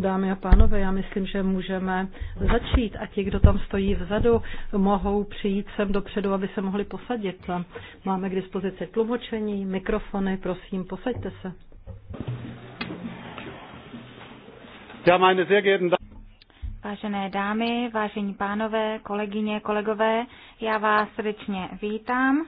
Dámy a pánové, já myslím, že můžeme začít a ti, kdo tam stojí vzadu, mohou přijít sem dopředu, aby se mohli posadit. Máme k dispozici tlumočení, mikrofony, prosím, posaďte se. Vážené dámy, vážení pánové, kolegyně, kolegové, já vás srdečně vítám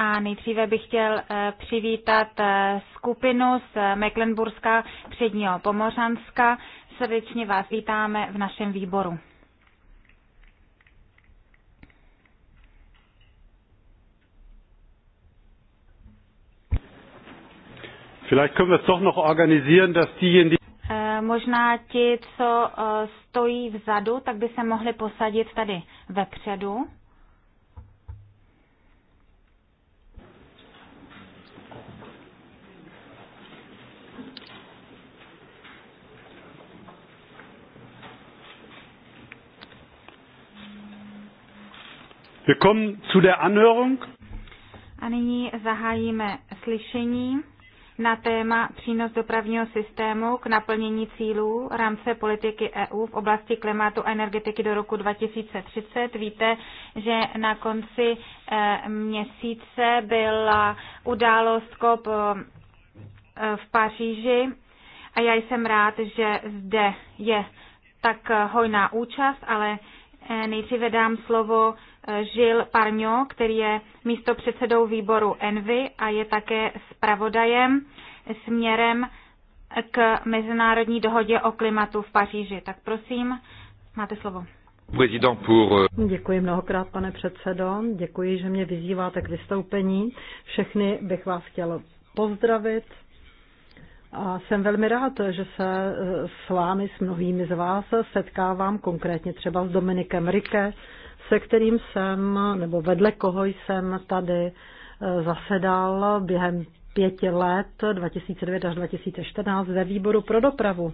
a nejdříve bych chtěl eh, přivítat eh, skupinu z eh, Mecklenburska předního Pomořanska. Srdečně vás vítáme v našem výboru. Vielleicht können wir es doch noch organisieren, dass diejenigen, Možná ti, co stojí vzadu, tak by se mohli posadit tady vepředu. Wir kommen zu der Anhörung. A nyní zahájíme slyšení na téma přínos dopravního systému k naplnění cílů rámce politiky EU v oblasti klimatu a energetiky do roku 2030. Víte, že na konci eh, měsíce byla událost COP eh, v Paříži a já jsem rád, že zde je tak hojná účast, ale eh, nejdříve dám slovo Žil Parňo, který je místo předsedou výboru Envy a je také zpravodajem směrem k Mezinárodní dohodě o klimatu v Paříži. Tak prosím, máte slovo. Euh, Děkuji mnohokrát, pane předsedo. Děkuji, že mě vyzýváte k vystoupení. Všechny bych vás chtěl pozdravit. A jsem velmi rád, že se eh, s vámi, s mnohými z vás setkávám, konkrétně třeba s Dominikem Rike, se kterým jsem, nebo vedle koho jsem tady eh, zasedal během pěti let, 2009 až 2014, ve výboru pro dopravu.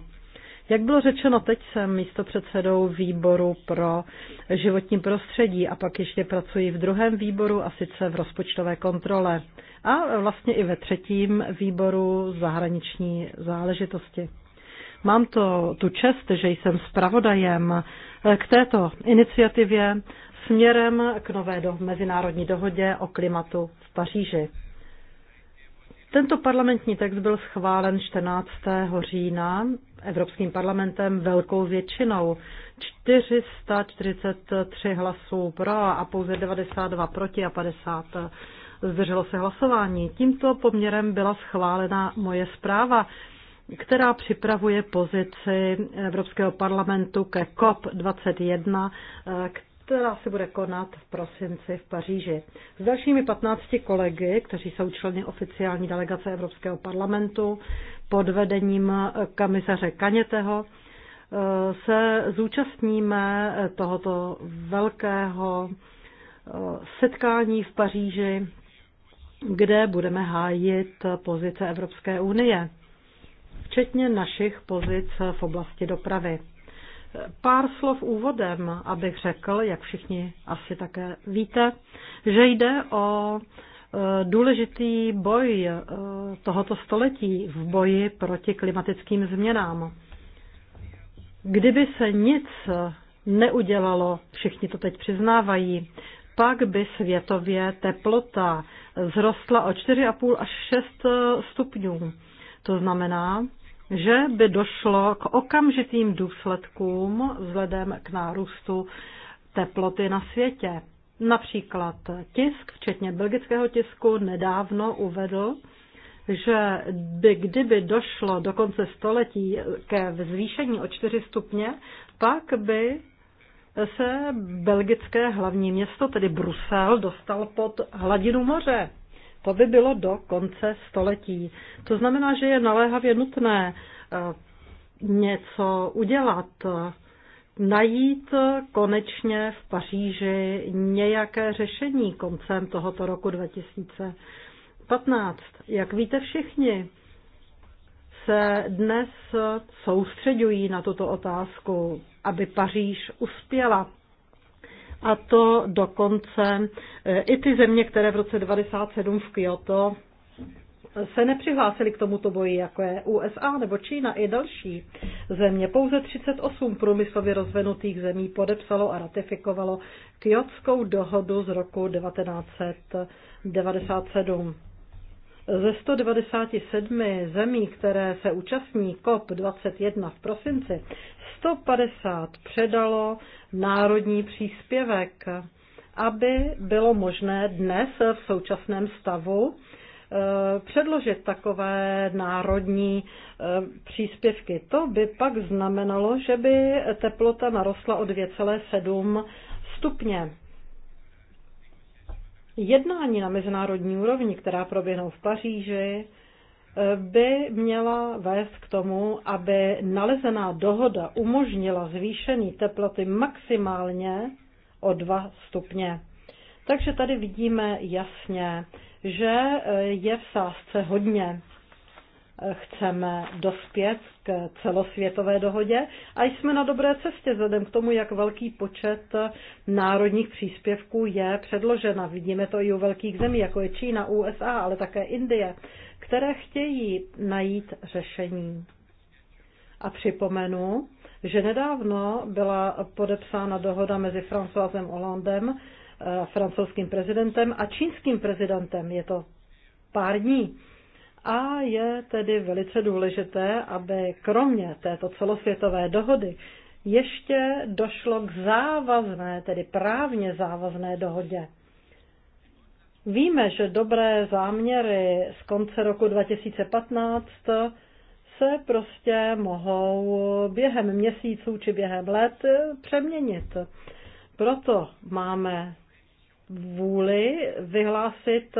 Jak bylo řečeno, teď jsem místo předsedou výboru pro životní prostředí a pak ještě pracuji v druhém výboru a sice v rozpočtové kontrole a vlastně i ve třetím výboru zahraniční záležitosti. Mám to tu čest, že jsem zpravodajem eh, k této iniciativě směrem k nové do, mezinárodní dohodě o klimatu v Paříži. Tento parlamentní text byl schválen 14. října Evropským parlamentem velkou většinou 443 hlasů pro a pouze 92 proti a 50 zdrželo se hlasování. Tímto poměrem byla schválena moje zpráva, která připravuje pozici Evropského parlamentu ke COP21, která se bude konat v prosinci v Paříži. S dalšími 15 kolegy, kteří jsou členy oficiální delegace Evropského parlamentu pod vedením komisaře Kaněteho, se zúčastníme tohoto velkého eh, setkání v Paříži, kde budeme hájit pozice Evropské unie, včetně našich pozic v oblasti dopravy. Pár slov úvodem, abych řekl, jak všichni asi také víte, že jde o e, důležitý boj e, tohoto století v boji proti klimatickým změnám. Kdyby se nic neudělalo, všichni to teď přiznávají, pak by světově teplota zrostla o 4,5 až 6 stupňů. To znamená, že by došlo k okamžitým důsledkům vzhledem k nárůstu teploty na světě. Například tisk, včetně belgického tisku, nedávno uvedl, že by kdyby došlo do konce století ke zvýšení o 4 stupně, pak by se belgické hlavní město, tedy Brusel, dostal pod hladinu moře. To by bylo do konce století. To znamená, že je naléhavě nutné eh, něco udělat, najít konečně v Paříži nějaké řešení koncem tohoto roku 2015. Jak víte všichni, se dnes soustředují na tuto otázku, aby Paříž uspěla a to dokonce eh, i ty země, které v roce 1997 v Kyoto se nepřihlásili k tomuto boji, jako je USA nebo Čína i další země. Pouze 38 průmyslově rozvinutých zemí podepsalo a ratifikovalo Kyotskou dohodu z roku 1997. Ze 197 zemí, které se účastní COP21 v prosinci, 150 předalo národní příspěvek, aby bylo možné dnes v současném stavu eh, předložit takové národní eh, příspěvky. To by pak znamenalo, že by teplota narostla o 2,7 stupně. Jednání na mezinárodní úrovni, která proběhnou v Paříži, eh, by měla vést k tomu, aby nalezená dohoda umožnila zvýšení teploty maximálně o 2 stupně. Takže tady vidíme jasně, že eh, je v sázce hodně chceme dospět k celosvětové dohodě a jsme na dobré cestě vzhledem k tomu, jak velký počet národních příspěvků je předložena. Vidíme to i u velkých zemí, jako je Čína, USA, ale také Indie, které chtějí najít řešení. A připomenu, že nedávno byla podepsána dohoda mezi Françoisem Hollandem, eh, francouzským prezidentem a čínským prezidentem. Je to pár dní a je tedy velice důležité, aby kromě této celosvětové dohody ještě došlo k závazné, tedy právně závazné dohodě. Víme, že dobré záměry z konce roku 2015 se prostě mohou během měsíců či během let přeměnit. Proto máme vůli vyhlásit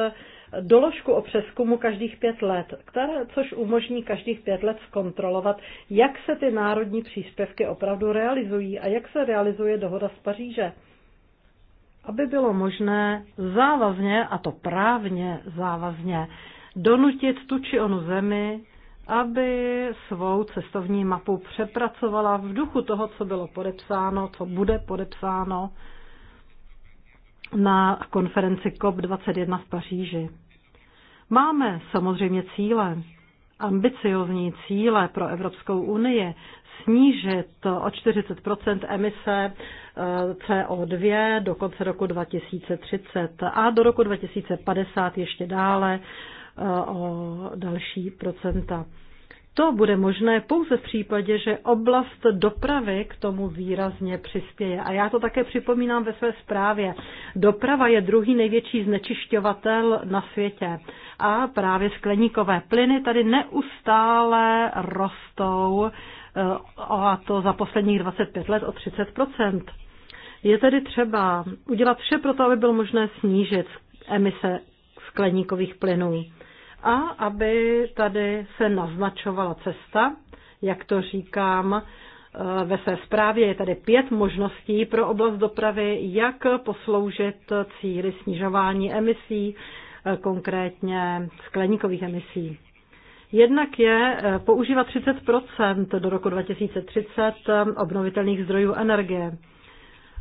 doložku o přeskumu každých pět let, které, což umožní každých pět let zkontrolovat, jak se ty národní příspěvky opravdu realizují a jak se realizuje dohoda z Paříže. Aby bylo možné závazně, a to právně závazně, donutit tu či onu zemi, aby svou cestovní mapu přepracovala v duchu toho, co bylo podepsáno, co bude podepsáno na konferenci COP21 v Paříži. Máme samozřejmě cíle, ambiciozní cíle pro Evropskou unii snížit o 40 emise eh, CO2 do konce roku 2030 a do roku 2050 ještě dále eh, o další procenta. To bude možné pouze v případě, že oblast dopravy k tomu výrazně přispěje. A já to také připomínám ve své zprávě. Doprava je druhý největší znečišťovatel na světě. A právě skleníkové plyny tady neustále rostou, eh, a to za posledních 25 let o 30 Je tedy třeba udělat vše pro to, aby bylo možné snížit emise skleníkových plynů a aby tady se naznačovala cesta, jak to říkám, eh, ve své zprávě je tady pět možností pro oblast dopravy, jak posloužit cíli snižování emisí, eh, konkrétně skleníkových emisí. Jednak je eh, používat 30 do roku 2030 obnovitelných zdrojů energie.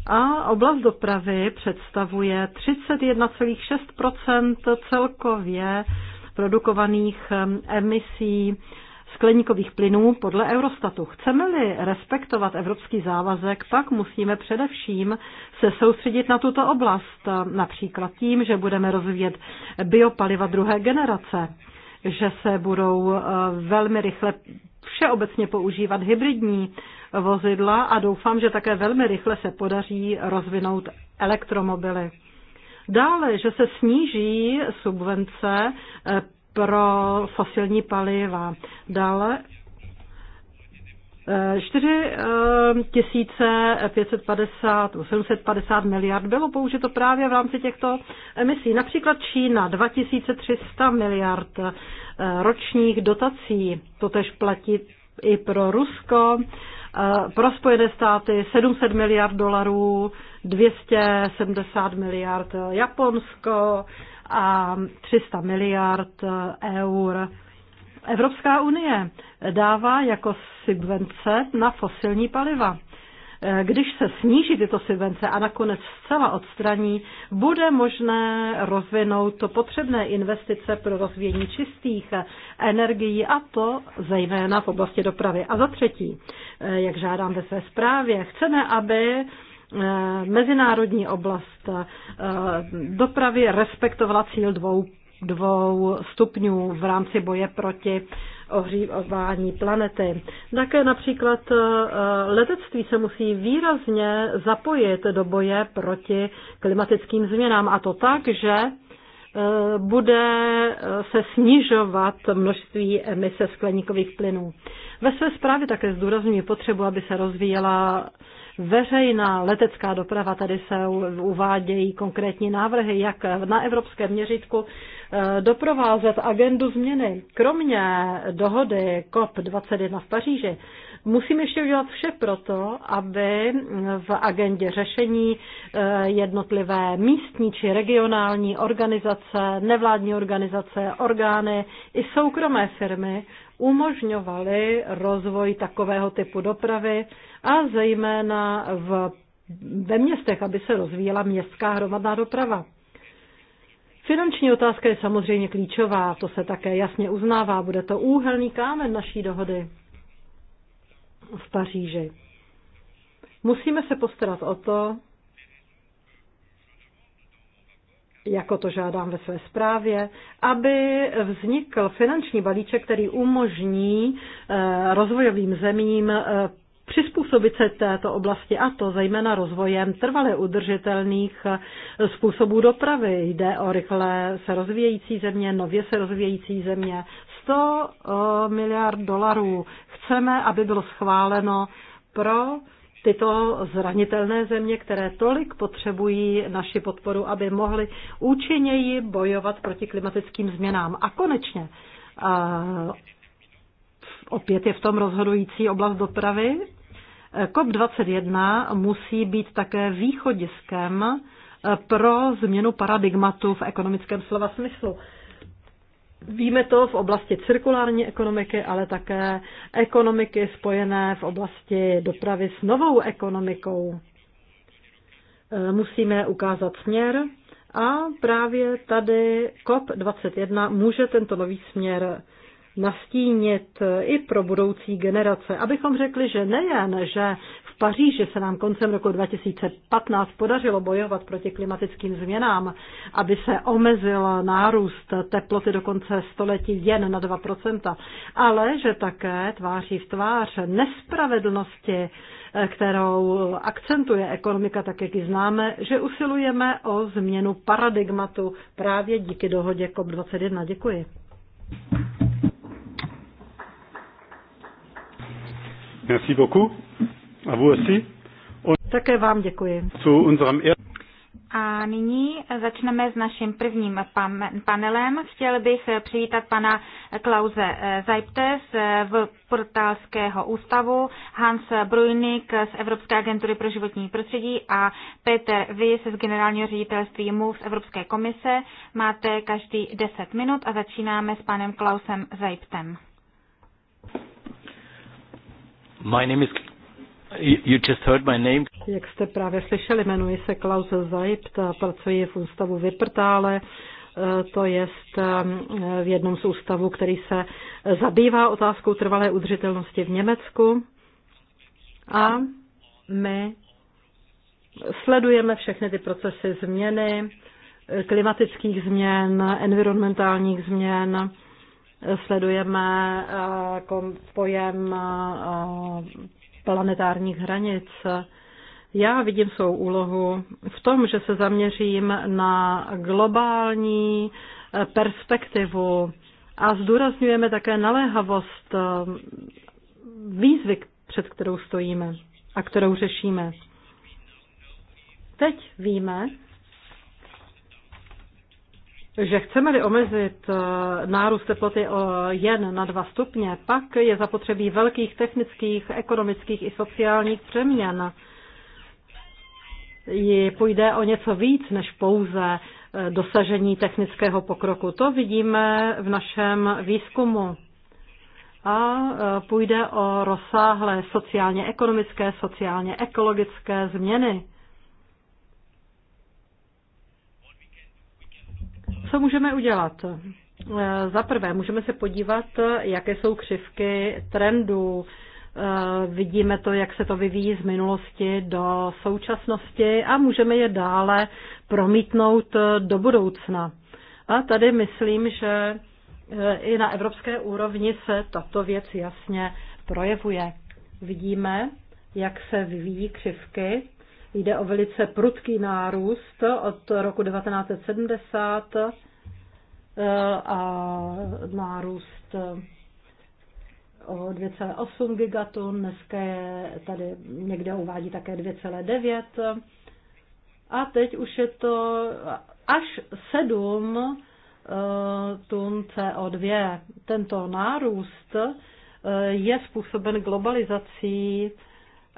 A oblast dopravy představuje 31,6 celkově produkovaných emisí skleníkových plynů podle Eurostatu. Chceme-li respektovat evropský závazek, pak musíme především se soustředit na tuto oblast, například tím, že budeme rozvíjet biopaliva druhé generace, že se budou velmi rychle všeobecně používat hybridní vozidla a doufám, že také velmi rychle se podaří rozvinout elektromobily. Dále, že se sníží subvence eh, pro fosilní paliva. Dále 4 550, 750 miliard bylo použito právě v rámci těchto emisí. Například Čína 2300 miliard eh, ročních dotací, to tež platí i pro Rusko, eh, pro Spojené státy 700 miliard dolarů 270 miliard Japonsko a 300 miliard eur. Evropská unie dává jako subvence na fosilní paliva. Když se sníží tyto subvence a nakonec zcela odstraní, bude možné rozvinout to potřebné investice pro rozvíjení čistých energií a to zejména v oblasti dopravy. A za třetí, jak žádám ve své zprávě, chceme, aby Eh, mezinárodní oblast eh, dopravy respektovala cíl dvou, dvou stupňů v rámci boje proti ohřívání planety. Také například eh, letectví se musí výrazně zapojit do boje proti klimatickým změnám a to tak, že bude se snižovat množství emise skleníkových plynů. Ve své zprávě také zdůrazňuji potřebu, aby se rozvíjela veřejná letecká doprava. Tady se uvádějí konkrétní návrhy, jak na evropském měřítku eh, doprovázet agendu změny. Kromě dohody COP21 v Paříži musím ještě udělat vše proto, aby v agendě řešení eh, jednotlivé místní či regionální organizace, nevládní organizace, orgány i soukromé firmy umožňovaly rozvoj takového typu dopravy a zejména v, ve městech, aby se rozvíjela městská hromadná doprava. Finanční otázka je samozřejmě klíčová, to se také jasně uznává, bude to úhelný kámen naší dohody v Paříži. Musíme se postarat o to, jako to žádám ve své zprávě, aby vznikl finanční balíček, který umožní eh, rozvojovým zemím eh, přizpůsobit se této oblasti a to zejména rozvojem trvale udržitelných eh, způsobů dopravy. Jde o rychle se rozvíjející země, nově se rozvíjející země. 100 miliard dolarů chceme, aby bylo schváleno pro tyto zranitelné země, které tolik potřebují naši podporu, aby mohly účinněji bojovat proti klimatickým změnám. A konečně opět je v tom rozhodující oblast dopravy. COP21 musí být také východiskem e, pro změnu paradigmatu v ekonomickém slova smyslu. Víme to v oblasti cirkulární ekonomiky, ale také ekonomiky spojené v oblasti dopravy s novou ekonomikou. E, musíme ukázat směr a právě tady COP21 může tento nový směr nastínit i pro budoucí generace, abychom řekli, že nejen, že v Paříži se nám koncem roku 2015 podařilo bojovat proti klimatickým změnám, aby se omezil nárůst teploty do konce století jen na 2%, ale že také tváří v tvář nespravedlnosti, eh, kterou akcentuje ekonomika, tak jak ji známe, že usilujeme o změnu paradigmatu právě díky dohodě COP21. Děkuji. Merci beaucoup. A Také vám děkuji. Er- a nyní začneme s naším prvním panelem. Chtěl bych přivítat pana Klause Zajpte z Portálského ústavu, Hans Brujnik z Evropské agentury pro životní prostředí a Peter Vys z generálního ředitelství MUV z Evropské komise. Máte každý 10 minut a začínáme s panem Klausem Zajptem. My name is You just heard my name. Jak jste právě slyšeli, jmenuji se Klaus Zajpt a pracuji v ústavu Vyprtále, eh, to je eh, v jednom z ústavů, který se zabývá otázkou trvalé udržitelnosti v Německu. A my sledujeme všechny ty procesy změny, eh, klimatických změn, environmentálních změn, sledujeme pojem planetárních hranic. Já vidím svou úlohu v tom, že se zaměřím na globální eh, perspektivu a zdůrazňujeme také naléhavost eh, výzvy, před kterou stojíme a kterou řešíme. Teď víme, že chceme-li omezit eh, nárůst teploty o jen na 2 stupně, pak je zapotřebí velkých technických, ekonomických i sociálních přeměn. Je půjde o něco víc než pouze eh, dosažení technického pokroku. To vidíme v našem výzkumu. A eh, půjde o rozsáhlé sociálně-ekonomické, sociálně-ekologické změny. Co můžeme udělat? Eh, za prvé, můžeme se podívat, jaké jsou křivky trendů. Eh, vidíme to, jak se to vyvíjí z minulosti do současnosti a můžeme je dále promítnout do budoucna. A tady myslím, že eh, i na evropské úrovni se tato věc jasně projevuje. Vidíme, jak se vyvíjí křivky Jde o velice prudký nárůst od roku 1970 eh, a nárůst eh, o 2,8 gigaton, dneska je tady někde uvádí také 2,9 a teď už je to až 7 eh, tun CO2. Tento nárůst je způsoben globalizací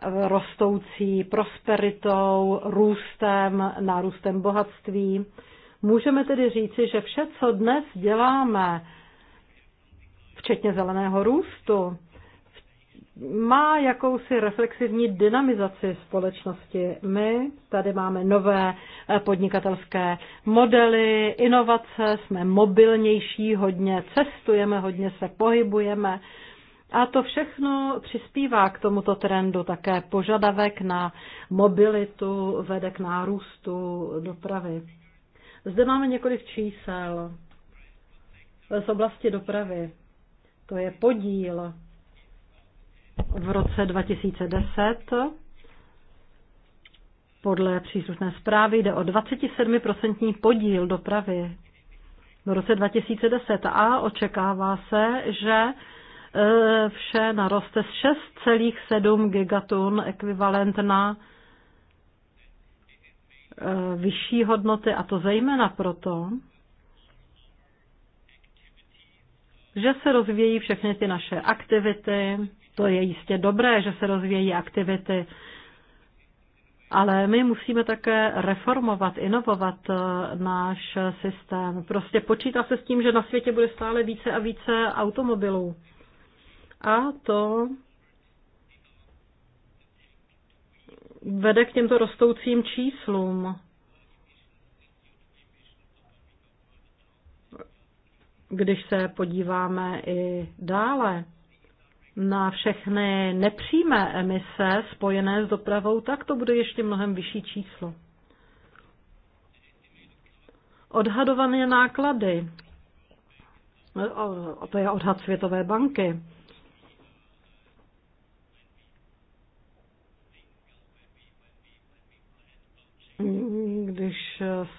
rostoucí prosperitou, růstem, nárůstem bohatství. Můžeme tedy říci, že vše, co dnes děláme, včetně zeleného růstu, má jakousi reflexivní dynamizaci společnosti. My tady máme nové eh, podnikatelské modely, inovace, jsme mobilnější, hodně cestujeme, hodně se pohybujeme, a to všechno přispívá k tomuto trendu. Také požadavek na mobilitu vede k nárůstu dopravy. Zde máme několik čísel z oblasti dopravy. To je podíl v roce 2010. Podle příslušné zprávy jde o 27% podíl dopravy v roce 2010 a očekává se, že Eh, vše naroste z 6,7 gigatun ekvivalent na eh, vyšší hodnoty a to zejména proto, že se rozvíjí všechny ty naše aktivity. To je jistě dobré, že se rozvíjí aktivity, ale my musíme také reformovat, inovovat eh, náš systém. Prostě počítá se s tím, že na světě bude stále více a více automobilů. A to vede k těmto rostoucím číslům. Když se podíváme i dále na všechny nepřímé emise spojené s dopravou, tak to bude ještě mnohem vyšší číslo. Odhadované náklady, to je odhad Světové banky,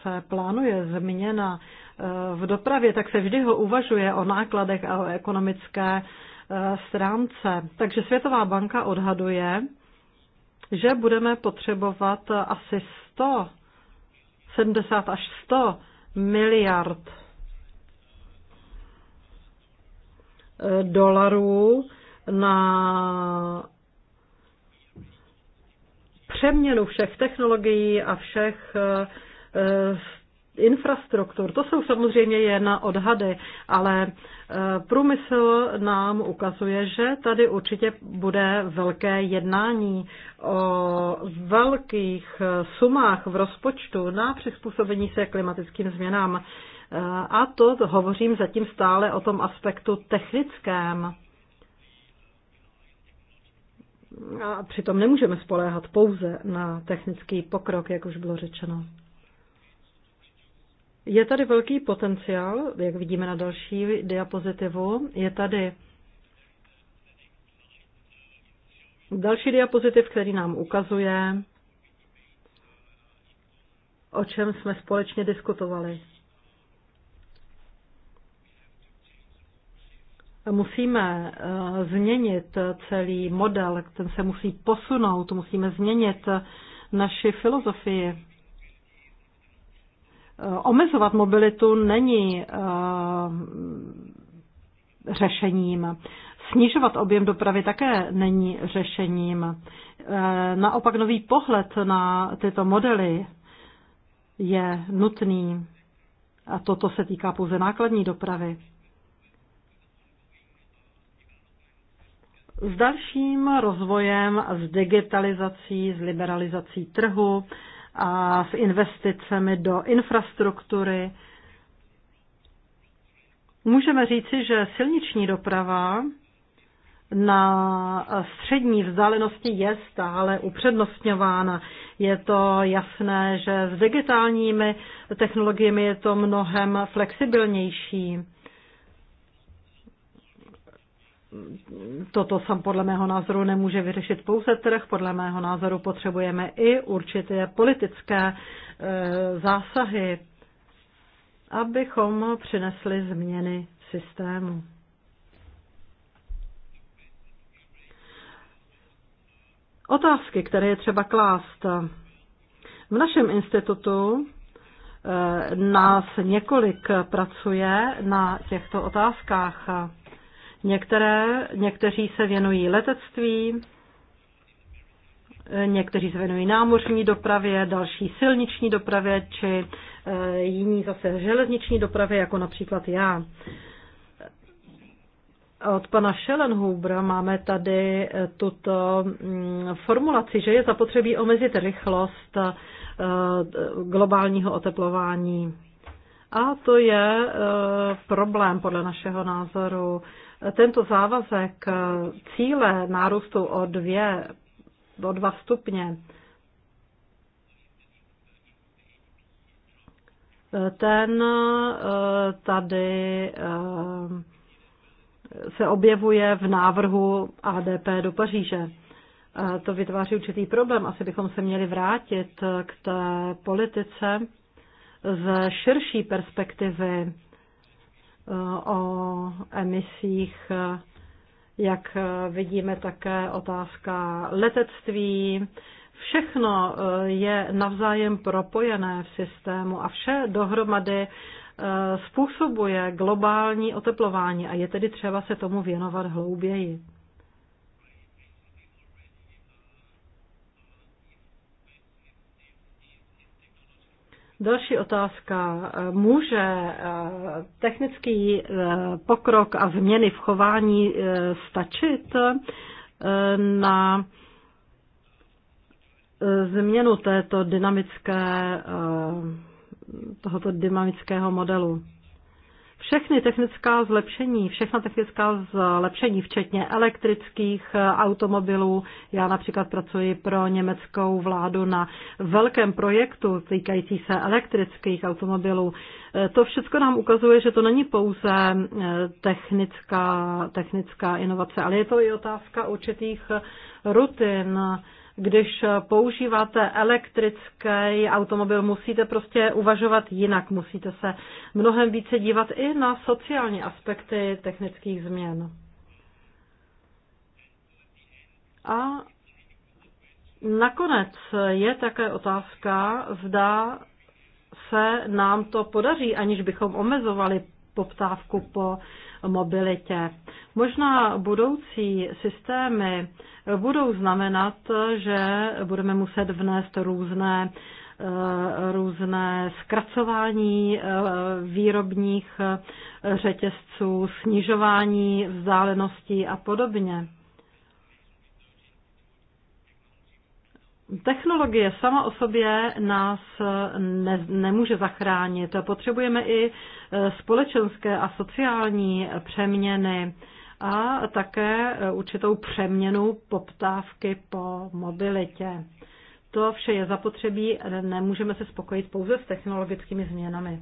se plánuje změna eh, v dopravě, tak se vždy ho uvažuje o nákladech a o ekonomické eh, stránce. Takže Světová banka odhaduje, že budeme potřebovat asi 100, 70 až 100 miliard eh, dolarů na přeměnu všech technologií a všech Eh, infrastruktur. To jsou samozřejmě jen odhady, ale eh, průmysl nám ukazuje, že tady určitě bude velké jednání o velkých eh, sumách v rozpočtu na přizpůsobení se klimatickým změnám. A to hovořím zatím stále o tom aspektu technickém. A přitom nemůžeme spoléhat pouze na technický pokrok, jak už bylo řečeno. Je tady velký potenciál, jak vidíme na další diapozitivu. Je tady další diapozitiv, který nám ukazuje, o čem jsme společně diskutovali. Musíme eh, změnit celý model, ten se musí posunout, musíme změnit naši filozofii Eh, omezovat mobilitu není eh, řešením. Snižovat objem dopravy také není řešením. Eh, naopak nový pohled na tyto modely je nutný. A toto se týká pouze nákladní dopravy. S dalším rozvojem, s digitalizací, s liberalizací trhu, a s investicemi do infrastruktury. Můžeme říci, že silniční doprava na střední vzdálenosti je stále upřednostňována. Je to jasné, že s digitálními technologiemi je to mnohem flexibilnější toto sam podle mého názoru nemůže vyřešit pouze trh, podle mého názoru potřebujeme i určité politické e, zásahy, abychom přinesli změny systému. Otázky, které je třeba klást. V našem institutu e, nás několik pracuje na těchto otázkách. Některé, někteří se věnují letectví, někteří se věnují námořní dopravě, další silniční dopravě, či eh, jiní zase železniční dopravě, jako například já. Od pana Schellenhubera máme tady eh, tuto mm, formulaci, že je zapotřebí omezit rychlost eh, globálního oteplování. A to je problém podle našeho názoru. Tento závazek eh, cíle nárůstu o dvě, o dva stupně, eh, ten eh, tady se objevuje v návrhu ADP do Paříže. To vytváří určitý problém. Asi bychom se měli vrátit k té politice z širší perspektivy o emisích, jak vidíme také otázka letectví. Všechno eh, je navzájem propojené v systému a vše dohromady eh, způsobuje globální oteplování a je tedy třeba se tomu věnovat hlouběji. Další otázka. Může eh, technický eh, pokrok a změny v chování eh, stačit na změnu této dynamické, tohoto dynamického modelu? Všechny technická zlepšení, všechna technická zlepšení, včetně elektrických eh, automobilů, já například pracuji pro německou vládu na velkém projektu týkající se elektrických automobilů, eh, to všechno nám ukazuje, že to není pouze eh, technická, technická inovace, ale je to i otázka určitých rutin, když používáte elektrický automobil, musíte prostě uvažovat jinak, musíte se mnohem více dívat i na sociální aspekty technických změn. A nakonec je také otázka, zda se nám to podaří, aniž bychom omezovali poptávku po mobilitě. Možná budoucí systémy budou znamenat, že budeme muset vnést různé eh, různé zkracování eh, výrobních řetězců, snižování vzdáleností a podobně. Technologie sama o sobě nás eh, ne, nemůže zachránit. Potřebujeme i eh, společenské a sociální přeměny a také eh, určitou přeměnu poptávky po mobilitě. To vše je zapotřebí, nemůžeme se spokojit pouze s technologickými změnami.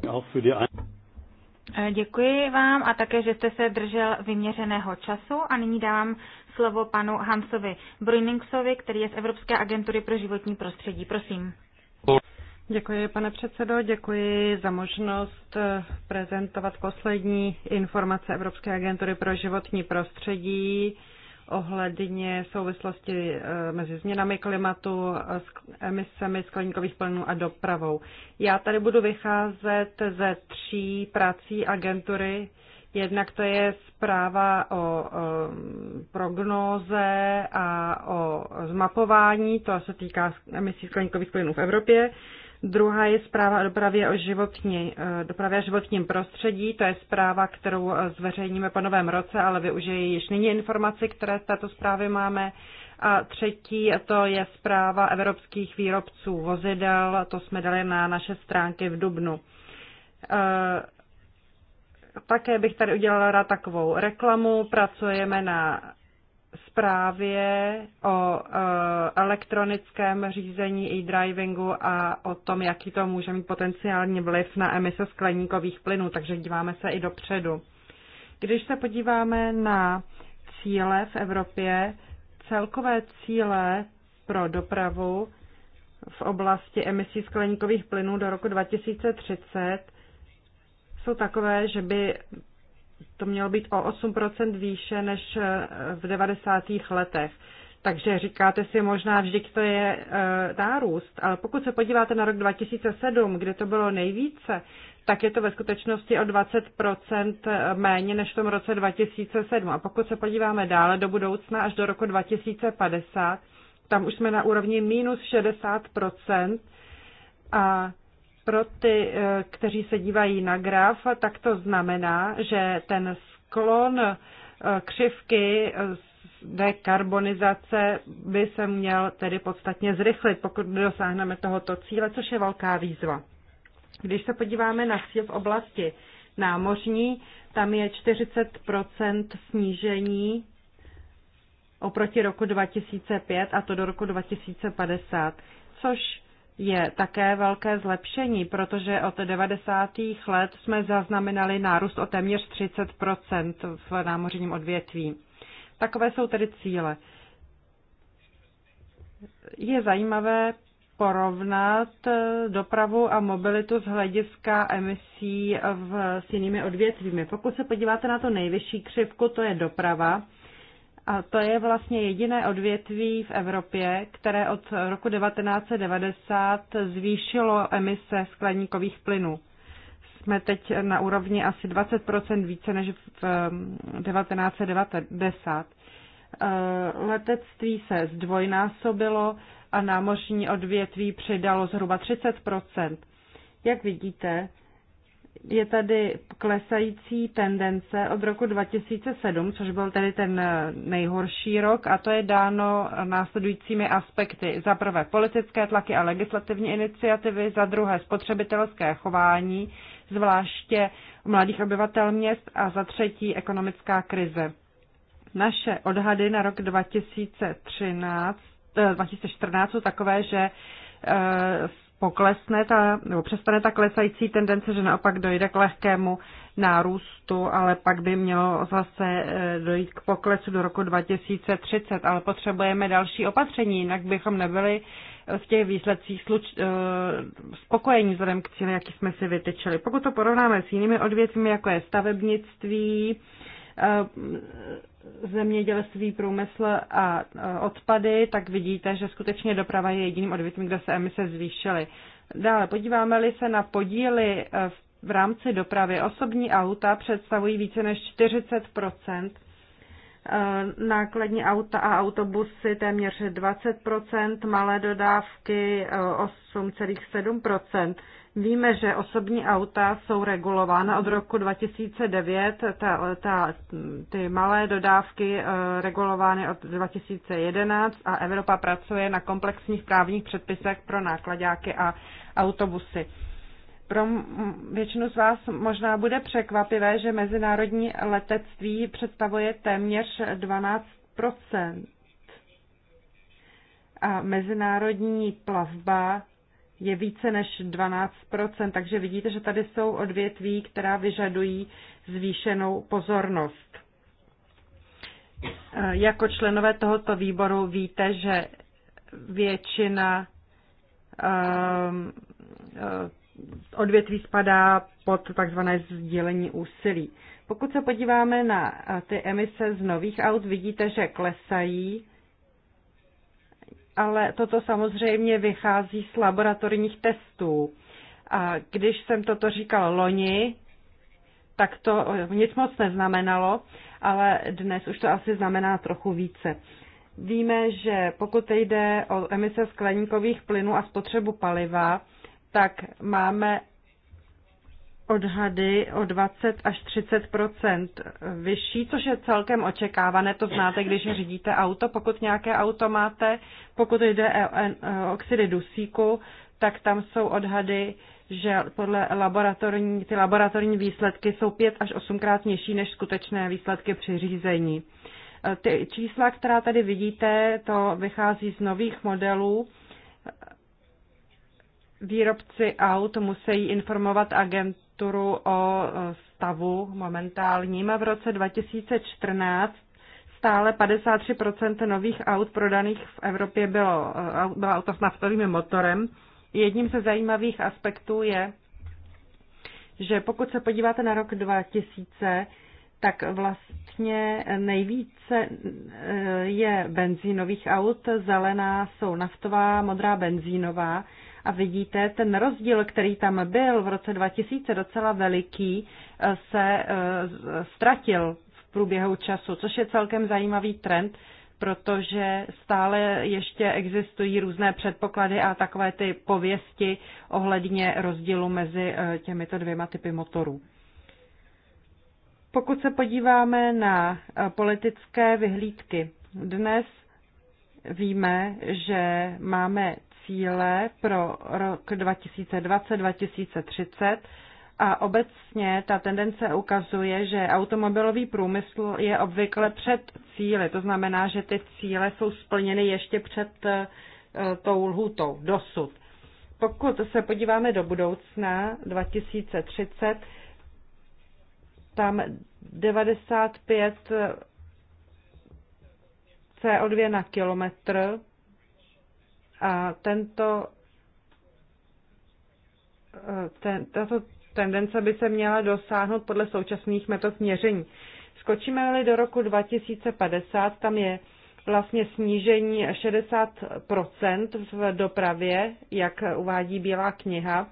Děkuji vám a také, že jste se držel vyměřeného času a nyní dávám slovo panu Hansovi Bruningsovi, který je z Evropské agentury pro životní prostředí. Prosím. Děkuji, pane předsedo, děkuji za možnost eh, prezentovat poslední informace Evropské agentury pro životní prostředí ohledně souvislosti eh, mezi změnami klimatu, emisemi skleníkových plynů a dopravou. Já tady budu vycházet ze tří prací agentury, Jednak to je zpráva o prognóze a o zmapování, to se týká emisí skleníkových plynů v Evropě. Druhá je zpráva o dopravě, o životní, eh, dopravě a životním prostředí. To je zpráva, kterou eh, zveřejníme po novém roce, ale využijí již nyní informace, které z této zprávy máme. A třetí to je zpráva evropských výrobců vozidel. To jsme dali na naše stránky v Dubnu. Eh, také bych tady udělala rád takovou reklamu. Pracujeme na zprávě o e, elektronickém řízení e-drivingu a o tom, jaký to může mít potenciální vliv na emise skleníkových plynů, takže díváme se i dopředu. Když se podíváme na cíle v Evropě, celkové cíle pro dopravu v oblasti emisí skleníkových plynů do roku 2030 jsou takové, že by to mělo být o 8% výše než eh, v 90. letech. Takže říkáte si možná, vždyť to je e, nárůst, ale pokud se podíváte na rok 2007, kde to bylo nejvíce, tak je to ve skutečnosti o 20% eh, méně než v tom roce 2007. A pokud se podíváme dále do budoucna až do roku 2050, tam už jsme na úrovni minus 60% a pro ty, eh, kteří se dívají na graf, tak to znamená, že ten sklon eh, křivky dekarbonizace eh, by se měl tedy podstatně zrychlit, pokud dosáhneme tohoto cíle, což je velká výzva. Když se podíváme na cíl v oblasti námořní, tam je 40 snížení oproti roku 2005 a to do roku 2050, což je také velké zlepšení, protože od 90. let jsme zaznamenali nárůst o téměř 30 v námořním odvětví. Takové jsou tedy cíle. Je zajímavé porovnat eh, dopravu a mobilitu z hlediska emisí v, s jinými odvětvími. Pokud se podíváte na to nejvyšší křivku, to je doprava, a to je vlastně jediné odvětví v Evropě, které od roku 1990 zvýšilo emise skleníkových plynů. Jsme teď na úrovni asi 20 více než v 1990. Eh, letectví se zdvojnásobilo a námořní odvětví přidalo zhruba 30 Jak vidíte, je tady klesající tendence od roku 2007, což byl tedy ten eh, nejhorší rok, a to je dáno následujícími aspekty. Za prvé politické tlaky a legislativní iniciativy, za druhé spotřebitelské chování, zvláště mladých obyvatel měst a za třetí ekonomická krize. Naše odhady na rok 2013, 2014 eh, jsou takové, že eh, poklesne ta, nebo přestane ta klesající tendence, že naopak dojde k lehkému nárůstu, ale pak by mělo zase e, dojít k poklesu do roku 2030, ale potřebujeme další opatření, jinak bychom nebyli v těch výsledcích sluč, e, spokojení vzhledem k cíli, jaký jsme si vytyčili. Pokud to porovnáme s jinými odvětvími, jako je stavebnictví, e, zemědělství, průmysl a e, odpady, tak vidíte, že skutečně doprava je jediným odvětvím, kde se emise zvýšily. Dále podíváme-li se na podíly e, v rámci dopravy. Osobní auta představují více než 40 e, nákladní auta a autobusy téměř 20 malé dodávky 8,7 Víme, že osobní auta jsou regulována od roku 2009, ta, ta, ty malé dodávky eh, regulovány od 2011 a Evropa pracuje na komplexních právních předpisech pro nákladáky a autobusy. Pro většinu z vás možná bude překvapivé, že mezinárodní letectví představuje téměř 12 a mezinárodní plavba je více než 12%, takže vidíte, že tady jsou odvětví, která vyžadují zvýšenou pozornost. Jako členové tohoto výboru víte, že většina eh, odvětví spadá pod takzvané sdílení úsilí. Pokud se podíváme na eh, ty emise z nových aut, vidíte, že klesají ale toto samozřejmě vychází z laboratorních testů. A když jsem toto říkal loni, tak to nic moc neznamenalo, ale dnes už to asi znamená trochu více. Víme, že pokud jde o emise skleníkových plynů a spotřebu paliva, tak máme odhady o 20 až 30 vyšší, což je celkem očekávané. To znáte, když řídíte auto. Pokud nějaké auto máte, pokud jde o oxidy dusíku, tak tam jsou odhady, že podle laboratorní, ty laboratorní výsledky jsou 5 až 8 krát nižší než skutečné výsledky při řízení. Ty čísla, která tady vidíte, to vychází z nových modelů výrobci aut musí informovat agent, strukturu o e, stavu momentálním. V roce 2014 stále 53% nových aut prodaných v Evropě bylo, e, byla auto s naftovým motorem. Jedním ze zajímavých aspektů je, že pokud se podíváte na rok 2000, tak vlastně nejvíce e, je benzínových aut, zelená jsou naftová, modrá benzínová a vidíte, ten rozdíl, který tam byl v roce 2000 docela veliký, eh, se eh, ztratil v průběhu času, což je celkem zajímavý trend, protože stále ještě existují různé předpoklady a takové ty pověsti ohledně rozdílu mezi eh, těmito dvěma typy motorů. Pokud se podíváme na politické vyhlídky, dnes víme, že máme cíle pro rok 2020-2030 a obecně ta tendence ukazuje, že automobilový průmysl je obvykle před cíly. To znamená, že ty cíle jsou splněny ještě před eh, tou lhutou dosud. Pokud se podíváme do budoucna 2030, tam 95 eh, CO2 na kilometr a tento, eh, ten, tato tendence by se měla dosáhnout podle současných metod měření. Skočíme-li do roku 2050, tam je vlastně snížení 60 v dopravě, jak uvádí Bílá kniha.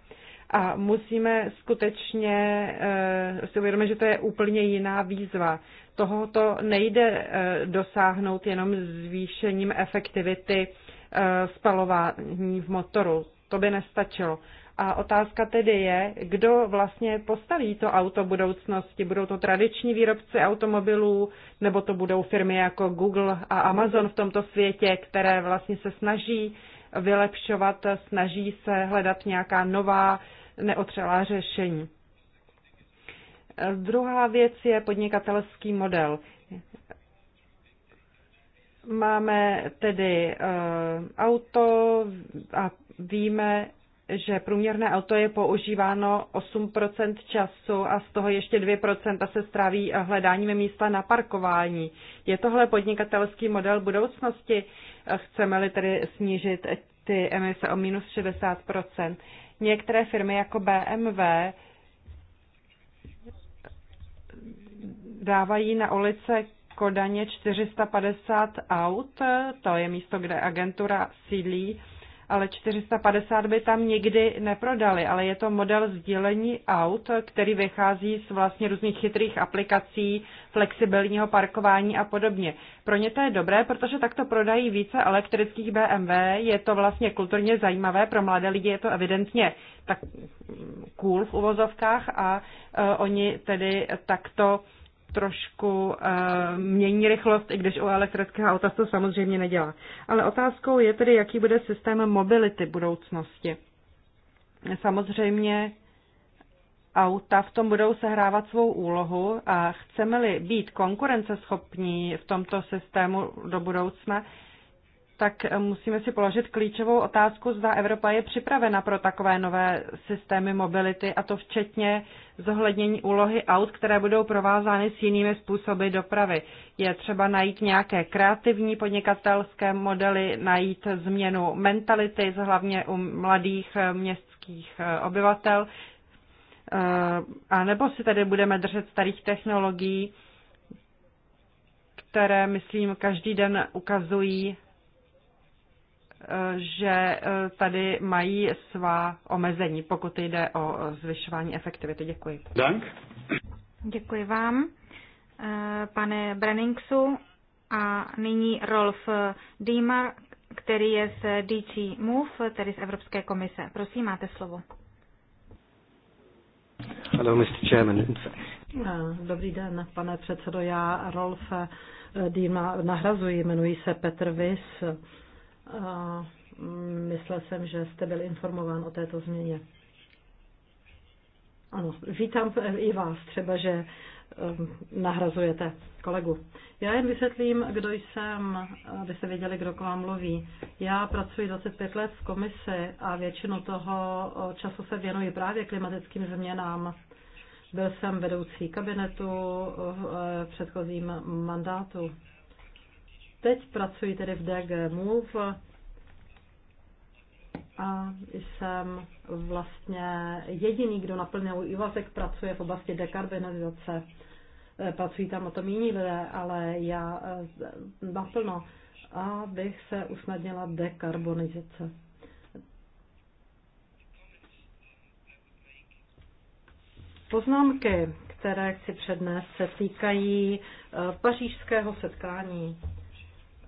A musíme skutečně e, si uvědomit, že to je úplně jiná výzva. Tohoto nejde e, dosáhnout jenom zvýšením efektivity Eh, spalování v motoru. To by nestačilo. A otázka tedy je, kdo vlastně postaví to auto budoucnosti. Budou to tradiční výrobci automobilů, nebo to budou firmy jako Google a Amazon v tomto světě, které vlastně se snaží vylepšovat, snaží se hledat nějaká nová neotřelá řešení. Eh, druhá věc je podnikatelský model. Máme tedy eh, auto a víme, že průměrné auto je používáno 8% času a z toho ještě 2% se stráví hledáním místa na parkování. Je tohle podnikatelský model budoucnosti? Chceme-li tedy snížit ty emise o minus 60%? Některé firmy jako BMW dávají na ulice Kodaně 450 aut, to je místo, kde agentura sídlí, ale 450 by tam nikdy neprodali, ale je to model sdílení aut, který vychází z vlastně různých chytrých aplikací, flexibilního parkování a podobně. Pro ně to je dobré, protože takto prodají více elektrických BMW, je to vlastně kulturně zajímavé, pro mladé lidi je to evidentně tak cool v uvozovkách a uh, oni tedy takto uh, trošku eh, mění rychlost, i když u elektrického auta to samozřejmě nedělá. Ale otázkou je tedy, jaký bude systém mobility budoucnosti. Samozřejmě auta v tom budou sehrávat svou úlohu a chceme-li být konkurenceschopní v tomto systému do budoucna, tak eh, musíme si položit klíčovou otázku, zda Evropa je připravena pro takové nové systémy mobility, a to včetně zohlednění úlohy aut, které budou provázány s jinými způsoby dopravy. Je třeba najít nějaké kreativní podnikatelské modely, najít změnu mentality, hlavně u mladých eh, městských eh, obyvatel, a nebo si tedy budeme držet starých technologií, které, myslím, každý den ukazují že eh, tady mají svá omezení, pokud jde o eh, zvyšování efektivity. Děkuji. Dank. Děkuji vám, eh, pane Brenningsu. A nyní Rolf Dýmar, který je z DG Move, tedy z Evropské komise. Prosím, máte slovo. Hello, Mr. Chairman. Dobrý den, pane předsedo. Já Rolf Dýma nahrazuji, jmenuji se Petr Vis a mm, myslel jsem, že jste byl informován o této změně. Ano, vítám i vás, třeba, že um, nahrazujete kolegu. Já jen vysvětlím, kdo jsem, abyste věděli, kdo k vám mluví. Já pracuji 25 let v komisi a většinu toho času se věnuji právě klimatickým změnám. Byl jsem vedoucí kabinetu uh, v eh, předchozím mandátu Teď pracuji tedy v DG Move a jsem vlastně jediný, kdo naplnil plný úvazek pracuje v oblasti dekarbonizace. Eh, pracují tam o tom jiní lidé, ale já eh, naplno, abych se usnadnila dekarbonizace. Poznámky, které chci přednést, se týkají eh, pařížského setkání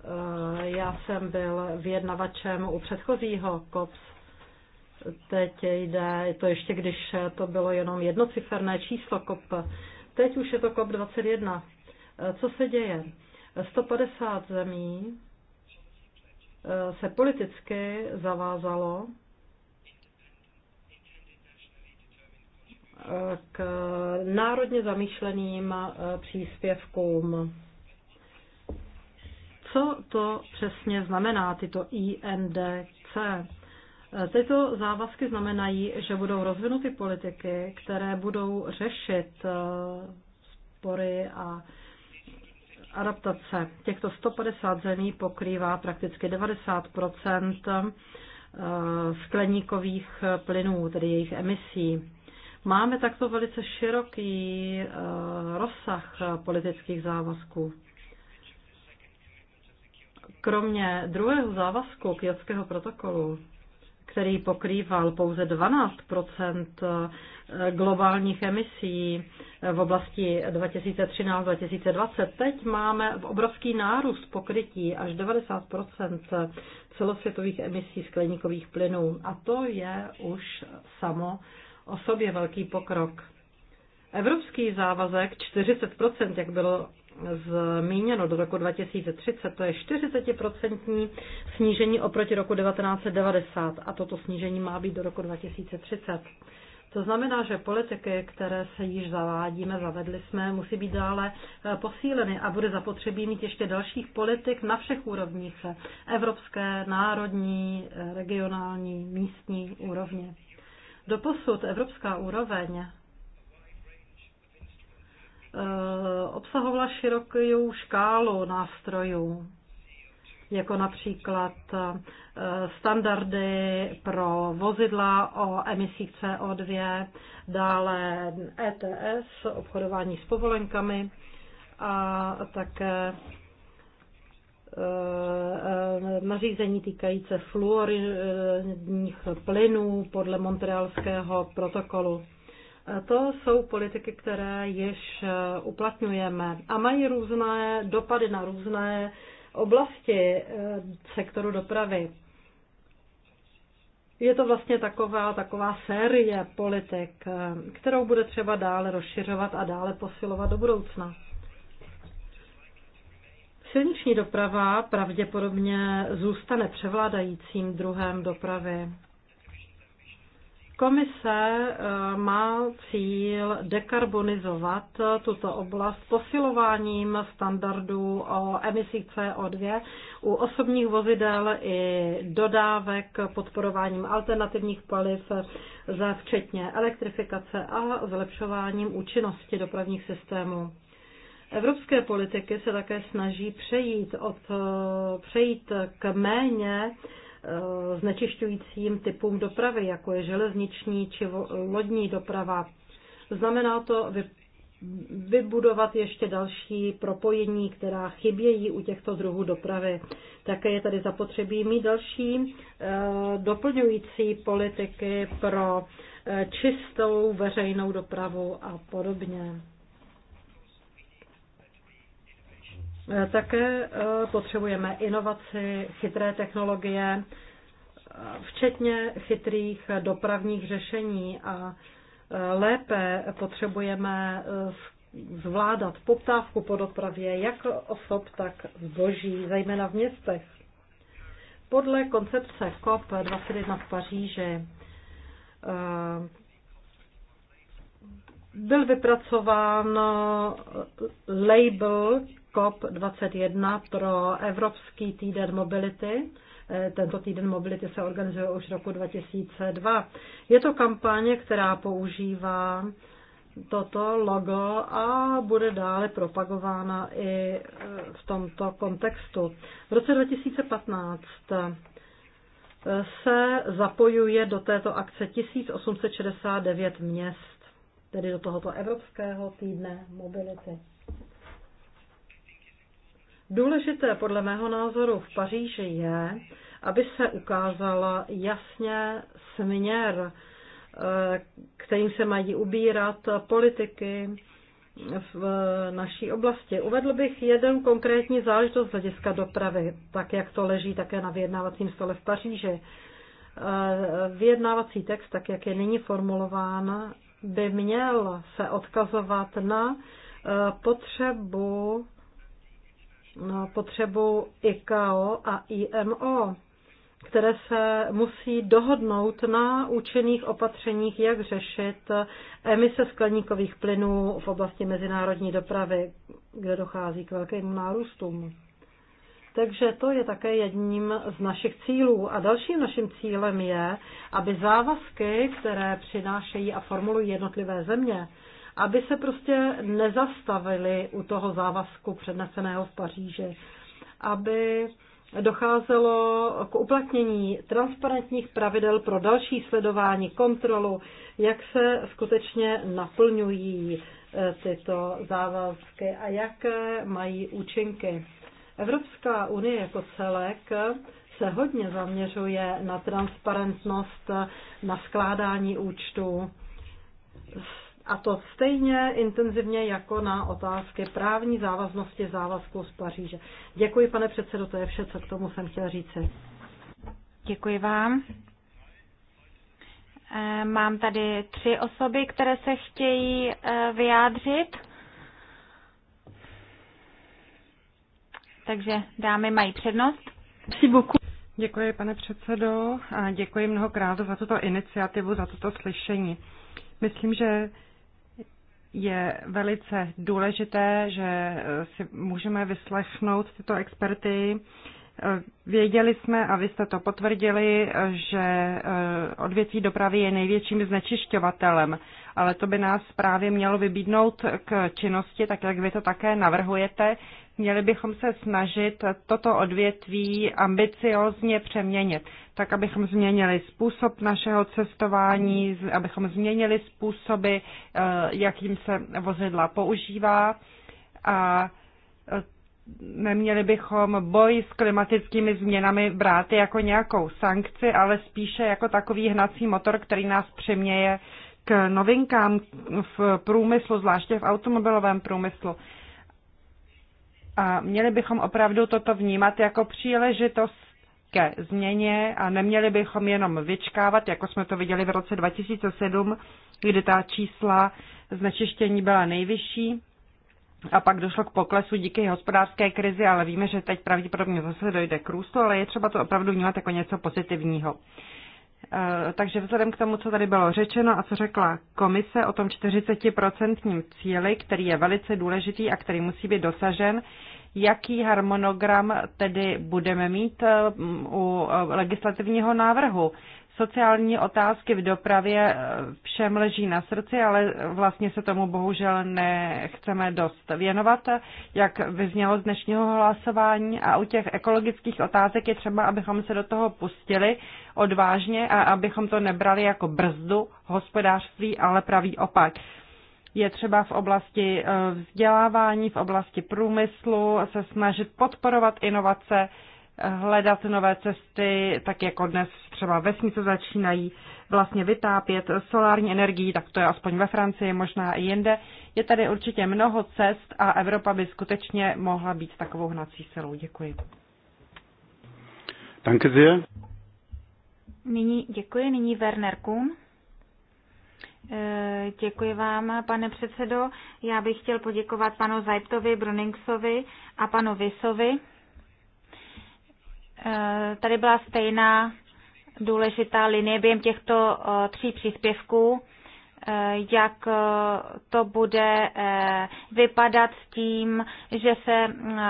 Eh, já jsem byl vyjednavačem u předchozího COPS. Teď jde, to ještě když to bylo jenom jednociferné číslo COP. Teď už je to COP21. Eh, co se děje? 150 zemí eh, se politicky zavázalo k národně zamýšleným příspěvkům co to přesně znamená, tyto INDC. Tyto závazky znamenají, že budou rozvinuty politiky, které budou řešit eh, spory a adaptace. Těchto 150 zemí pokrývá prakticky 90 eh, skleníkových plynů, tedy jejich emisí. Máme takto velice široký eh, rozsah politických závazků. Kromě druhého závazku Kyotského protokolu, který pokrýval pouze 12 eh, globálních emisí eh, v oblasti 2013-2020, teď máme obrovský nárůst pokrytí až 90 celosvětových emisí skleníkových plynů. A to je už samo o sobě velký pokrok. Evropský závazek 40 jak bylo zmíněno do roku 2030, to je 40% snížení oproti roku 1990 a toto snížení má být do roku 2030. To znamená, že politiky, které se již zavádíme, zavedli jsme, musí být dále eh, posíleny a bude zapotřebí mít ještě dalších politik na všech úrovních, eh, evropské, národní, eh, regionální, místní úrovně. Doposud evropská úroveň Eh, obsahovala širokou škálu nástrojů, jako například eh, standardy pro vozidla o emisích CO2, dále ETS, obchodování s povolenkami a také eh, nařízení týkající fluoridních plynů podle Montrealského protokolu. To jsou politiky, které již eh, uplatňujeme a mají různé dopady na různé oblasti eh, sektoru dopravy. Je to vlastně taková, taková série politik, eh, kterou bude třeba dále rozšiřovat a dále posilovat do budoucna. Silniční doprava pravděpodobně zůstane převládajícím druhem dopravy. Komise eh, má cíl dekarbonizovat tuto oblast posilováním standardů o emisích CO2 u osobních vozidel i dodávek, podporováním alternativních paliv, za včetně elektrifikace a zlepšováním účinnosti dopravních systémů. Evropské politiky se také snaží přejít, od, eh, přejít k méně Eh, znečišťujícím typům dopravy, jako je železniční či lodní doprava. Znamená to vybudovat ještě další propojení, která chybějí u těchto druhů dopravy. Také je tady zapotřebí mít další eh, doplňující politiky pro eh, čistou veřejnou dopravu a podobně. Eh, také eh, potřebujeme inovaci, chytré technologie, eh, včetně chytrých dopravních řešení a lépe potřebujeme zvládat poptávku po dopravě jak osob, tak zboží, zejména v městech. Podle koncepce COP21 v Paříži byl vypracován label COP21 pro Evropský týden mobility. Eh, tento týden mobility se organizuje už roku 2002. Je to kampaně, která používá toto logo a bude dále propagována i eh, v tomto kontextu. V roce 2015 eh, se zapojuje do této akce 1869 měst, tedy do tohoto Evropského týdne mobility. Důležité podle mého názoru v Paříži je, aby se ukázala jasně směr, eh, kterým se mají ubírat politiky v eh, naší oblasti. Uvedl bych jeden konkrétní záležitost z hlediska dopravy, tak jak to leží také na vyjednávacím stole v Paříži. Eh, vyjednávací text, tak jak je nyní formulován, by měl se odkazovat na potřebu potřebu ICAO a IMO, které se musí dohodnout na účinných opatřeních, jak řešit emise skleníkových plynů v oblasti mezinárodní dopravy, kde dochází k velkému nárůstům. Takže to je také jedním z našich cílů. A dalším naším cílem je, aby závazky, které přinášejí a formulují jednotlivé země, aby se prostě nezastavili u toho závazku předneseného v Paříži, aby docházelo k uplatnění transparentních pravidel pro další sledování, kontrolu, jak se skutečně naplňují eh, tyto závazky a jaké mají účinky. Evropská unie jako celek se hodně zaměřuje na transparentnost, na skládání účtu. A to stejně intenzivně jako na otázky právní závaznosti závazků z Paříže. Děkuji, pane předsedo, to je vše, co k tomu jsem chtěla říci. Děkuji vám. Eh, mám tady tři osoby, které se chtějí eh, vyjádřit. Takže dámy mají přednost. Děkuji, pane předsedo, a děkuji mnohokrát za tuto iniciativu, za toto slyšení. Myslím, že je velice důležité, že eh, si můžeme vyslechnout tyto experty. Eh, věděli jsme, a vy jste to potvrdili, eh, že odvětví dopravy je největším znečišťovatelem, ale to by nás právě mělo vybídnout k činnosti, tak jak vy to také navrhujete, Měli bychom se snažit toto odvětví ambiciozně přeměnit, tak abychom změnili způsob našeho cestování, abychom změnili způsoby, eh, jakým se vozidla používá a eh, neměli bychom boj s klimatickými změnami brát jako nějakou sankci, ale spíše jako takový hnací motor, který nás přeměje k novinkám v průmyslu, zvláště v automobilovém průmyslu. A měli bychom opravdu toto vnímat jako příležitost ke změně a neměli bychom jenom vyčkávat, jako jsme to viděli v roce 2007, kdy ta čísla znečištění byla nejvyšší a pak došlo k poklesu díky hospodářské krizi, ale víme, že teď pravděpodobně zase dojde k růstu, ale je třeba to opravdu vnímat jako něco pozitivního. Eh, takže vzhledem k tomu, co tady bylo řečeno a co řekla komise o tom 40% cíli, který je velice důležitý a který musí být dosažen, jaký harmonogram tedy budeme mít eh, u eh, legislativního návrhu? Sociální otázky v dopravě eh, všem leží na srdci, ale vlastně se tomu bohužel nechceme dost věnovat, jak vyznělo z dnešního hlasování. A u těch ekologických otázek je třeba, abychom se do toho pustili odvážně a abychom to nebrali jako brzdu hospodářství, ale pravý opak je třeba v oblasti eh, vzdělávání, v oblasti průmyslu se snažit podporovat inovace hledat nové cesty, tak jako dnes třeba vesnice začínají vlastně vytápět solární energii, tak to je aspoň ve Francii, možná i jinde. Je tady určitě mnoho cest a Evropa by skutečně mohla být takovou hnací silou. Děkuji. Danke sehr. Nyní děkuji, nyní Werner Kuhn. Eh, děkuji vám, pane předsedo. Já bych chtěl poděkovat panu Zajptovi, Bruningsovi a panu Visovi Eh, tady byla stejná důležitá linie během těchto eh, tří příspěvků, eh, jak to bude vypadat s tím, že se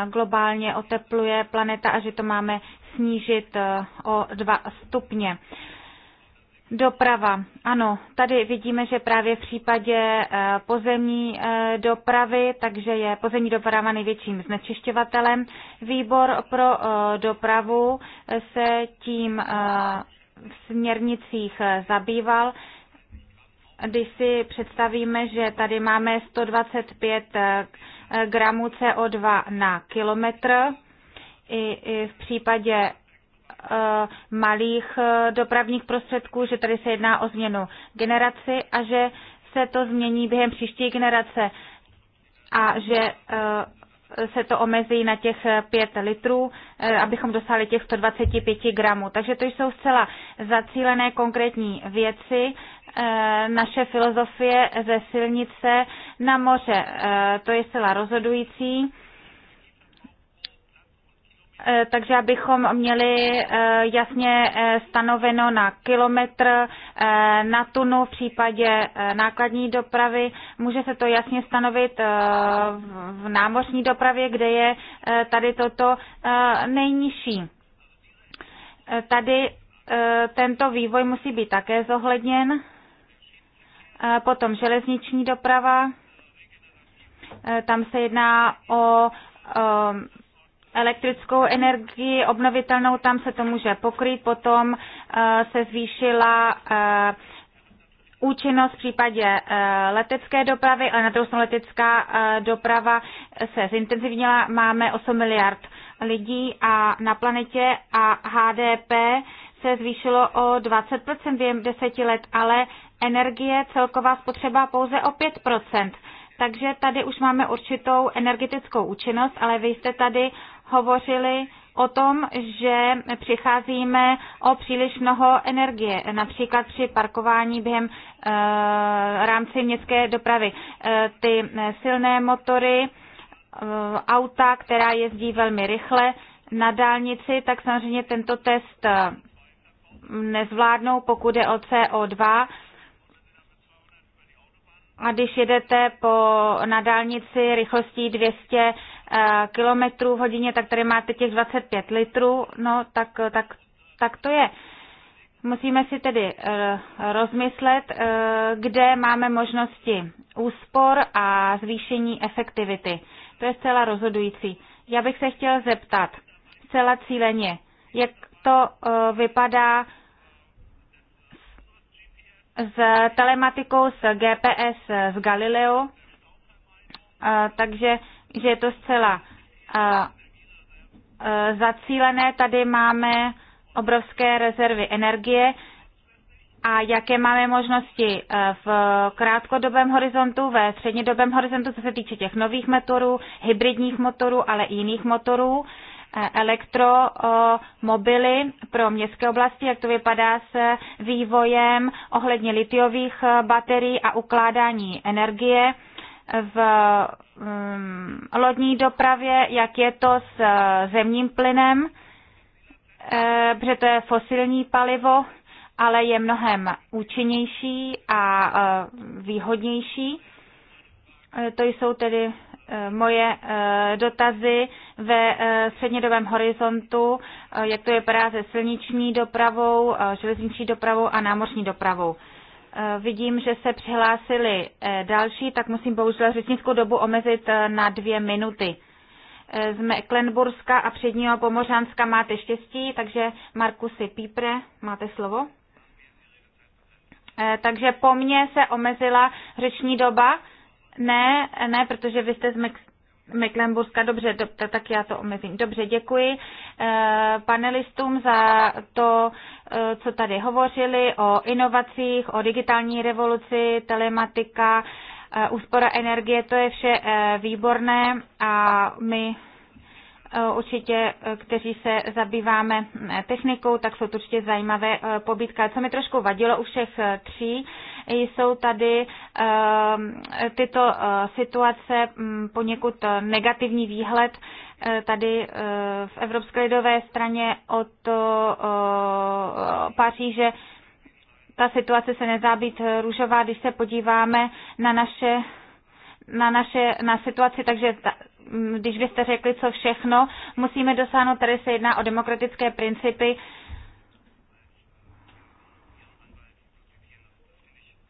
globálně otepluje planeta a že to máme snížit o dva stupně. Doprava. Ano, tady vidíme, že právě v případě eh, pozemní eh, dopravy, takže je pozemní doprava největším znečišťovatelem. Výbor pro eh, dopravu se tím v směrnicích zabýval. Když si představíme, že tady máme 125 gramů CO2 na kilometr, i v případě Eh, malých eh, dopravních prostředků, že tady se jedná o změnu generaci a že se to změní během příští generace a že eh, se to omezí na těch 5 litrů, abychom dosáhli těch 125 gramů. Takže to jsou zcela zacílené konkrétní věci. Naše filozofie ze silnice na moře, to je zcela rozhodující Eh, takže abychom měli eh, jasně eh, stanoveno na kilometr, na tunu v případě nákladní dopravy. Může se to jasně stanovit v námořní dopravě, kde je tady toto nejnižší. Tady tento vývoj musí být také zohledněn. Potom železniční doprava. Tam se jedná o elektrickou energii obnovitelnou, tam se to může pokrýt, potom eh, se zvýšila eh, účinnost v případě eh, letecké dopravy, ale na druhou stranu letecká doprava se zintenzivnila, máme 8 miliard lidí a na planetě a HDP se zvýšilo o 20% během deseti let, ale energie celková spotřeba pouze o 5%. Takže tady už máme určitou energetickou účinnost, ale vy jste tady hovořili o tom, že přicházíme o příliš mnoho energie, například při parkování během e, rámci městské dopravy. E, ty silné motory, e, auta, která jezdí velmi rychle na dálnici, tak samozřejmě tento test nezvládnou, pokud je o CO2. A když jedete po, na dálnici rychlostí 200 Eh, kilometrů v hodině, tak tady máte těch 25 litrů, no tak, tak, tak to je. Musíme si tedy eh, rozmyslet, eh, kde máme možnosti úspor a zvýšení efektivity. To je zcela rozhodující. Já bych se chtěl zeptat, zcela cíleně, jak to vypadá s telematikou, s GPS, s Galileo. Takže že je to zcela zacílené. Tady máme obrovské rezervy energie a jaké máme možnosti e, v krátkodobém horizontu, ve střednědobém horizontu, co se týče těch nových motorů, hybridních motorů, ale i jiných motorů, e, elektromobily pro městské oblasti, jak to vypadá s vývojem ohledně litiových e, baterií a ukládání energie v mm, lodní dopravě, jak je to s eh, zemním plynem, eh, protože to je fosilní palivo, ale je mnohem účinnější a eh, výhodnější. To jsou tedy moje dotazy ve střednědobém horizontu, jak to je právě se silniční dopravou, železniční dopravou a námořní dopravou. Eh, vidím, že se přihlásili eh, další, tak musím bohužel řečnickou dobu omezit eh, na dvě minuty. Z Mecklenburska a předního Pomořanska máte štěstí, takže Markusy Pípre, máte slovo. Takže po mně se omezila řeční doba. Ne, ne, protože vy jste z, Mex, Mecklenburska, dobře, do, tak já to omezím. Dobře, děkuji eh, panelistům za to, eh, co tady hovořili o inovacích, o digitální revoluci, telematika, eh, úspora energie, to je vše výborné a my Eh, určitě, eh, kteří se zabýváme eh, technikou, tak jsou to určitě zajímavé pobytka. Co mi trošku vadilo u všech tří, jsou tady ehm, tyto situace mm, poněkud negativní výhled tady v Evropské lidové straně od Paříže ta situace se nezdá být růžová, když se podíváme na naše na naše na situaci, takže ta, Mm, když byste řekli, co všechno musíme dosáhnout, tady se jedná o demokratické principy,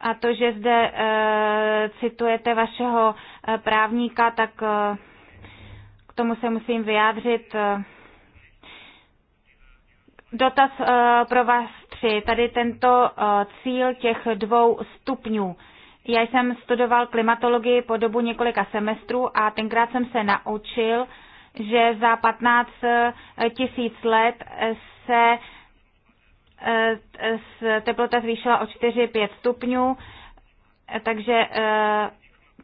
A to, že zde e, citujete vašeho e, právníka, tak e, k tomu se musím vyjádřit. E, dotaz e, pro vás tři. Tady tento e, cíl těch dvou stupňů. E, já jsem studoval klimatologii po dobu několika semestrů a tenkrát jsem se naučil, že za 15 eh, tisíc let eh, se eh, teplota zvýšila o 4-5 stupňů, takže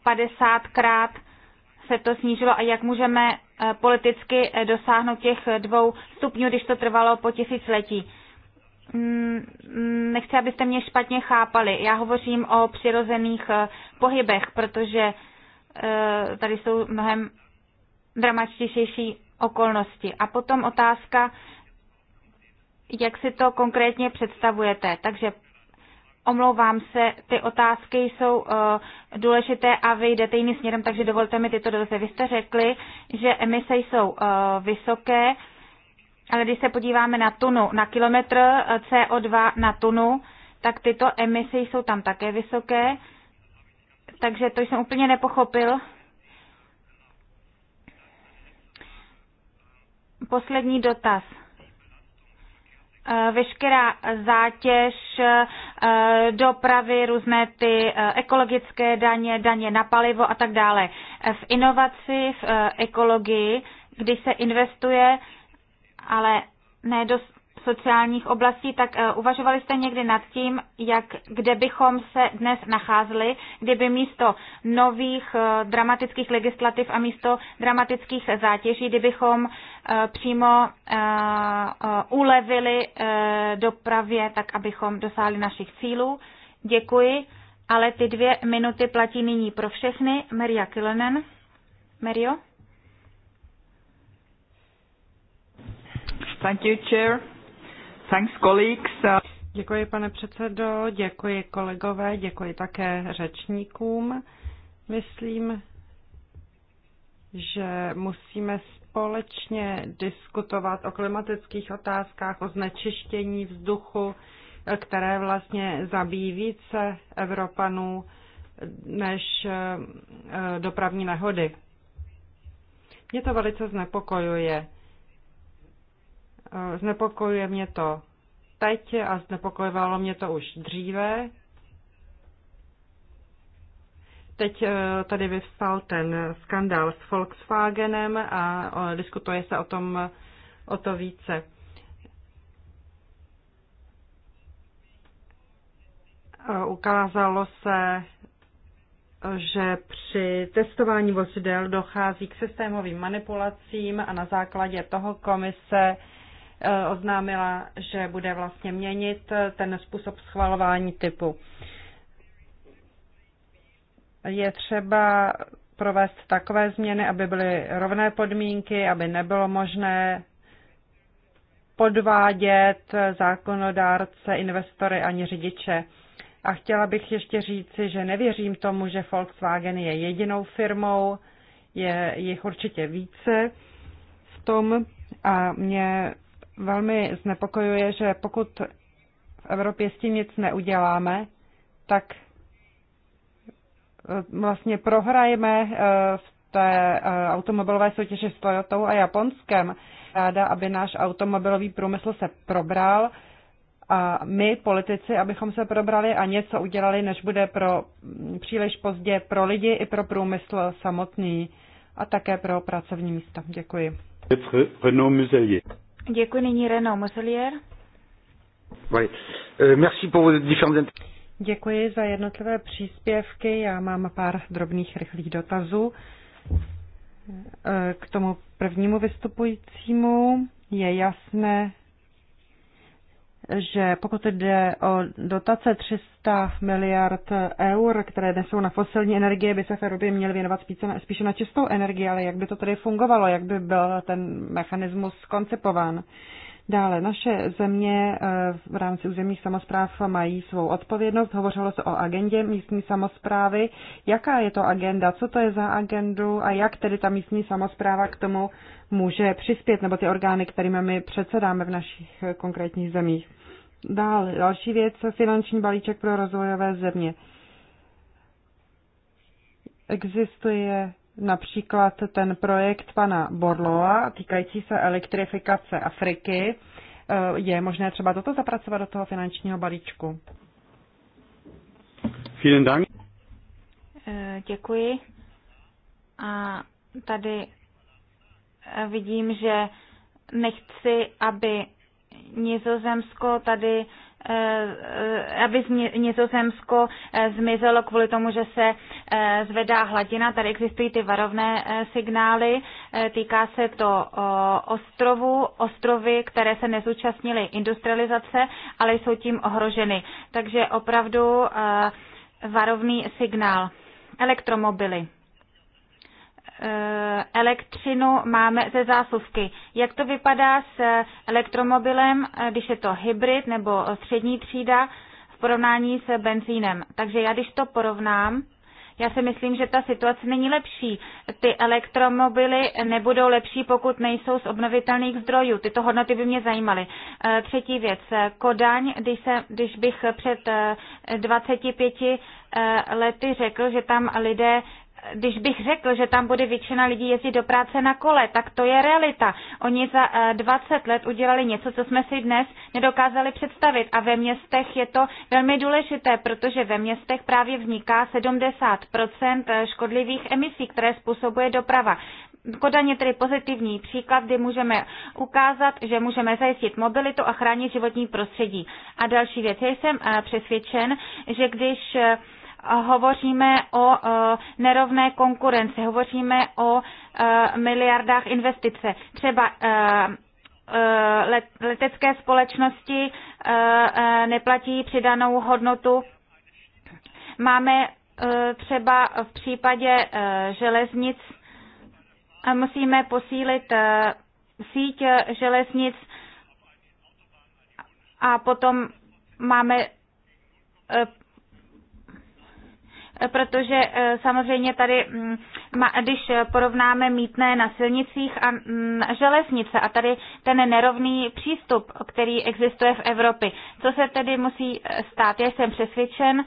50krát se to snížilo a jak můžeme politicky dosáhnout těch dvou stupňů, když to trvalo po letí. Mm, mm, nechci, abyste mě špatně chápali. Já hovořím o přirozených eh, pohybech, protože eh, tady jsou mnohem dramatičtější okolnosti. A potom otázka, jak si to konkrétně představujete. Takže omlouvám se, ty otázky jsou eh, důležité a vy jdete jiným směrem, takže dovolte mi tyto dotazy. Vy jste řekli, že emise jsou vysoké, ale když se podíváme na tunu, na kilometr eh, CO2 na tunu, tak tyto emise jsou tam také vysoké, takže to jsem úplně nepochopil. Poslední dotaz. Eh, veškerá zátěž eh, dopravy, různé ty ekologické daně, daně na palivo a tak dále. V inovaci, v ekologii, když se investuje, ale ne do sociálních oblastí, tak eh, uvažovali jste někdy nad tím, jak, kde bychom se dnes nacházeli, kdyby místo nových eh, dramatických legislativ a místo dramatických zátěží, kdybychom eh, přímo ulevili dopravě, tak abychom dosáhli našich cílů. Děkuji, ale ty dvě minuty platí nyní pro všechny. Maria Kilonen. Mario? Thank you, Chair. Thanks, colleagues. Uh, děkuji, pane předsedo, děkuji kolegové, děkuji také řečníkům. Myslím, že musíme společně diskutovat o klimatických otázkách, o znečištění vzduchu, které vlastně zabíjí více Evropanů než eh, dopravní nehody. Mě to velice znepokojuje. Eh, znepokojuje mě to teď a znepokojovalo mě to už dříve. Teď eh, tady vyvstal ten skandál s Volkswagenem a eh, diskutuje se o tom o to více. Ukázalo se, že při testování vozidel dochází k systémovým manipulacím a na základě toho komise Eh, oznámila, že bude vlastně měnit eh, ten způsob schvalování typu. Je třeba provést takové změny, aby byly rovné podmínky, aby nebylo možné podvádět zákonodárce, investory ani řidiče. A chtěla bych ještě říci, že nevěřím tomu, že Volkswagen je jedinou firmou, je jich určitě více v tom a mě velmi znepokojuje, že pokud v Evropě s tím nic neuděláme, tak eh, vlastně prohrajeme eh, v té eh, automobilové soutěži s Toyotou a Japonskem. Ráda, aby náš automobilový průmysl se probral a my, politici, abychom se probrali a něco udělali, než bude pro, mm, příliš pozdě pro lidi i pro průmysl samotný a také pro pracovní místa. Děkuji. Renaud Muselier. Děkuji nyní Renaud Moselier. Euh, Děkuji za jednotlivé příspěvky. Já mám pár drobných rychlých dotazů. K tomu prvnímu vystupujícímu je jasné, že pokud jde o dotace 300 miliard eur, které nesou na fosilní energie, by se v Evropě měly věnovat spíše na, spíše na čistou energii, ale jak by to tedy fungovalo, jak by byl ten mechanismus koncipován. Dále naše země eh, v rámci územních samozpráv mají svou odpovědnost. Hovořilo se o agendě místní samozprávy. Jaká je to agenda, co to je za agendu a jak tedy ta místní samozpráva k tomu může přispět, nebo ty orgány, kterými my předsedáme v našich eh, konkrétních zemích. Dále, další věc, finanční balíček pro rozvojové země. Existuje například ten projekt pana Borloa týkající se elektrifikace Afriky. Eh, je možné třeba toto zapracovat do toho finančního balíčku? Vielen Dank. Eh, děkuji. A tady eh, vidím, že nechci, aby Nizozemsko tady Eh, eh, aby Nizozemsko eh, zmizelo kvůli tomu, že se zvedá hladina. Tady existují ty varovné signály. Týká se to ostrovů, ostrovy, které se nezúčastnily industrializace, ale jsou tím ohroženy. Takže opravdu varovný signál. Elektromobily. Eh, elektřinu máme ze zásuvky. Jak to vypadá s elektromobilem, eh, když je to hybrid nebo střední třída v porovnání s benzínem? Takže já když to porovnám, já si myslím, že ta situace není lepší. Ty elektromobily nebudou lepší, pokud nejsou z obnovitelných zdrojů. Tyto hodnoty by mě zajímaly. Eh, třetí věc. Kodaň, když, se, když bych před 25 lety řekl, že tam lidé když bych řekl, že tam bude většina lidí jezdit do práce na kole, tak to je realita. Oni za 20 eh, let udělali něco, co jsme si dnes nedokázali představit. A ve městech je to velmi důležité, protože ve městech právě vzniká 70 eh, škodlivých emisí, které způsobuje doprava. Kodaň je tedy pozitivní příklad, kdy můžeme ukázat, že můžeme zajistit mobilitu a chránit životní prostředí. A další věc, já jsem eh, přesvědčen, že když hovoříme o e, nerovné konkurenci, hovoříme o e, miliardách investice. Třeba e, letecké společnosti neplatí přidanou hodnotu. Máme třeba v případě železnic, musíme posílit síť železnic a potom máme protože eh, samozřejmě tady, mm, když porovnáme mítné na silnicích a mm, železnice a tady ten nerovný přístup, který existuje v Evropě, co se tedy musí eh, stát? Já jsem přesvědčen,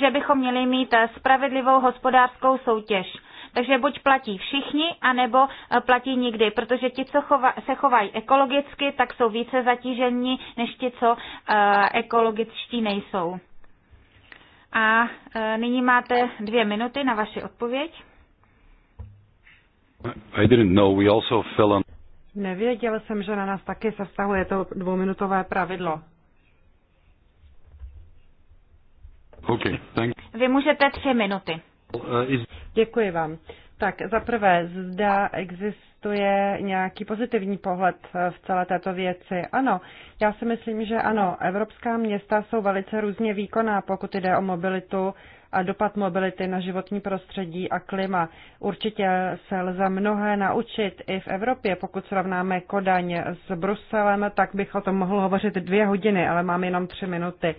že bychom měli mít eh, spravedlivou hospodářskou soutěž. Takže buď platí všichni, anebo platí nikdy, protože ti, co chova, se chovají ekologicky, tak jsou více zatížení než ti, co uh, ekologičtí nejsou. A e, nyní máte dvě minuty na vaši odpověď. I didn't know. We also fell on... Nevěděl jsem, že na nás taky se vztahuje to dvouminutové pravidlo. Okay, thank... Vy můžete tři minuty. Uh, Děkuji vám. Tak za prvé, zda existuje nějaký pozitivní pohled eh, v celé této věci. Ano, já si myslím, že ano. Evropská města jsou velice různě výkonná, pokud jde o mobilitu a dopad mobility na životní prostředí a klima. Určitě se lze mnohé naučit i v Evropě. Pokud srovnáme Kodaň s Bruselem, tak bych o tom mohl hovořit dvě hodiny, ale mám jenom tři minuty.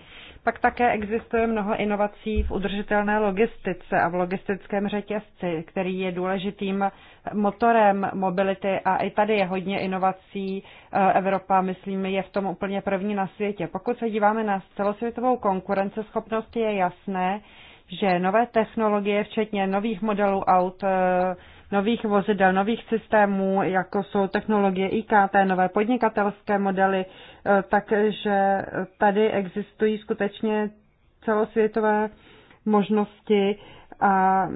Pak také existuje mnoho inovací v udržitelné logistice a v logistickém řetězci, který je důležitým motorem mobility a i tady je hodně inovací. E, Evropa, myslím, je v tom úplně první na světě. Pokud se díváme na celosvětovou konkurenceschopnost, je jasné, že nové technologie, včetně nových modelů aut, eh, nových vozidel, nových systémů, jako jsou technologie IKT, nové podnikatelské modely, eh, takže tady existují skutečně celosvětové možnosti a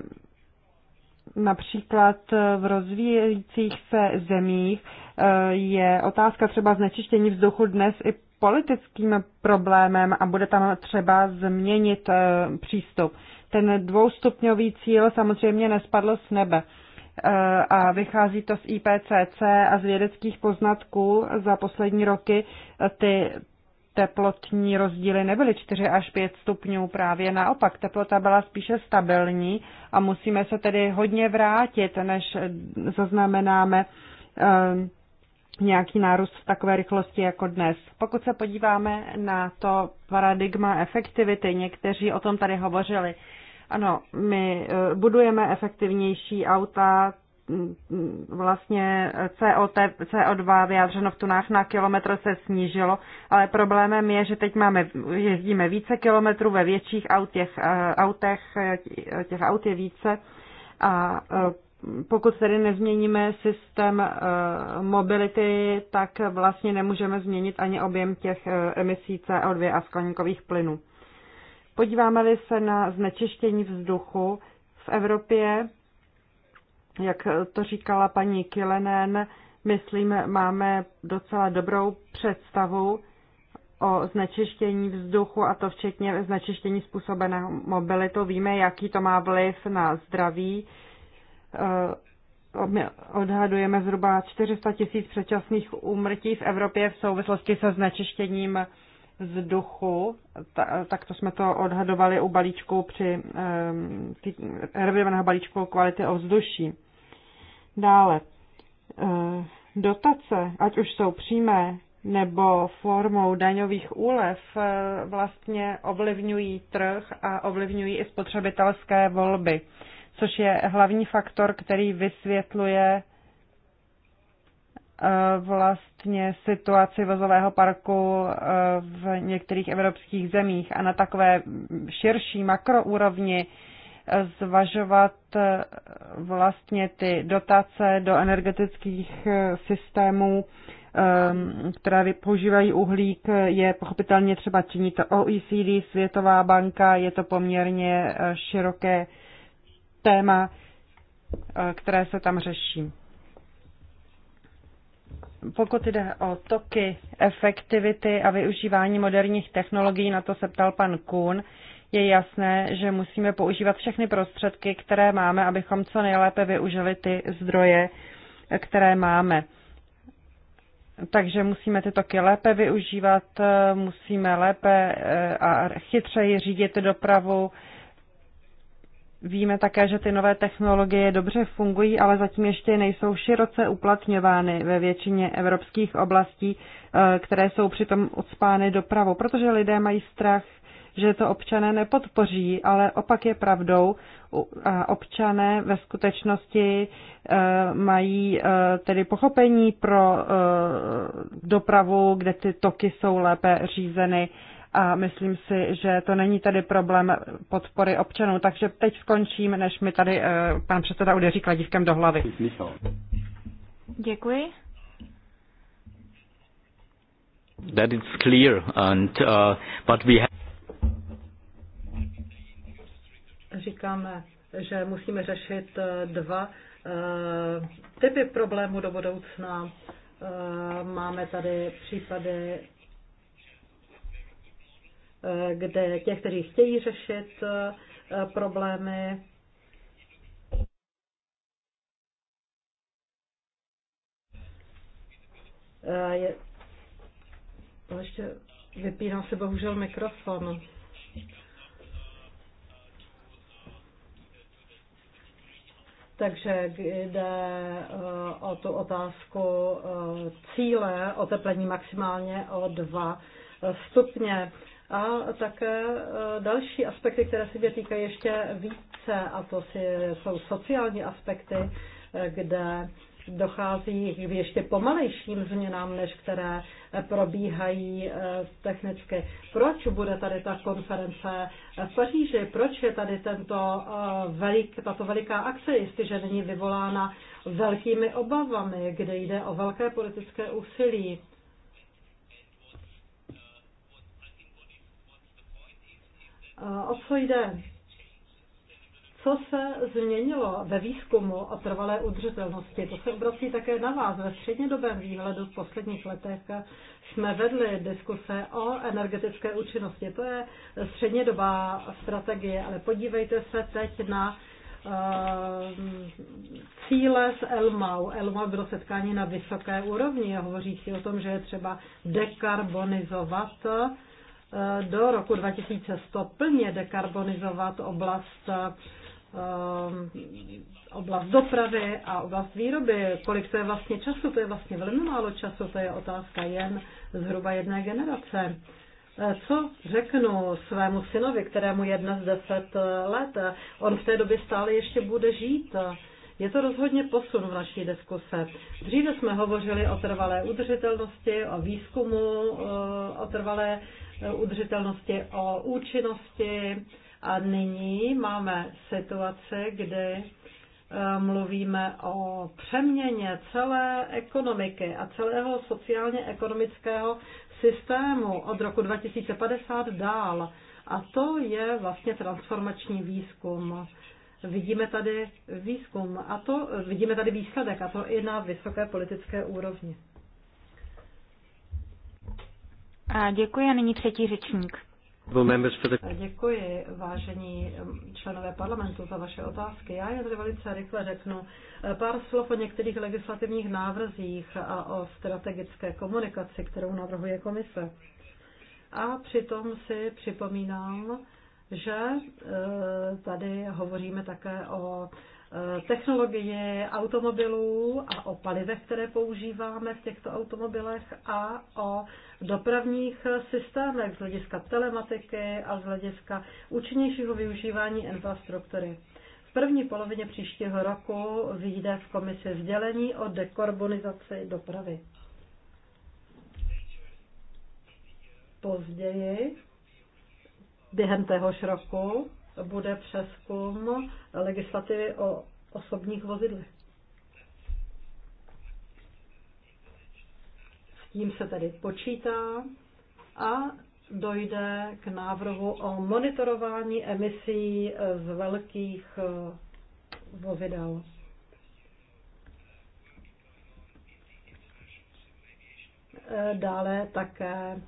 například v rozvíjejících se zemích eh, je otázka třeba znečištění vzduchu dnes i politickým problémem a bude tam třeba změnit eh, přístup. Ten dvoustupňový cíl samozřejmě nespadl z nebe eh, a vychází to z IPCC a z vědeckých poznatků za poslední roky. Ty teplotní rozdíly nebyly 4 až 5 stupňů, právě naopak teplota byla spíše stabilní a musíme se tedy hodně vrátit, než zaznamenáme eh, nějaký nárůst v takové rychlosti jako dnes. Pokud se podíváme na to paradigma efektivity, někteří o tom tady hovořili. Ano, my eh, budujeme efektivnější auta, mm, mm, vlastně CO, CO2 vyjádřeno v tunách na kilometr se snížilo, ale problémem je, že teď máme, jezdíme více kilometrů ve větších autech, eh, autech eh, těch aut je více a pokud tedy nezměníme systém eh, mobility, tak vlastně nemůžeme změnit ani objem těch eh, emisí CO2 a skleníkových plynů. Podíváme-li se na znečištění vzduchu v Evropě, jak to říkala paní Kilenen, myslím, máme docela dobrou představu o znečištění vzduchu a to včetně znečištění způsobeného mobilitou. Víme, jaký to má vliv na zdraví Eh, odhadujeme zhruba 400 tisíc předčasných úmrtí v Evropě v souvislosti se znečištěním vzduchu. tak to jsme to odhadovali u balíčku při eh, revidovaného balíčku kvality ovzduší. Dále, eh, dotace, ať už jsou přímé nebo formou daňových úlev, vlastně ovlivňují trh a ovlivňují i spotřebitelské volby což je hlavní faktor, který vysvětluje eh, vlastně situaci vozového parku eh, v některých evropských zemích a na takové širší makroúrovni eh, zvažovat vlastně ty dotace do energetických systémů, které používají uhlík, je pochopitelně třeba činit OECD, Světová banka, je to poměrně široké téma, eh, které se tam řeší. Pokud jde o toky, efektivity a využívání moderních technologií, na to se ptal pan Kuhn, je jasné, že musíme používat všechny prostředky, které máme, abychom co nejlépe využili ty zdroje, které máme. Takže musíme ty toky lépe využívat, eh, musíme lépe eh, a chytřeji řídit dopravu, Víme také, že ty nové technologie dobře fungují, ale zatím ještě nejsou široce uplatňovány ve většině evropských oblastí, eh, které jsou přitom odspány dopravou, protože lidé mají strach, že to občané nepodpoří, ale opak je pravdou. A občané ve skutečnosti eh, mají eh, tedy pochopení pro dopravu, kde ty toky jsou lépe řízeny a myslím si, že to není tady problém podpory občanů. Takže teď skončím, než mi tady eh, pan předseda udeří kladívkem do hlavy. Děkuji. That is clear and uh, but we have... Říkáme, že musíme řešit eh, dva uh, typy problémů do budoucna. Uh, máme tady případy kde těch, kteří chtějí řešit eh, problémy, eh, je, ještě vypíná se bohužel mikrofon. Takže jde eh, o tu otázku cíle oteplení maximálně o 2 stupně a také eh, další aspekty, které se mě týkají ještě více, a to si, jsou sociální aspekty, eh, kde dochází k ještě pomalejším změnám, než které eh, probíhají technicky. Proč bude tady ta konference v Paříži? Proč je tady tento velik, tato veliká akce, jestliže není vyvolána velkými obavami, kde jde o velké politické úsilí? O co jde? Co se změnilo ve výzkumu o trvalé udržitelnosti? To se obrací také na vás. Ve střednědobém výhledu v posledních letech jsme vedli diskuse o energetické účinnosti. To je střednědobá strategie, ale podívejte se teď na cíle z Elmau. Elmau bylo setkání na vysoké úrovni. Hovoří si o tom, že je třeba dekarbonizovat Eh, do roku 2100 plně dekarbonizovat oblast eh, oblast dopravy a oblast výroby. Kolik to je vlastně času? To je vlastně velmi málo času, to je otázka jen zhruba jedné generace. Eh, co řeknu svému synovi, kterému je dnes 10 let? On v té době stále ještě bude žít. Je to rozhodně posun v naší diskuse. Dříve jsme hovořili o trvalé udržitelnosti, o výzkumu, o trvalé udržitelnosti, o účinnosti. A nyní máme situace, kdy eh, mluvíme o přeměně celé ekonomiky a celého sociálně-ekonomického systému od roku 2050 dál. A to je vlastně transformační výzkum. Vidíme tady výzkum a to vidíme tady výsledek a to i na vysoké politické úrovni. A děkuji a nyní třetí řečník. Děkuji, vážení um, členové parlamentu, za vaše otázky. Já jen velice rychle řeknu eh, pár slov o některých legislativních návrzích a o strategické komunikaci, kterou navrhuje komise. A přitom si připomínám, že eh, tady hovoříme také o eh, technologii automobilů a o palivech, které používáme v těchto automobilech a o dopravních systémech, z hlediska telematiky a z hlediska účinnějšího využívání infrastruktury. V první polovině příštího roku vyjde v komisi sdělení o dekarbonizaci dopravy. Později, během téhož roku, bude přeskum legislativy o osobních vozidlech. jim se tedy počítá a dojde k návrhu o monitorování emisí z velkých eh, vozidel. Eh, dále také eh,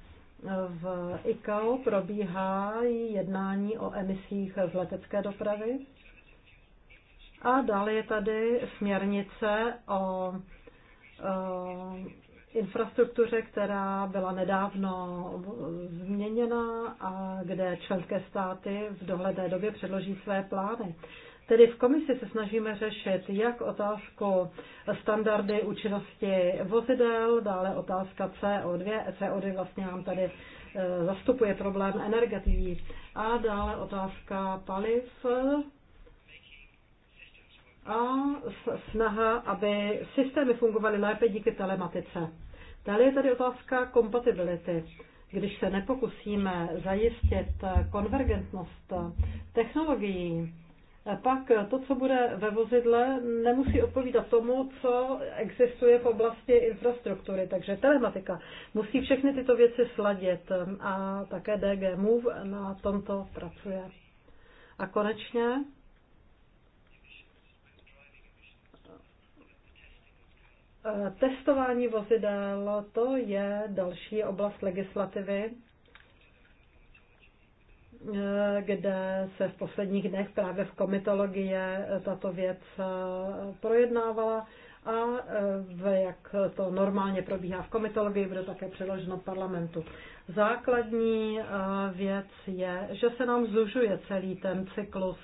v ICAO probíhá jednání o emisích z letecké dopravy. A dále je tady směrnice o infrastruktuře, která byla nedávno změněna a kde členské státy v dohledné době předloží své plány. Tedy v komisi se snažíme řešit jak otázku standardy účinnosti vozidel, dále otázka CO2. CO2 vlastně nám tady e, zastupuje problém energetiky a dále otázka paliv a snaha, aby systémy fungovaly lépe díky telematice. Dále je tady otázka kompatibility. Když se nepokusíme zajistit konvergentnost technologií, pak to, co bude ve vozidle, nemusí odpovídat tomu, co existuje v oblasti infrastruktury. Takže telematika musí všechny tyto věci sladit a také DG Move na tomto pracuje. A konečně Eh, testování vozidel, to je další oblast legislativy, eh, kde se v posledních dnech právě v komitologie eh, tato věc projednávala a v, jak to normálně probíhá v komitologii, bude také předloženo parlamentu. Základní věc je, že se nám zužuje celý ten cyklus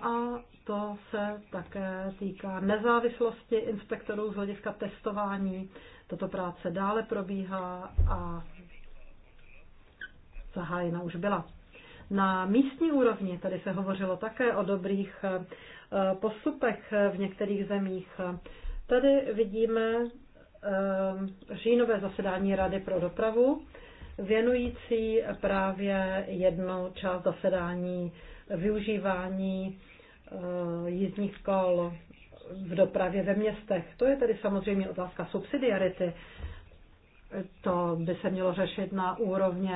a to se také týká nezávislosti inspektorů z hlediska testování. Toto práce dále probíhá a zahájena už byla. Na místní úrovni tady se hovořilo také o dobrých eh, postupech v některých zemích. Tady vidíme eh, říjnové zasedání Rady pro dopravu, věnující právě jednu část zasedání využívání Eh, jízdních kol v dopravě ve městech. To je tedy samozřejmě otázka subsidiarity. To by se mělo řešit na, úrovni,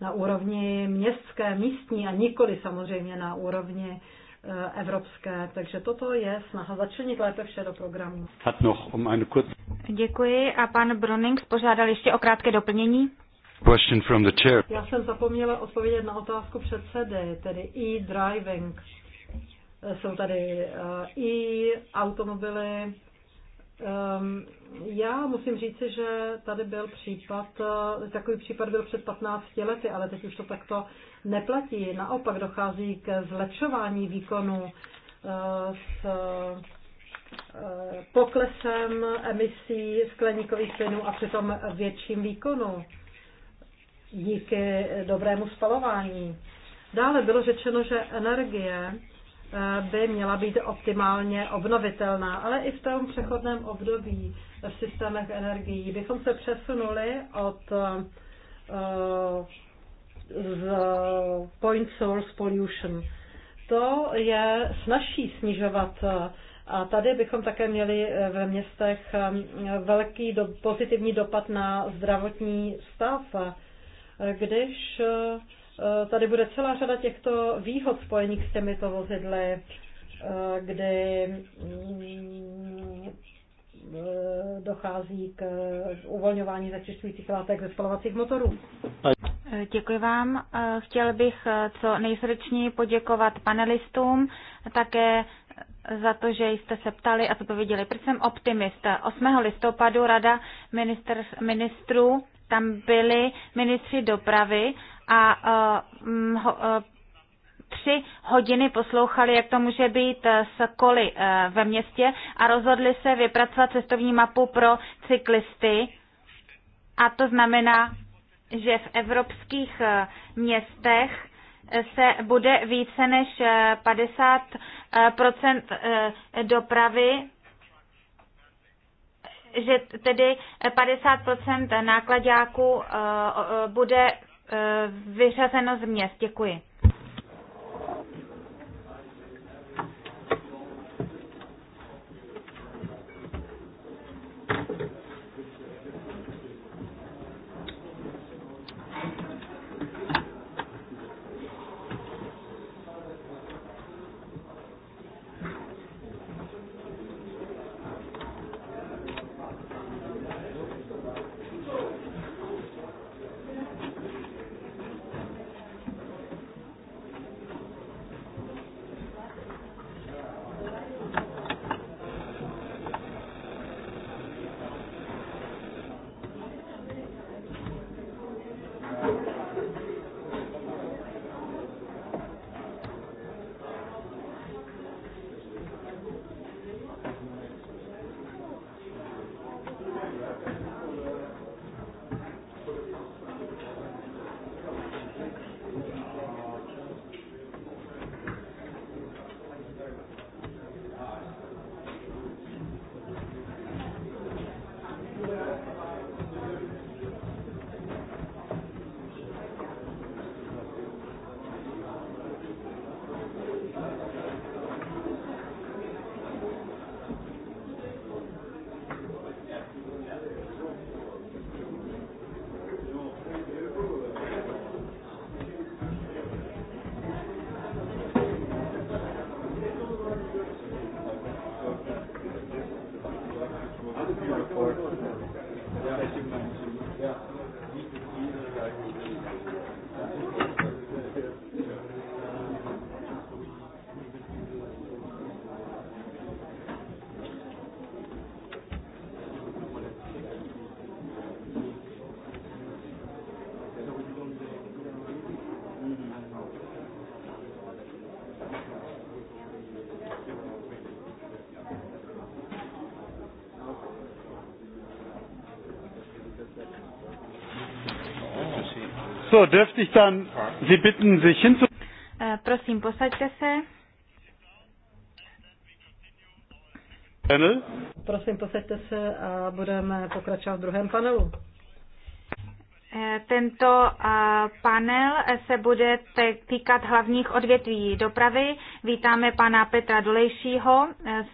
na úrovni městské, místní a nikoli samozřejmě na úrovni eh, evropské. Takže toto je snaha začlenit lépe vše do programu. Um Děkuji a pan Bruning požádal ještě o krátké doplnění. Question from the chair. Já jsem zapomněla odpovědět na otázku předsedy, tedy e-driving jsou tady eh, i automobily. Ehm, já musím říci, že tady byl případ, eh, takový případ byl před 15 lety, ale teď už to takto neplatí. Naopak dochází k zlepšování výkonu eh, s poklesem emisí skleníkových plynů a přitom větším výkonu díky dobrému spalování. Dále bylo řečeno, že energie by měla být optimálně obnovitelná, ale i v tom přechodném období v systémech energií bychom se přesunuli od eh, z point source pollution. To je snažší snižovat a tady bychom také měli eh, ve městech eh, velký do, pozitivní dopad na zdravotní stav, když Eh, tady bude celá řada těchto výhod spojených s těmito vozidly, eh, kdy mm, eh, dochází k uvolňování začišťujících látek ze spalovacích motorů. Děkuji vám. Chtěl bych co nejsrdečněji poděkovat panelistům, také za to, že jste se ptali a zodpověděli. Proč jsem optimist? 8. listopadu Rada ministr, ministrů, tam byli ministři dopravy a eh, eh, tři hodiny poslouchali, jak to může být eh, s koly ve městě a rozhodli se vypracovat cestovní mapu pro cyklisty. A to znamená, že v evropských městech se bude více než 50 dopravy že tedy 50 nákladňáků bude vyřazeno z měst. Děkuji. So, dürfte ich dann Sie bitten, sich hinzu... Eh, prosím, posaďte se. Panel. Prosím, posaďte se a budeme pokračovat v druhém panelu. Eh, tento eh, panel se bude týkat hlavních odvětví dopravy. Vítáme pana Petra Dolejšího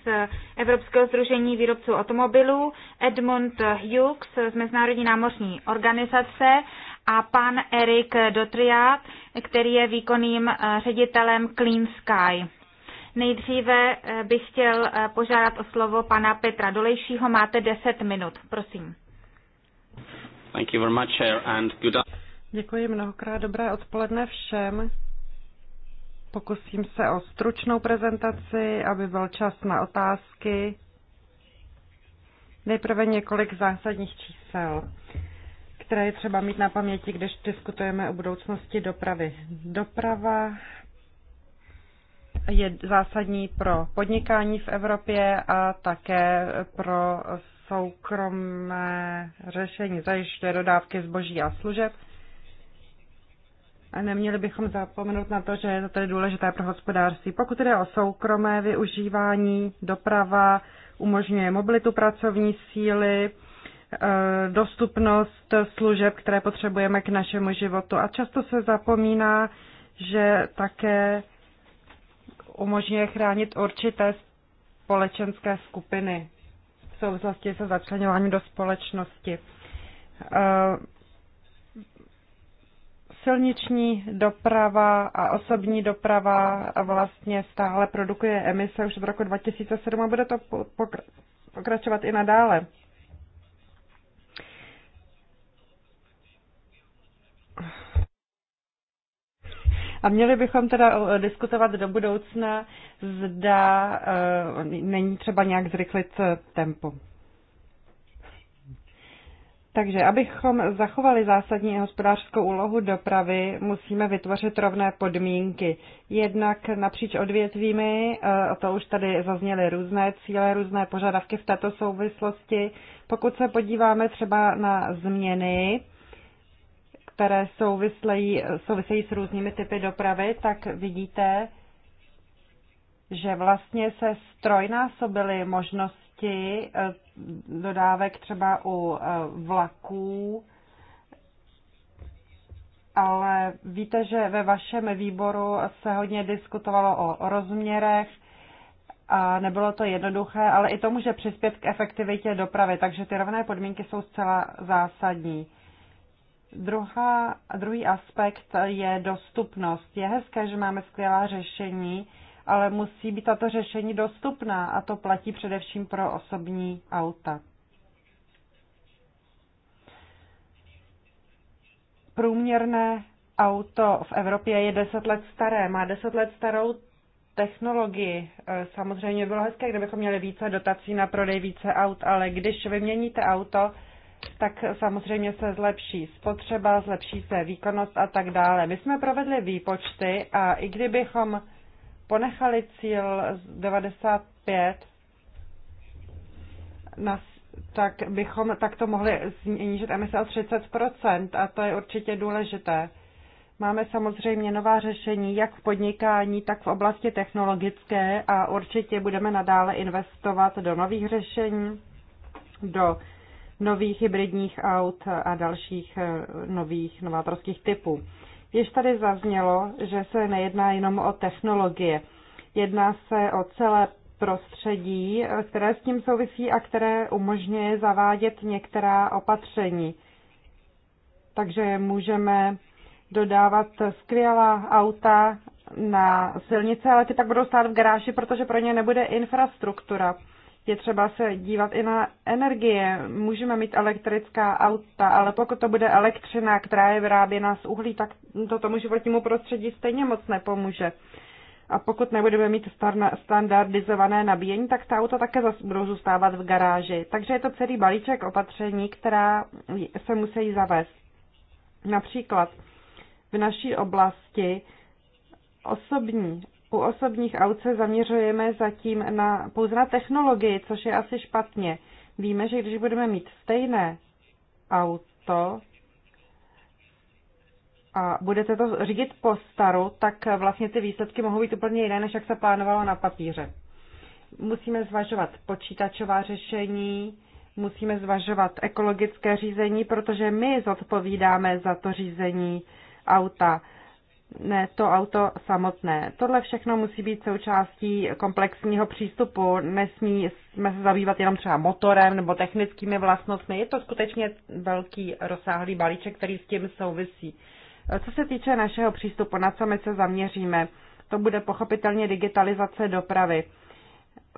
z Evropského združení výrobců automobilů, Edmund Hughes z Mezinárodní námořní organizace a pan Erik Dotriat, který je výkonným eh, ředitelem Clean Sky. Nejdříve eh, bych chtěl eh, požádat o slovo pana Petra Dolejšího. Máte 10 minut, prosím. Thank you very much, Chair, and good Děkuji mnohokrát. Dobré odpoledne všem. Pokusím se o stručnou prezentaci, aby byl čas na otázky. Nejprve několik zásadních čísel které je třeba mít na paměti, když diskutujeme o budoucnosti dopravy. Doprava je zásadní pro podnikání v Evropě a také pro soukromé řešení, zajišťuje dodávky zboží a služeb. A neměli bychom zapomenout na to, že je to tedy důležité pro hospodářství. Pokud jde o soukromé využívání, doprava umožňuje mobilitu pracovní síly, Eh, dostupnost služeb, které potřebujeme k našemu životu. A často se zapomíná, že také umožňuje chránit určité společenské skupiny v souvislosti se začlenováním do společnosti. Eh, silniční doprava a osobní doprava vlastně stále produkuje emise už od roku 2007 a bude to pokračovat i nadále. A měli bychom teda eh, diskutovat do budoucna, zda eh, není třeba nějak zrychlit eh, tempo. Takže abychom zachovali zásadní hospodářskou úlohu dopravy, musíme vytvořit rovné podmínky. Jednak napříč odvětvími, to už tady zazněly různé cíle, různé požadavky v této souvislosti. Pokud se podíváme třeba na změny které souvislejí, souvisejí s různými typy dopravy, tak vidíte, že vlastně se strojnásobily možnosti eh, dodávek třeba u eh, vlaků, ale víte, že ve vašem výboru se hodně diskutovalo o rozměrech a nebylo to jednoduché, ale i to může přispět k efektivitě dopravy, takže ty rovné podmínky jsou zcela zásadní. Druhá, druhý aspekt je dostupnost. Je hezké, že máme skvělá řešení, ale musí být tato řešení dostupná a to platí především pro osobní auta. Průměrné auto v Evropě je 10 let staré, má 10 let starou technologii. E, samozřejmě bylo hezké, kdybychom měli více dotací na prodej více aut, ale když vyměníte auto, tak samozřejmě se zlepší spotřeba, zlepší se výkonnost a tak dále. My jsme provedli výpočty a i kdybychom ponechali cíl 95, na, tak bychom takto mohli snížit emise o 30% a to je určitě důležité. Máme samozřejmě nová řešení jak v podnikání, tak v oblasti technologické a určitě budeme nadále investovat do nových řešení, do nových hybridních aut a dalších eh, nových novátorských typů. Již tady zaznělo, že se nejedná jenom o technologie. Jedná se o celé prostředí, eh, které s tím souvisí a které umožňuje zavádět některá opatření. Takže můžeme dodávat skvělá auta na silnice, ale ty pak budou stát v garáži, protože pro ně nebude infrastruktura je třeba se dívat i na energie. Můžeme mít elektrická auta, ale pokud to bude elektřina, která je vyráběna z uhlí, tak to tomu životnímu prostředí stejně moc nepomůže. A pokud nebudeme mít standardizované nabíjení, tak ta auta také zase budou zůstávat v garáži. Takže je to celý balíček opatření, která se musí zavést. Například v naší oblasti osobní u osobních aut se zaměřujeme zatím na, pouze na technologii, což je asi špatně. Víme, že když budeme mít stejné auto a budete to řídit po staru, tak vlastně ty výsledky mohou být úplně jiné, než jak se plánovalo na papíře. Musíme zvažovat počítačová řešení, musíme zvažovat ekologické řízení, protože my zodpovídáme za to řízení auta ne to auto samotné. Tohle všechno musí být součástí komplexního přístupu. Nesmí jsme se zabývat jenom třeba motorem nebo technickými vlastnostmi. Je to skutečně velký rozsáhlý balíček, který s tím souvisí. Co se týče našeho přístupu, na co my se zaměříme, to bude pochopitelně digitalizace dopravy.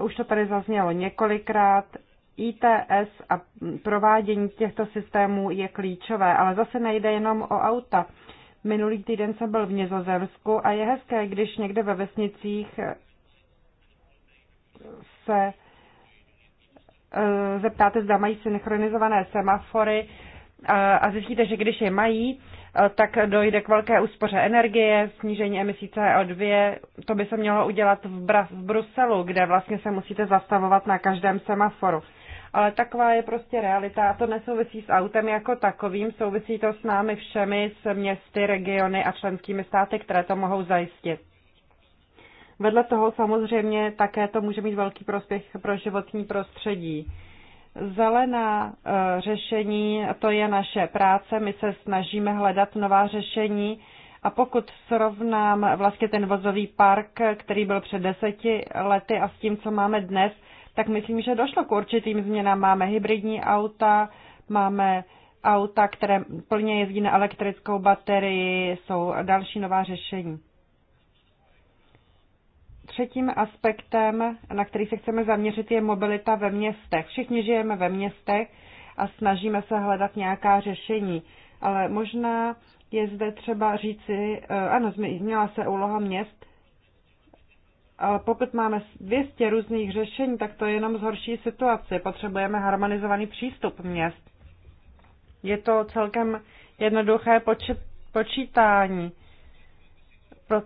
Už to tady zaznělo několikrát. ITS a provádění těchto systémů je klíčové, ale zase nejde jenom o auta. Minulý týden jsem byl v Nizozemsku a je hezké, když někde ve vesnicích se eh, zeptáte, zda mají synchronizované semafory eh, a zjistíte, že když je mají, eh, tak dojde k velké úspoře energie, snížení emisí CO2. To by se mělo udělat v, Bruselu, kde vlastně se musíte zastavovat na každém semaforu ale taková je prostě realita a to nesouvisí s autem jako takovým, souvisí to s námi všemi, s městy, regiony a členskými státy, které to mohou zajistit. Vedle toho samozřejmě také to může mít velký prospěch pro životní prostředí. Zelená eh, řešení, to je naše práce, my se snažíme hledat nová řešení a pokud srovnám vlastně ten vozový park, který byl před deseti lety a s tím, co máme dnes, tak myslím, že došlo k určitým změnám. Máme hybridní auta, máme auta, které plně jezdí na elektrickou baterii, jsou další nová řešení. Třetím aspektem, na který se chceme zaměřit, je mobilita ve městech. Všichni žijeme ve městech a snažíme se hledat nějaká řešení, ale možná je zde třeba říci, eh, ano, změnila se úloha měst, ale pokud máme 200 různých řešení, tak to je jenom zhorší situaci. Potřebujeme harmonizovaný přístup měst. Je to celkem jednoduché počet, počítání.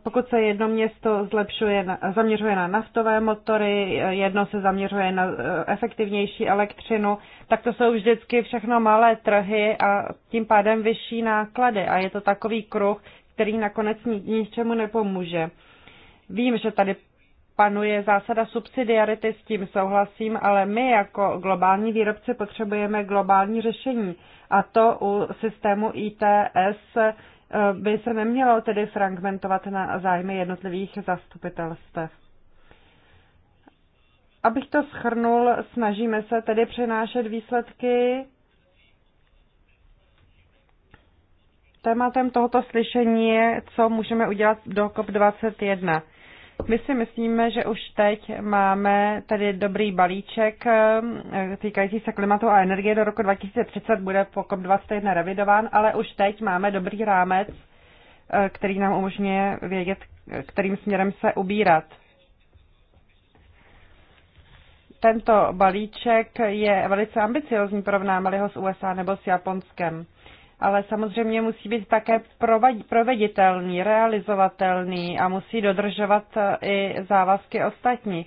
Pokud se jedno město zlepšuje, zaměřuje na naftové motory, jedno se zaměřuje na eh, efektivnější elektřinu, tak to jsou vždycky všechno malé trhy a tím pádem vyšší náklady. A je to takový kruh, který nakonec ničemu nepomůže. Vím, že tady panuje zásada subsidiarity, s tím souhlasím, ale my jako globální výrobci potřebujeme globální řešení. A to u systému ITS eh, by se nemělo tedy fragmentovat na zájmy jednotlivých zastupitelstv. Abych to schrnul, snažíme se tedy přenášet výsledky Tématem tohoto slyšení je, co můžeme udělat do COP21. My si myslíme, že už teď máme tady dobrý balíček eh, týkající se klimatu a energie do roku 2030, bude po COP21 revidován, ale už teď máme dobrý rámec, eh, který nám umožňuje vědět, kterým směrem se ubírat. Tento balíček je velice ambiciozní, porovnáme-li ho s USA nebo s Japonskem ale samozřejmě musí být také proveditelný, realizovatelný a musí dodržovat e, i závazky ostatní.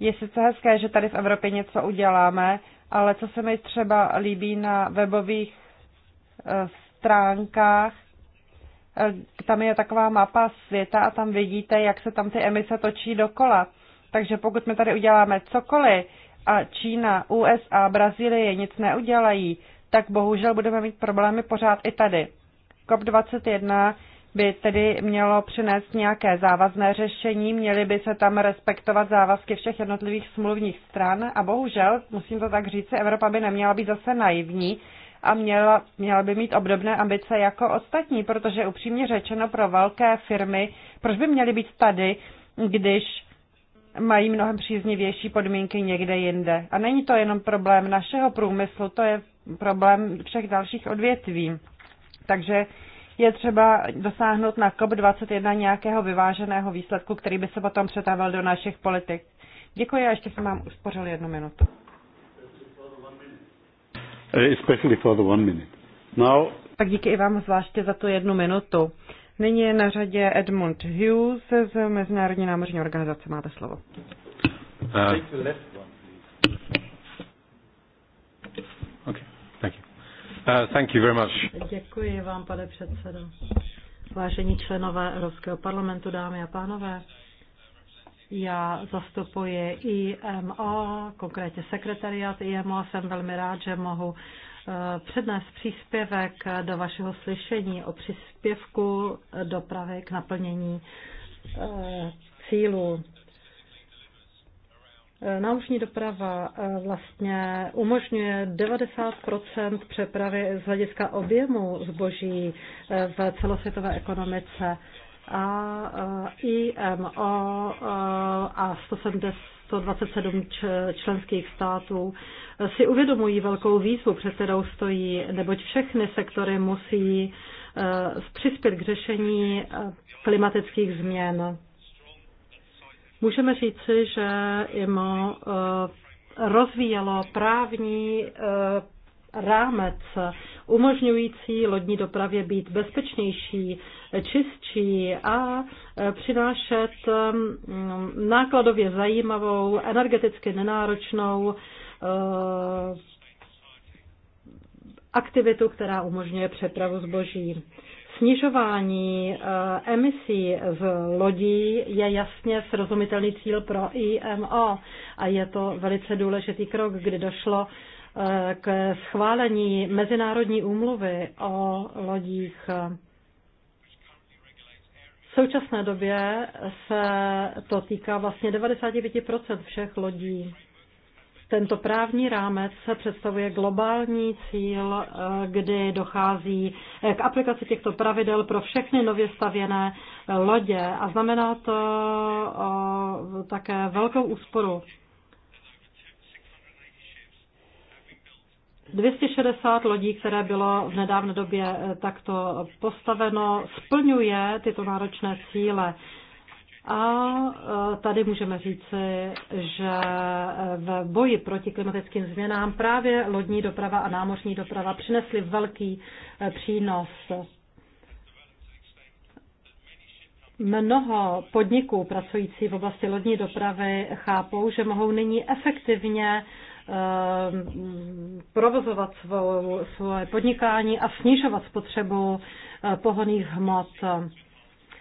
Je sice hezké, že tady v Evropě něco uděláme, ale co se mi třeba líbí na webových e, stránkách, e, tam je taková mapa světa a tam vidíte, jak se tam ty emise točí dokola. Takže pokud my tady uděláme cokoliv a Čína, USA, Brazílie nic neudělají, tak bohužel budeme mít problémy pořád i tady. COP21 by tedy mělo přinést nějaké závazné řešení, měly by se tam respektovat závazky všech jednotlivých smluvních stran a bohužel, musím to tak říct, Evropa by neměla být zase naivní a měla, měla by mít obdobné ambice jako ostatní, protože upřímně řečeno pro velké firmy, proč by měly být tady, když mají mnohem příznivější podmínky někde jinde. A není to jenom problém našeho průmyslu, to je problém všech dalších odvětví. Takže je třeba dosáhnout na COP21 nějakého vyváženého výsledku, který by se potom přetával do našich politik. Děkuji a ještě jsem vám uspořil jednu minutu. Eh, especially for the one minute. Now... Tak díky i vám zvláště za tu jednu minutu. Nyní je na řadě Edmund Hughes z Mezinárodní námořní organizace. Máte slovo. Uh, Uh, thank you very much. Děkuji vám, pane předsedo. Vážení členové Evropského parlamentu, dámy a pánové, já zastupuji IMO, konkrétně sekretariat a Jsem velmi rád, že mohu uh, přednést příspěvek do vašeho slyšení o příspěvku dopravy k naplnění uh, cílu Eh, Náušní doprava eh, vlastně umožňuje 90 přepravy z hlediska objemu zboží eh, v celosvětové ekonomice a IMO a 127 členských států si uvědomují velkou výzvu, před kterou stojí, neboť všechny sektory musí přispět k řešení klimatických změn. Můžeme říci, že IMO eh, rozvíjelo právní eh, rámec umožňující lodní dopravě být bezpečnější, čistší a eh, přinášet nákladově zajímavou, energeticky nenáročnou aktivitu, která umožňuje přepravu zboží. Snižování eh, emisí z lodí je jasně srozumitelný cíl pro IMO a je to velice důležitý krok, kdy došlo eh, k schválení mezinárodní úmluvy o lodích. V současné době se to týká vlastně 95 všech lodí. Tento právní rámec představuje globální cíl, eh, kdy dochází eh, k aplikaci těchto pravidel pro všechny nově stavěné eh, lodě a znamená to také velkou úsporu 260 lodí, které bylo v nedávné době takto postaveno, splňuje tyto náročné cíle. A e, tady můžeme říci, že v boji proti klimatickým změnám právě lodní doprava a námořní doprava přinesly velký e, přínos. Mnoho podniků pracující v oblasti lodní dopravy chápou, že mohou nyní efektivně e, provozovat svou, svoje podnikání a snižovat spotřebu pohoných hmot.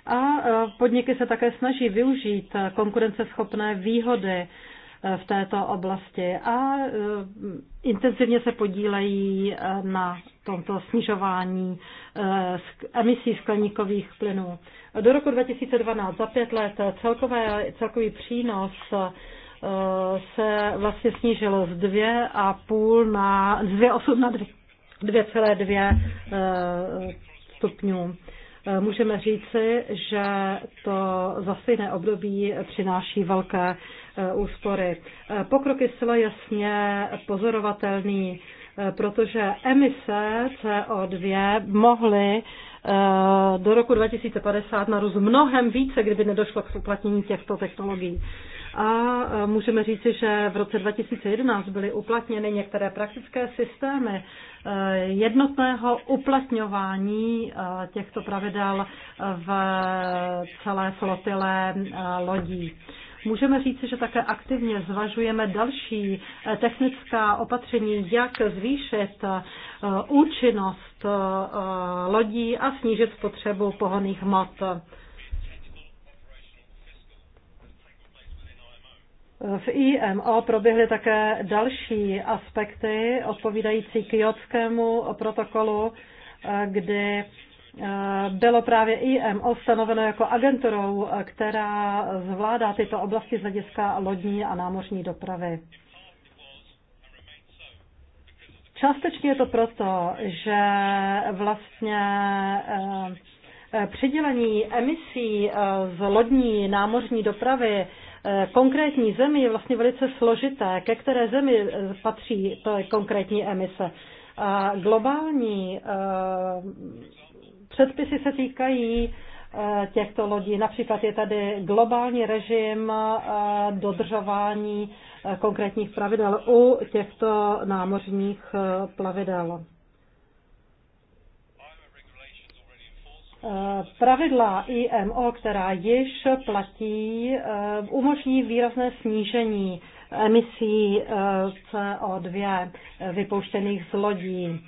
A e, podniky se také snaží využít e, konkurenceschopné výhody e, v této oblasti a intenzivně se podílejí na tomto snižování emisí skleníkových plynů. Do roku 2012 za pět let celkové, celkový přínos se vlastně snížil z 2,5 na 2,8 na 2,2 stupňů. Můžeme říci, že to stejné období přináší velké eh, úspory. Eh, Pokrok je zcela jasně pozorovatelný, eh, protože emise CO2 mohly do roku 2050 narůst mnohem více, kdyby nedošlo k uplatnění těchto technologií. A e, můžeme říci, že v roce 2011 byly uplatněny některé praktické systémy e, jednotného uplatňování e, těchto pravidel v celé flotile lodí. Můžeme říci, že také aktivně zvažujeme další technická opatření, jak zvýšit účinnost lodí a snížit spotřebu pohoných hmot. V IMO proběhly také další aspekty odpovídající kyotskému protokolu, eh, kdy eh, bylo právě IMO stanoveno jako agenturou, eh, která zvládá tyto oblasti z hlediska lodní a námořní dopravy. Částečně je to proto, že vlastně přidělení emisí z lodní námořní dopravy Eh, konkrétní zemi je vlastně velice složité, ke které zemi eh, patří to je konkrétní emise. A globální eh, předpisy se týkají těchto lodí. Například je tady globální režim dodržování konkrétních pravidel u těchto námořních plavidel. Eh, pravidla IMO, která již platí, eh, umožní výrazné snížení emisí eh, CO2 vypouštěných z lodí.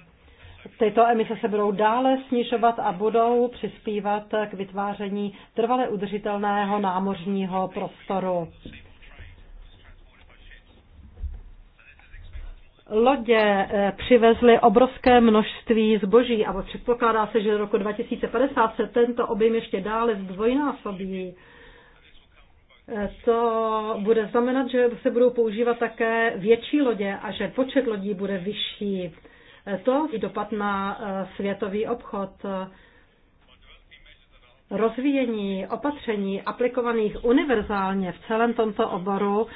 Tyto emise se budou dále snižovat a budou přispívat k vytváření trvale udržitelného námořního prostoru. lodě eh, přivezly obrovské množství zboží a předpokládá se, že do roku 2050 se tento objem ještě dále zdvojnásobí. Eh, to bude znamenat, že se budou používat také větší lodě a že počet lodí bude vyšší. Eh, to i dopad na světový obchod. Rozvíjení opatření aplikovaných univerzálně v celém tomto oboru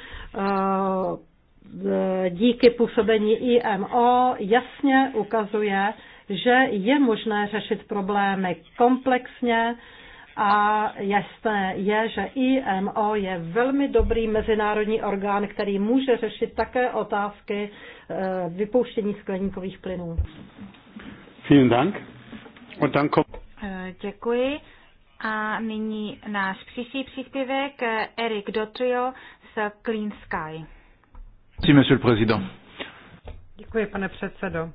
E, díky působení IMO jasně ukazuje, že je možné řešit problémy komplexně a jasné je, že IMO je velmi dobrý mezinárodní orgán, který může řešit také otázky e, vypouštění skleníkových plynů. Vielen Dank. Und dann kommt... E, děkuji. A nyní náš příští příspěvek Erik Dotrio z Clean Sky. Děkuji, pane předsedo.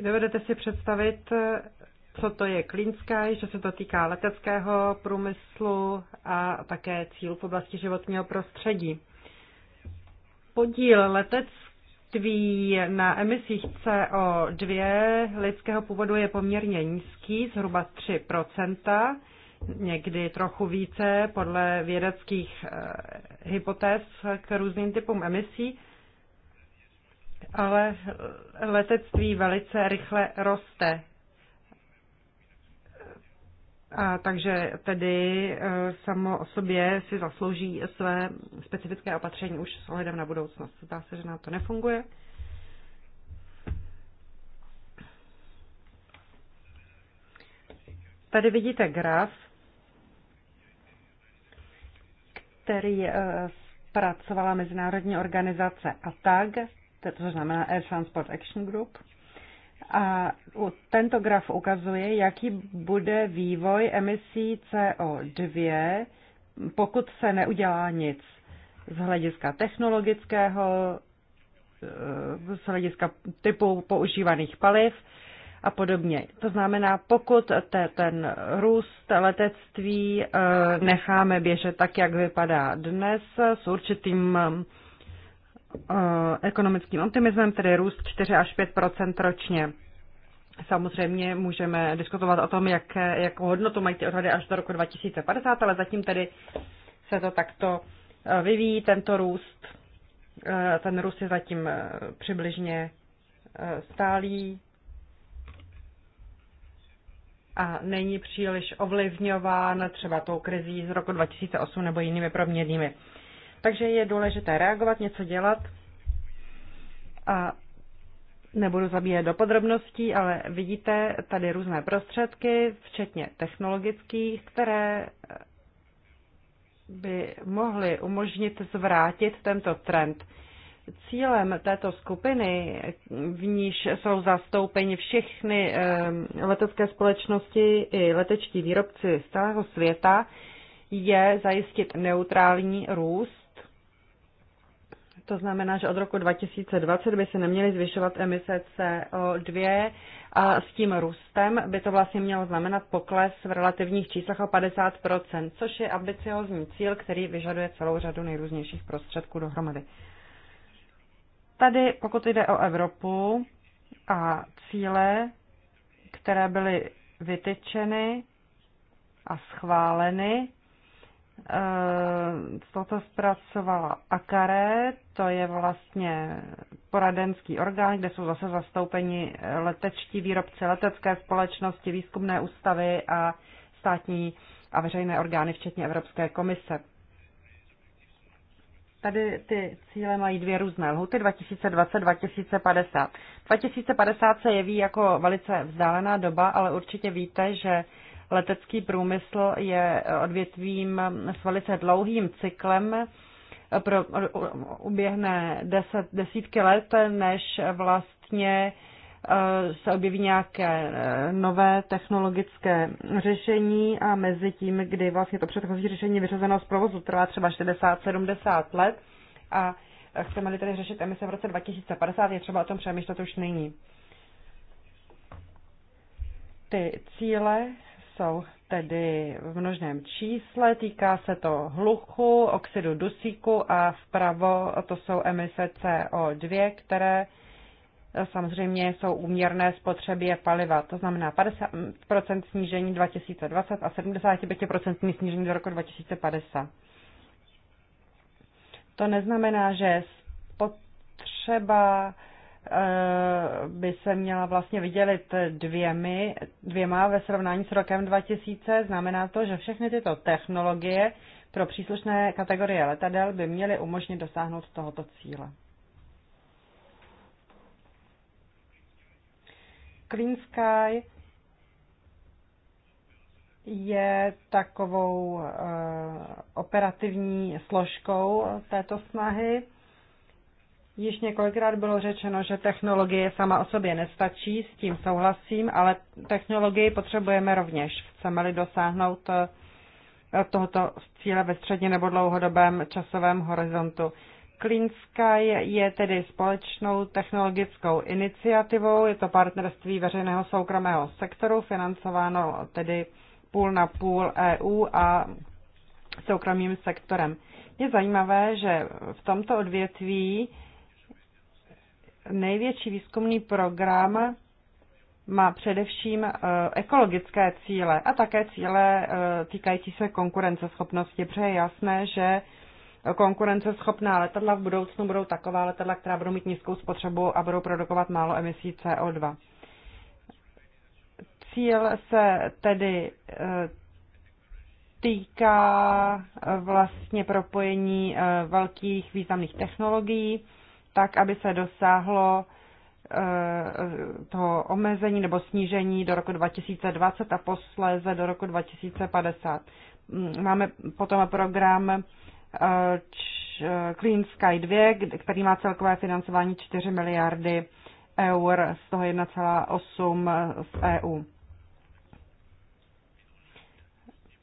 Dovedete si představit, co to je Clean Sky, že se to týká leteckého průmyslu a také cíl v oblasti životního prostředí. Podíl letectví na emisích CO2 lidského původu je poměrně nízký, zhruba 3 někdy trochu více podle vědeckých eh, hypotéz k různým typům emisí, ale eh, letectví velice rychle roste. A takže tedy eh, samo o sobě si zaslouží své specifické opatření už s ohledem na budoucnost. Zdá se, že nám to nefunguje. Tady vidíte graf který eh, zpracovala mezinárodní organizace ATAG, to znamená Air Transport Action Group. A tento graf ukazuje, jaký bude vývoj emisí CO2, pokud se neudělá nic z hlediska technologického, eh, z hlediska typu používaných paliv, a podobně. To znamená, pokud te, ten růst letectví eh, necháme běžet tak, jak vypadá dnes, s určitým eh, ekonomickým optimismem, tedy růst 4 až 5 ročně. Samozřejmě můžeme diskutovat o tom, jak, jakou hodnotu mají ty odhady až do roku 2050, ale zatím tedy se to takto eh, vyvíjí, tento růst. Ten růst je zatím přibližně stálý, a není příliš ovlivňován třeba tou krizí z roku 2008 nebo jinými proměrnými. Takže je důležité reagovat, něco dělat a nebudu zabíjet do podrobností, ale vidíte tady různé prostředky, včetně technologických, které by mohly umožnit zvrátit tento trend. Cílem této skupiny, v níž jsou zastoupeni všechny letecké společnosti i letečtí výrobci z celého světa, je zajistit neutrální růst. To znamená, že od roku 2020 by se neměly zvyšovat emise CO2 a s tím růstem by to vlastně mělo znamenat pokles v relativních číslech o 50%, což je ambiciozní cíl, který vyžaduje celou řadu nejrůznějších prostředků dohromady. Tady, pokud jde o Evropu a cíle, které byly vytyčeny a schváleny, eh, toto zpracovala AKARE, to je vlastně poradenský orgán, kde jsou zase zastoupeni letečtí výrobci letecké společnosti, výzkumné ústavy a státní a veřejné orgány, včetně Evropské komise. Tady ty cíle mají dvě různé lhuty, 2020-2050. 2050 se jeví jako velice vzdálená doba, ale určitě víte, že letecký průmysl je odvětvím s velice dlouhým cyklem, pro, uběhne deset, desítky let, než vlastně Eh, se objeví nějaké eh, nové technologické řešení a mezi tím, kdy vlastně to předchozí řešení vyřazeno z provozu trvá třeba 60-70 let a chceme-li tedy řešit emise v roce 2050, je třeba o tom přemýšlet už nyní. Ty cíle jsou tedy v množném čísle, týká se to hluchu, oxidu dusíku a vpravo to jsou emise CO2, které samozřejmě jsou úměrné spotřebě paliva. To znamená 50% snížení 2020 a 75% snížení do roku 2050. To neznamená, že spotřeba eh, by se měla vlastně vydělit dvěmi, dvěma ve srovnání s rokem 2000. Znamená to, že všechny tyto technologie pro příslušné kategorie letadel by měly umožnit dosáhnout tohoto cíle. Clean Sky je takovou eh, operativní složkou této snahy. Již několikrát bylo řečeno, že technologie sama o sobě nestačí, s tím souhlasím, ale technologii potřebujeme rovněž. Chceme-li dosáhnout eh, tohoto cíle ve středně nebo dlouhodobém časovém horizontu. Clean je tedy společnou technologickou iniciativou, je to partnerství veřejného soukromého sektoru, financováno tedy půl na půl EU a soukromým sektorem. Je zajímavé, že v tomto odvětví největší výzkumný program má především e, ekologické cíle a také cíle e, týkající se konkurenceschopnosti, protože je jasné, že konkurenceschopná letadla v budoucnu budou taková letadla, která budou mít nízkou spotřebu a budou produkovat málo emisí CO2. Cíl se tedy eh, týká eh, vlastně propojení eh, velkých významných technologií, tak, aby se dosáhlo toho omezení nebo snížení do roku 2020 a posléze do roku 2050. Mm, máme potom program Clean Sky 2, který má celkové financování 4 miliardy eur, z toho 1,8 z EU.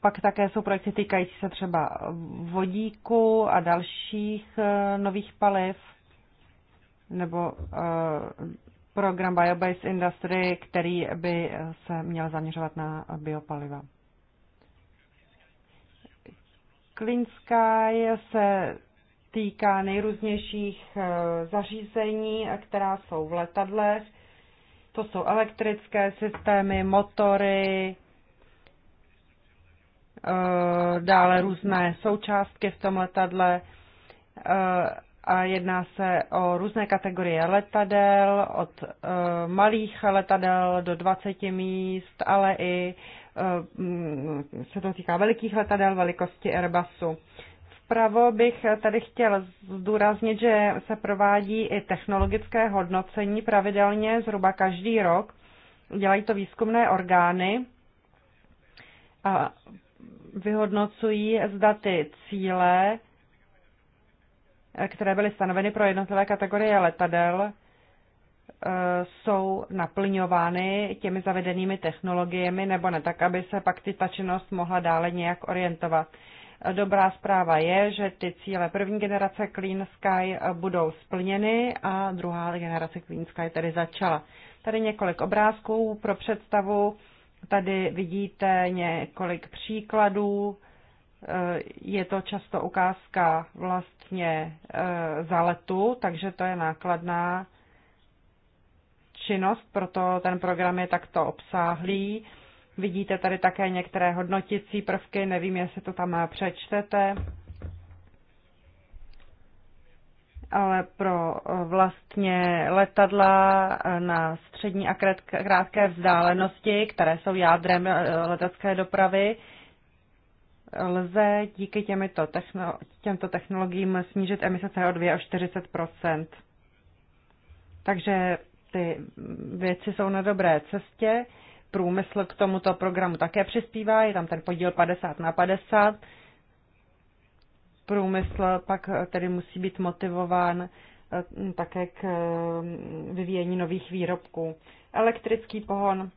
Pak také jsou projekty týkající se třeba vodíku a dalších e, nových paliv, nebo e, program Biobase Industry, který by se měl zaměřovat na biopaliva. Klinská je se týká nejrůznějších eh, zařízení, která jsou v letadlech. To jsou elektrické systémy, motory, eh, dále různé součástky v tom letadle eh, a jedná se o různé kategorie letadel, od malých letadel do 20 míst, ale i Eh, se to týká velikých letadel velikosti Airbusu. Vpravo bych tady chtěl zdůraznit, že se provádí i technologické hodnocení pravidelně zhruba každý rok. Dělají to výzkumné orgány a vyhodnocují, zda ty cíle, které byly stanoveny pro jednotlivé kategorie letadel, jsou naplňovány těmi zavedenými technologiemi nebo ne, tak aby se pak ta činnost mohla dále nějak orientovat. Dobrá zpráva je, že ty cíle první generace Clean Sky budou splněny a druhá generace Clean Sky tedy začala. Tady několik obrázků pro představu. Tady vidíte několik příkladů. Eh, je to často ukázka vlastně eh, zaletu, takže to je nákladná činnost, proto ten program je takto obsáhlý. Vidíte tady také některé hodnoticí prvky, nevím, jestli to tam přečtete. ale pro eh, vlastně letadla eh, na střední a krátké vzdálenosti, které jsou jádrem eh, letecké dopravy, lze díky těmito techno, těmto technologiím snížit emise CO2 o 40 Takže ty věci jsou na dobré cestě. Průmysl k tomuto programu také přispívá, je tam ten podíl 50 na 50. Průmysl pak tedy musí být motivován eh, také k eh, vyvíjení nových výrobků. Elektrický pohon,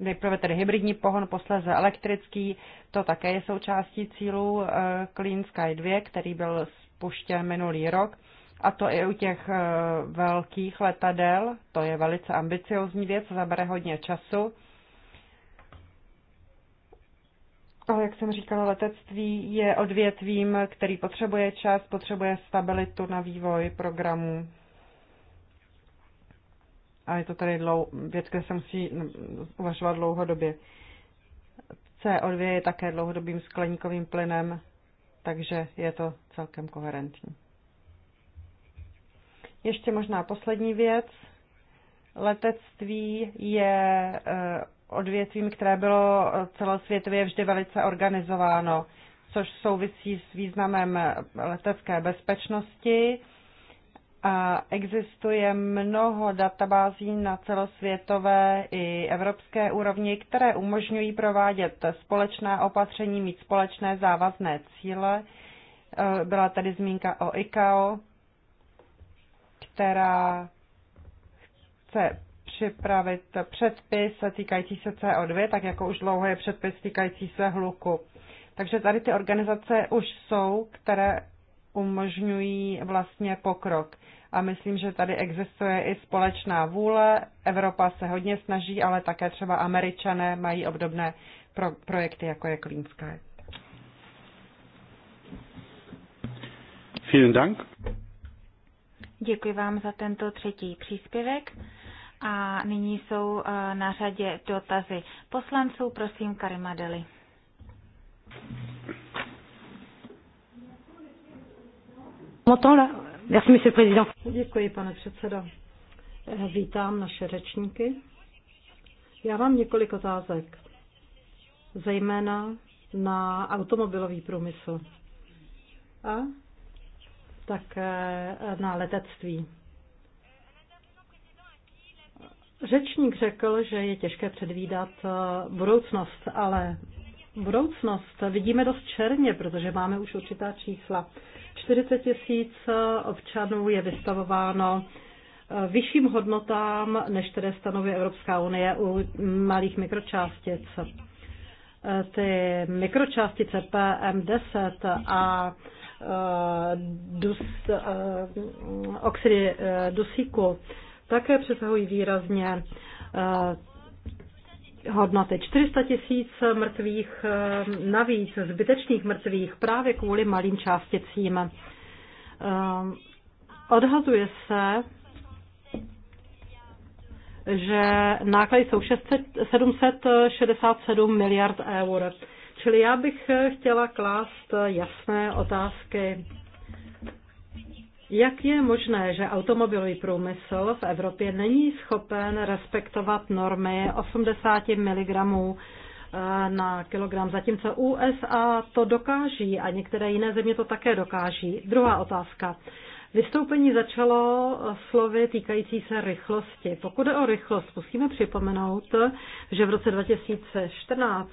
nejprve tedy hybridní pohon, posléze elektrický, to také je součástí cílů eh, Clean Sky 2, který byl spuštěn minulý rok a to i u těch e, velkých letadel. To je velice ambiciozní věc, zabere hodně času. Ale jak jsem říkala, letectví je odvětvím, který potřebuje čas, potřebuje stabilitu na vývoj programů. A je to tady dlou, věc, kde se musí uvažovat dlouhodobě. CO2 je také dlouhodobým skleníkovým plynem, takže je to celkem koherentní. Ještě možná poslední věc. Letectví je eh, odvětvím, které bylo eh, celosvětově vždy velice organizováno, což souvisí s významem letecké bezpečnosti. A existuje mnoho databází na celosvětové i evropské úrovni, které umožňují provádět společná opatření, mít společné závazné cíle. Eh, byla tady zmínka o ICAO, která chce připravit předpis týkající se CO2, tak jako už dlouho je předpis týkající se hluku. Takže tady ty organizace už jsou, které umožňují vlastně pokrok. A myslím, že tady existuje i společná vůle. Evropa se hodně snaží, ale také třeba američané mají obdobné pro- projekty, jako je Klínské. Vielen Dank. Děkuji vám za tento třetí příspěvek. A nyní jsou eh, na řadě dotazy poslanců. Prosím, Karima Deli. Děkuji, pane předsedo. Eh, vítám naše řečníky. Já mám několik otázek, zejména na automobilový průmysl a také na letectví. Řečník řekl, že je těžké předvídat eh, budoucnost, ale budoucnost vidíme dost černě, protože máme už určitá čísla. 40 tisíc eh, občanů je vystavováno eh, vyšším hodnotám, než které stanoví Evropská unie u malých mikročástic. Ty mikročástice PM10 a Eh, dus, eh, oxidy eh, dusíku také přesahují výrazně hodnoty 400 tisíc mrtvých, navíc zbytečných mrtvých právě kvůli malým částicím. Odhaduje se, že náklady jsou 600, 767 miliard eur. Čili já bych eh, chtěla klást eh, jasné otázky. Jak je možné, že automobilový průmysl v Evropě není schopen respektovat normy 80 mg eh, na kilogram, zatímco USA to dokáží a některé jiné země to také dokáží? Druhá otázka. Vystoupení začalo slovy týkající se rychlosti. Pokud je o rychlost, musíme připomenout, že v roce 2014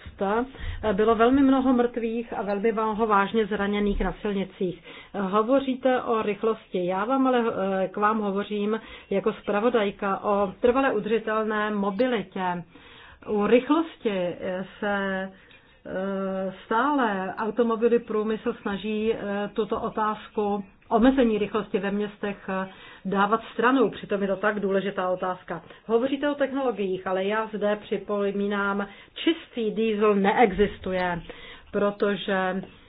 bylo velmi mnoho mrtvých a velmi mnoho vážně zraněných na silnicích. Hovoříte o rychlosti. Já vám ale eh, k vám hovořím jako zpravodajka o trvale udržitelné mobilitě. U rychlosti eh, se eh, stále automobily průmysl snaží tuto otázku omezení rychlosti ve městech eh, dávat stranou. Přitom je to tak důležitá otázka. Hovoříte o technologiích, ale já zde připomínám, čistý diesel neexistuje, protože eh,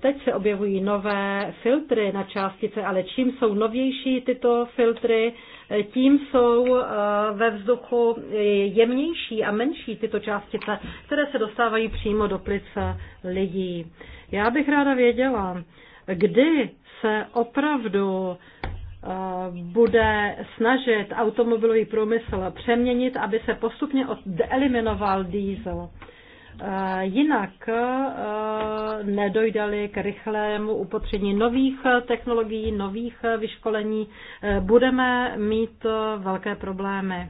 Teď se objevují nové filtry na částice, ale čím jsou novější tyto filtry, eh, tím jsou ve vzduchu jemnější a menší tyto částice, které se dostávají přímo do plic lidí. Já bych ráda věděla, kdy se opravdu eh, bude snažit automobilový průmysl přeměnit, aby se postupně eliminoval diesel. Eh, jinak eh, nedojdali k rychlému upotření nových technologií, nových vyškolení, budeme mít velké problémy.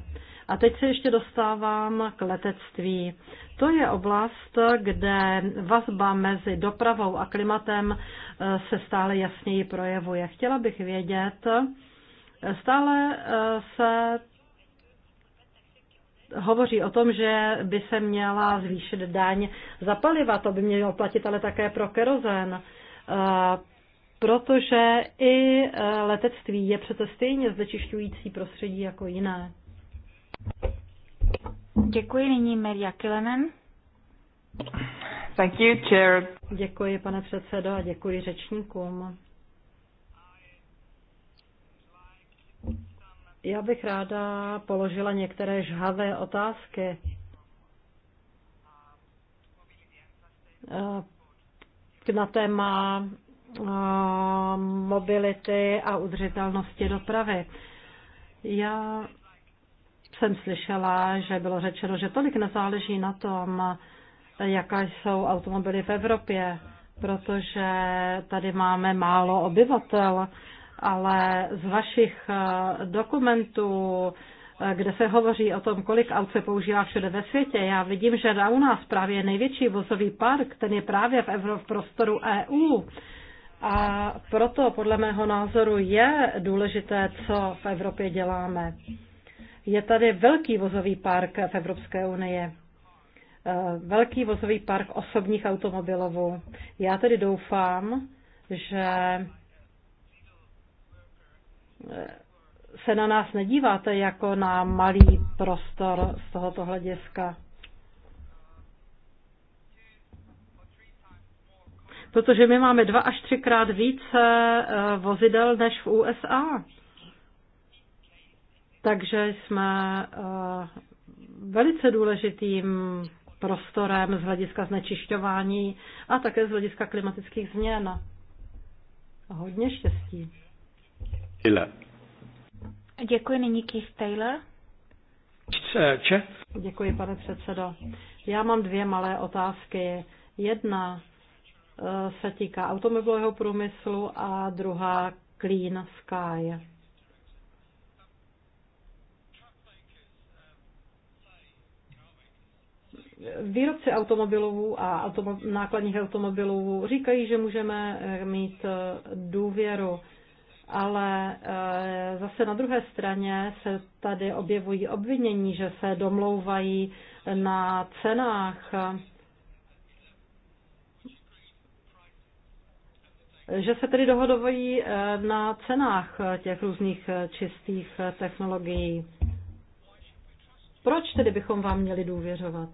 A teď se ještě dostávám k letectví. To je oblast, kde vazba mezi dopravou a klimatem eh, se stále jasněji projevuje. Chtěla bych vědět, stále eh, se hovoří o tom, že by se měla zvýšit daň za paliva. To by mělo platit ale také pro kerozen, eh, protože i letectví je přece stejně znečišťující prostředí jako jiné. Děkuji, nyní Maria Kilenen. Thank you, chair. Děkuji, pane předsedo, a děkuji řečníkům. Já bych ráda položila některé žhavé otázky. Eh, na téma eh, mobility a udržitelnosti dopravy. Já jsem slyšela, že bylo řečeno, že tolik nezáleží na tom, jaká jsou automobily v Evropě, protože tady máme málo obyvatel, ale z vašich eh, dokumentů, eh, kde se hovoří o tom, kolik aut se používá všude ve světě, já vidím, že u nás právě největší vozový park, ten je právě v, Evro, v prostoru EU. A proto podle mého názoru je důležité, co v Evropě děláme. Je tady velký vozový park v Evropské unii. Eh, velký vozový park osobních automobilovů. Já tedy doufám, že eh, se na nás nedíváte jako na malý prostor z tohoto hlediska. Protože my máme dva až třikrát více eh, vozidel než v USA. Takže jsme eh, velice důležitým prostorem z hlediska znečišťování a také z hlediska klimatických změn. Hodně štěstí. Taylor. Děkuji nyní Keith Taylor. Če? Děkuji, pane předsedo. Já mám dvě malé otázky. Jedna eh, se týká automobilového průmyslu a druhá Clean Sky. výrobci automobilů a automo- nákladních automobilů říkají, že můžeme eh, mít eh, důvěru, ale eh, zase na druhé straně se tady objevují obvinění, že se domlouvají na cenách, že se tedy dohodovají na cenách těch různých čistých technologií. Proč tedy bychom vám měli důvěřovat?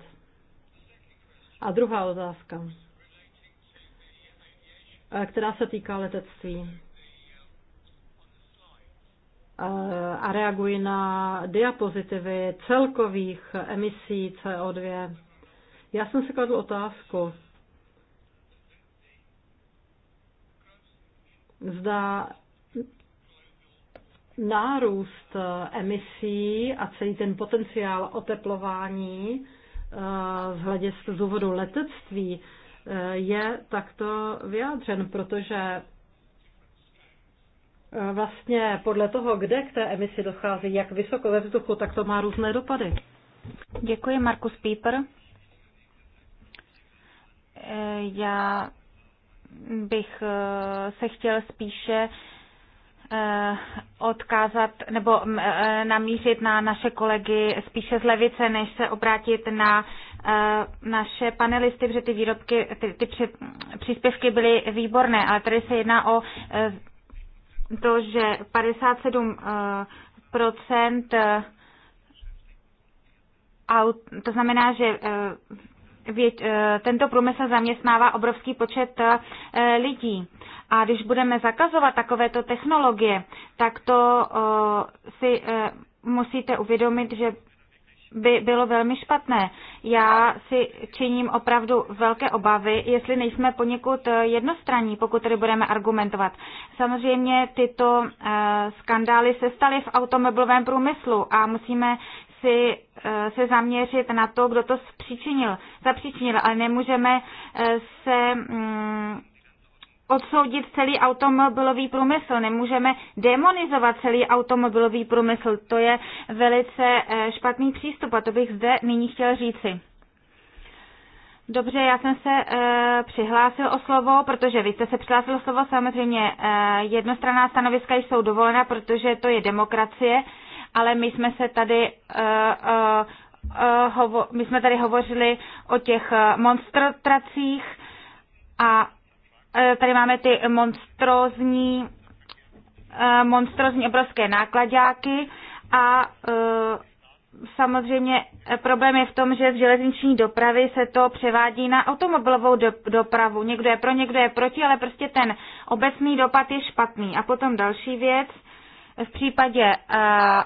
A druhá otázka, eh, která se týká letectví. Eh, a reaguji na diapozitivy celkových emisí CO2. Já jsem si kladl otázku, zda nárůst emisí a celý ten potenciál oteplování z hlediska z důvodu letectví eh, je takto vyjádřen, protože eh, vlastně podle toho, kde k té emisi dochází, jak vysoko ve vzduchu, tak to má různé dopady. Děkuji, Markus Pieper. Eh, já bych se chtěl spíše Eh, odkázat nebo eh, namířit na naše kolegy spíše z levice, než se obrátit na eh, naše panelisty, protože ty výrobky, ty, ty při, příspěvky byly výborné, ale tady se jedná o to, že 57 procent aut, to znamená, že vět, eh, tento průmysl zaměstnává obrovský počet eh, lidí. A když budeme zakazovat takovéto technologie, tak to eh, si musíte uvědomit, že by bylo velmi špatné. Já si činím opravdu velké obavy, jestli nejsme poněkud jednostranní, pokud tedy budeme argumentovat. Samozřejmě tyto skandály se staly v automobilovém průmyslu a musíme si eh, se zaměřit na to, kdo to zpříčinil, zapříčinil, ale nemůžeme eh, se mm, odsoudit celý automobilový průmysl, nemůžeme demonizovat celý automobilový průmysl. To je velice eh, špatný přístup a to bych zde nyní chtěl říci. Dobře, já jsem se e, přihlásil o slovo, protože vy jste se přihlásil o slovo, samozřejmě e, jednostranná stanoviska jsou dovolena, protože to je demokracie. E, ale my jsme se tady eh, eh, eh, my jsme tady hovořili o těch monstracích a tady máme ty monstrózní, monstrózní obrovské nákladáky a samozřejmě problém je v tom, že z železniční dopravy se to převádí na automobilovou do, dopravu. Někdo je pro, někdo je proti, ale prostě ten obecný dopad je špatný. A potom další věc, v případě eh,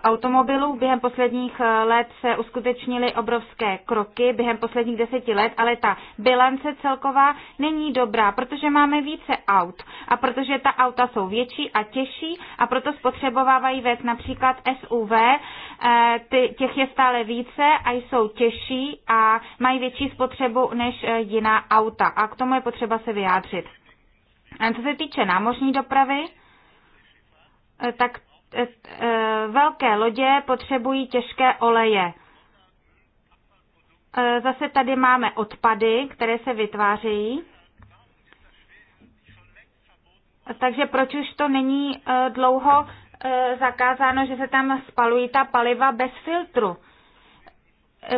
automobilů během posledních eh, let se uskutečnily obrovské kroky, během posledních deseti let, ale ta bilance celková není dobrá, protože máme více aut a protože ta auta jsou větší a těžší a proto spotřebovávají věc například SUV, eh, těch je stále více a jsou těžší a mají větší spotřebu než jiná auta a k tomu je potřeba se vyjádřit. A co se týče námořní dopravy, tak Eh, velké lodě potřebují těžké oleje. Eh, zase tady máme odpady, které se vytvářejí. Takže proč už to není eh, dlouho zakázáno, že se tam spalují ta paliva bez filtru?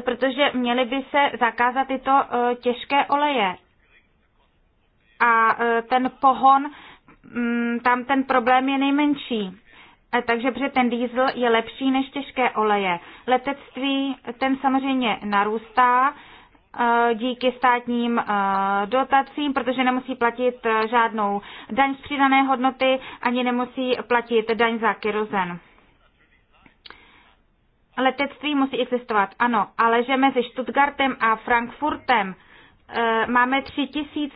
Protože měly by se zakázat tyto těžké oleje. A ten pohon, mm, tam ten problém je nejmenší. Eh, takže protože ten diesel je lepší než těžké oleje. Letectví, ten samozřejmě narůstá eh, díky státním eh, dotacím, protože nemusí platit žádnou daň z přidané hodnoty, ani nemusí platit daň za kerozen. Letectví musí existovat, ano, ale že mezi Stuttgartem a Frankfurtem máme tři tisíc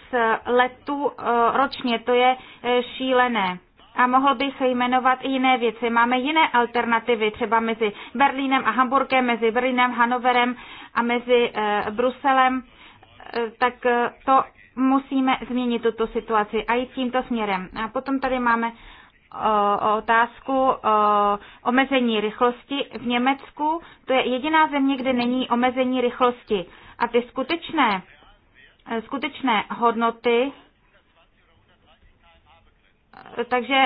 letů ročně, to je šílené. A mohl bych jmenovat i jiné věci. Máme jiné alternativy, třeba mezi Berlínem a Hamburgem, mezi Berlínem, Hanoverem a mezi e, Bruselem. E, tak e, to musíme změnit tuto situaci a i tímto směrem. A potom tady máme o, otázku o, omezení rychlosti v Německu. To je jediná země, kde není omezení rychlosti. A ty skutečné, skutečné hodnoty takže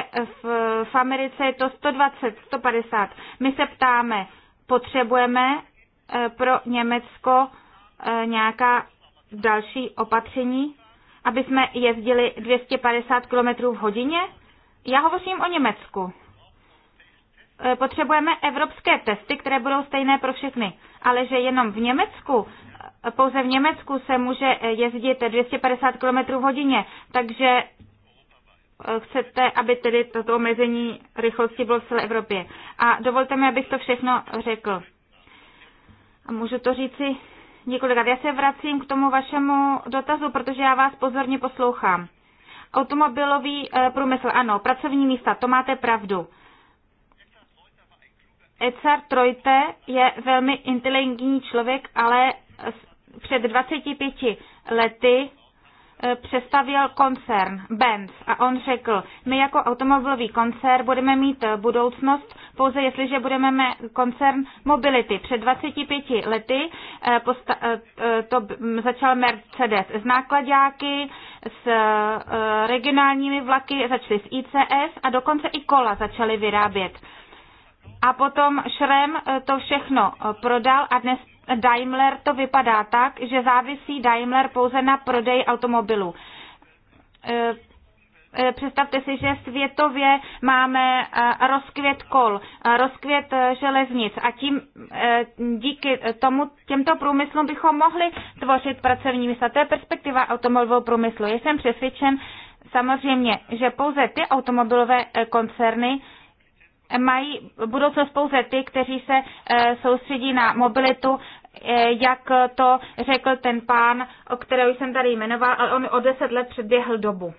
v, v Americe je to 120, 150. My se ptáme, potřebujeme eh, pro Německo eh, nějaká další opatření, aby jsme jezdili 250 km v hodině? Já hovořím o Německu. Eh, potřebujeme evropské testy, které budou stejné pro všechny, ale že jenom v Německu, pouze v Německu se může jezdit 250 km v hodině, takže chcete, aby tedy toto omezení rychlosti bylo v celé Evropě. A dovolte mi, abych to všechno řekl. A můžu to říci několikrát. Já se vracím k tomu vašemu dotazu, protože já vás pozorně poslouchám. Automobilový eh, průmysl, ano, pracovní místa, to máte pravdu. Ecar Trojte je velmi inteligentní člověk, ale před 25 lety Eh, přestavil koncern Benz a on řekl, my jako automobilový koncern budeme mít eh, budoucnost pouze jestliže budeme koncern Mobility. Před 25 lety eh, to začal Mercedes s nákladňáky, s regionálními vlaky, začaly s ICS a dokonce i kola začaly vyrábět. A potom Šrem to všechno prodal a dnes Daimler to vypadá tak, že závisí Daimler pouze na prodeji automobilů. E, e, představte si, že světově máme e, rozkvět kol, rozkvět železnic a tím díky tomu, těmto průmyslům bychom mohli tvořit pracovní místa. To je perspektiva automobilového průmyslu. Jsem přesvědčen samozřejmě, že pouze ty automobilové koncerny, mají budoucnost pouze ty, kteří se eh, soustředí na mobilitu, eh, jak to řekl ten pán, o kterého jsem tady jmenoval, ale on o deset let předběhl dobu.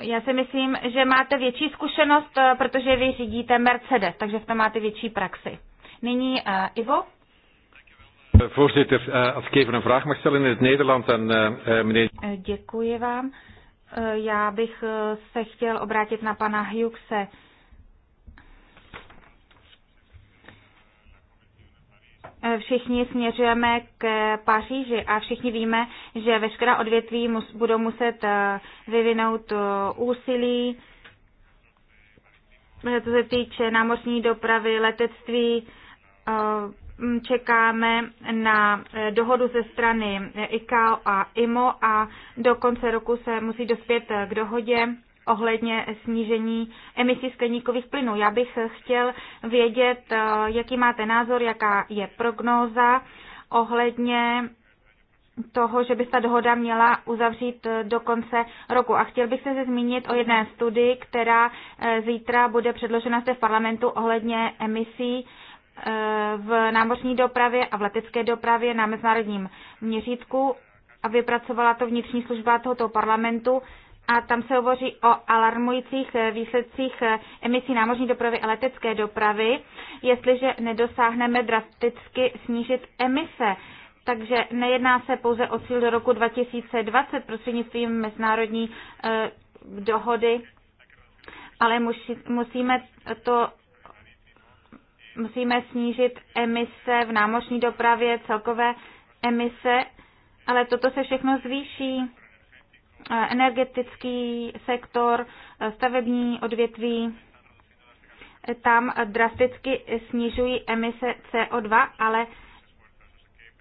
Já si myslím, že máte větší zkušenost, eh, protože vy řídíte Mercedes, takže v tom máte větší praxi. Nyní uh, Ivo. Voorzitter, als ik even een vraag mag stellen in het meneer. Děkuji vám. Já bych eh, se chtěl obrátit na pana Hjukse. Eh, všichni směřujeme k Paříži a všichni víme, že veškerá odvětví budou muset eh, vyvinout úsilí, co se týče námořní dopravy, letectví, Mm, čekáme na eh, dohodu ze strany ICAO a IMO a do konce roku se musí dospět eh, k dohodě ohledně snížení emisí skleníkových plynů. Já bych eh, chtěl vědět, jaký máte názor, jaká je prognóza ohledně toho, že by se ta dohoda měla uzavřít do konce roku. A chtěl bych se zmínit o jedné studii, která zítra bude předložena zde v parlamentu ohledně emisí v námořní dopravě a v letecké dopravě na mezinárodním měřítku a vypracovala to vnitřní služba tohoto parlamentu a tam se hovoří o alarmujících výsledcích emisí námořní dopravy a letecké dopravy, jestliže nedosáhneme drasticky snížit emise. Takže nejedná se pouze o cíl do roku 2020 prostřednictvím mezinárodní eh, dohody, ale musí, musíme to musíme snížit emise v námořní dopravě, celkové emise, ale toto se všechno zvýší. Eh, energetický sektor, eh, stavební odvětví, eh, tam drasticky snižují emise CO2, ale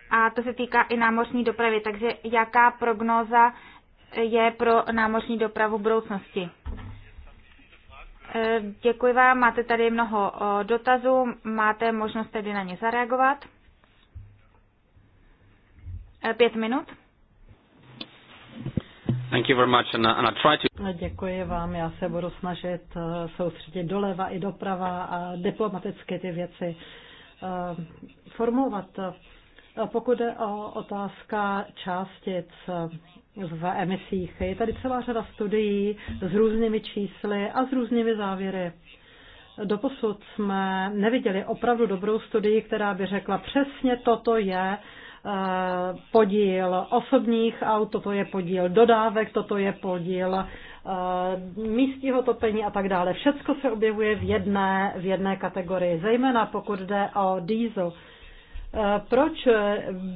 a to se týká i námořní dopravy. Takže jaká prognóza je pro námořní dopravu v budoucnosti? Eh, děkuji vám, máte tady mnoho dotazů, máte možnost tedy na ně zareagovat. Eh, pět minut. Thank you very much and, and I try to... No, děkuji vám, já se budu snažit eh, soustředit doleva i doprava a diplomaticky ty věci formulovat. Pokud je o otázka částic, v emisích. Je tady celá řada studií s různými čísly a s různými závěry. Doposud jsme neviděli opravdu dobrou studii, která by řekla přesně toto je eh, podíl osobních aut, toto je podíl dodávek, toto je podíl eh, místního topení a tak dále. Všecko se objevuje v jedné, v jedné kategorii, zejména pokud jde o diesel. Eh, proč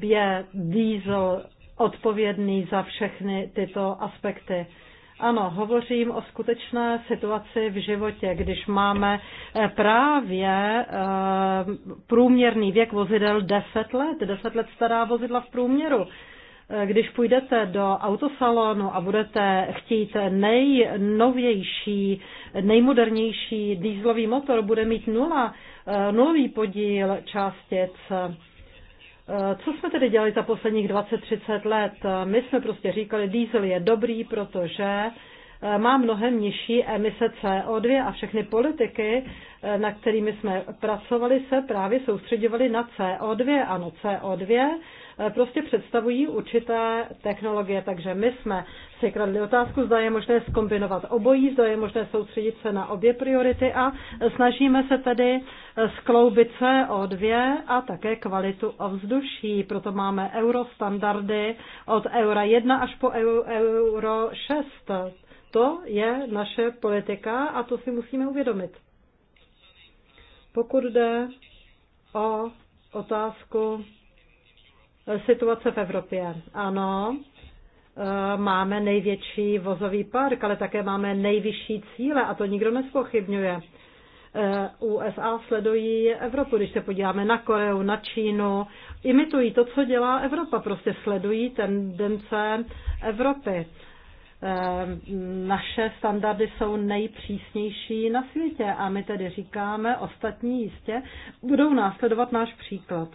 je diesel odpovědný za všechny tyto aspekty. Ano, hovořím o skutečné situaci v životě, když máme eh, právě eh, průměrný věk vozidel 10 let, 10 let stará vozidla v průměru. Eh, když půjdete do autosalonu a budete chtít nejnovější, nejmodernější dýzlový motor, bude mít nula, nulový podíl částic Eh, co jsme tedy dělali za posledních 20-30 let? Eh, my jsme prostě říkali, diesel je dobrý, protože eh, má mnohem nižší emise CO2 a všechny politiky, na kterými jsme pracovali, se právě soustředovaly na CO2. Ano, CO2 Eh, prostě představují určité technologie. Takže my jsme si kradli otázku, zda je možné skombinovat obojí, zda je možné soustředit se na obě priority a snažíme se tedy eh, skloubit se o dvě a také kvalitu ovzduší. Proto máme eurostandardy od eura 1 až po euro 6. To je naše politika a to si musíme uvědomit. Pokud jde o otázku Situace v Evropě. Ano, eh, máme největší vozový park, ale také máme nejvyšší cíle a to nikdo nespochybňuje. Eh, USA sledují Evropu. Když se podíváme na Koreu, na Čínu, imitují to, co dělá Evropa, prostě sledují tendence Evropy. Eh, naše standardy jsou nejpřísnější na světě a my tedy říkáme, ostatní jistě budou následovat náš příklad.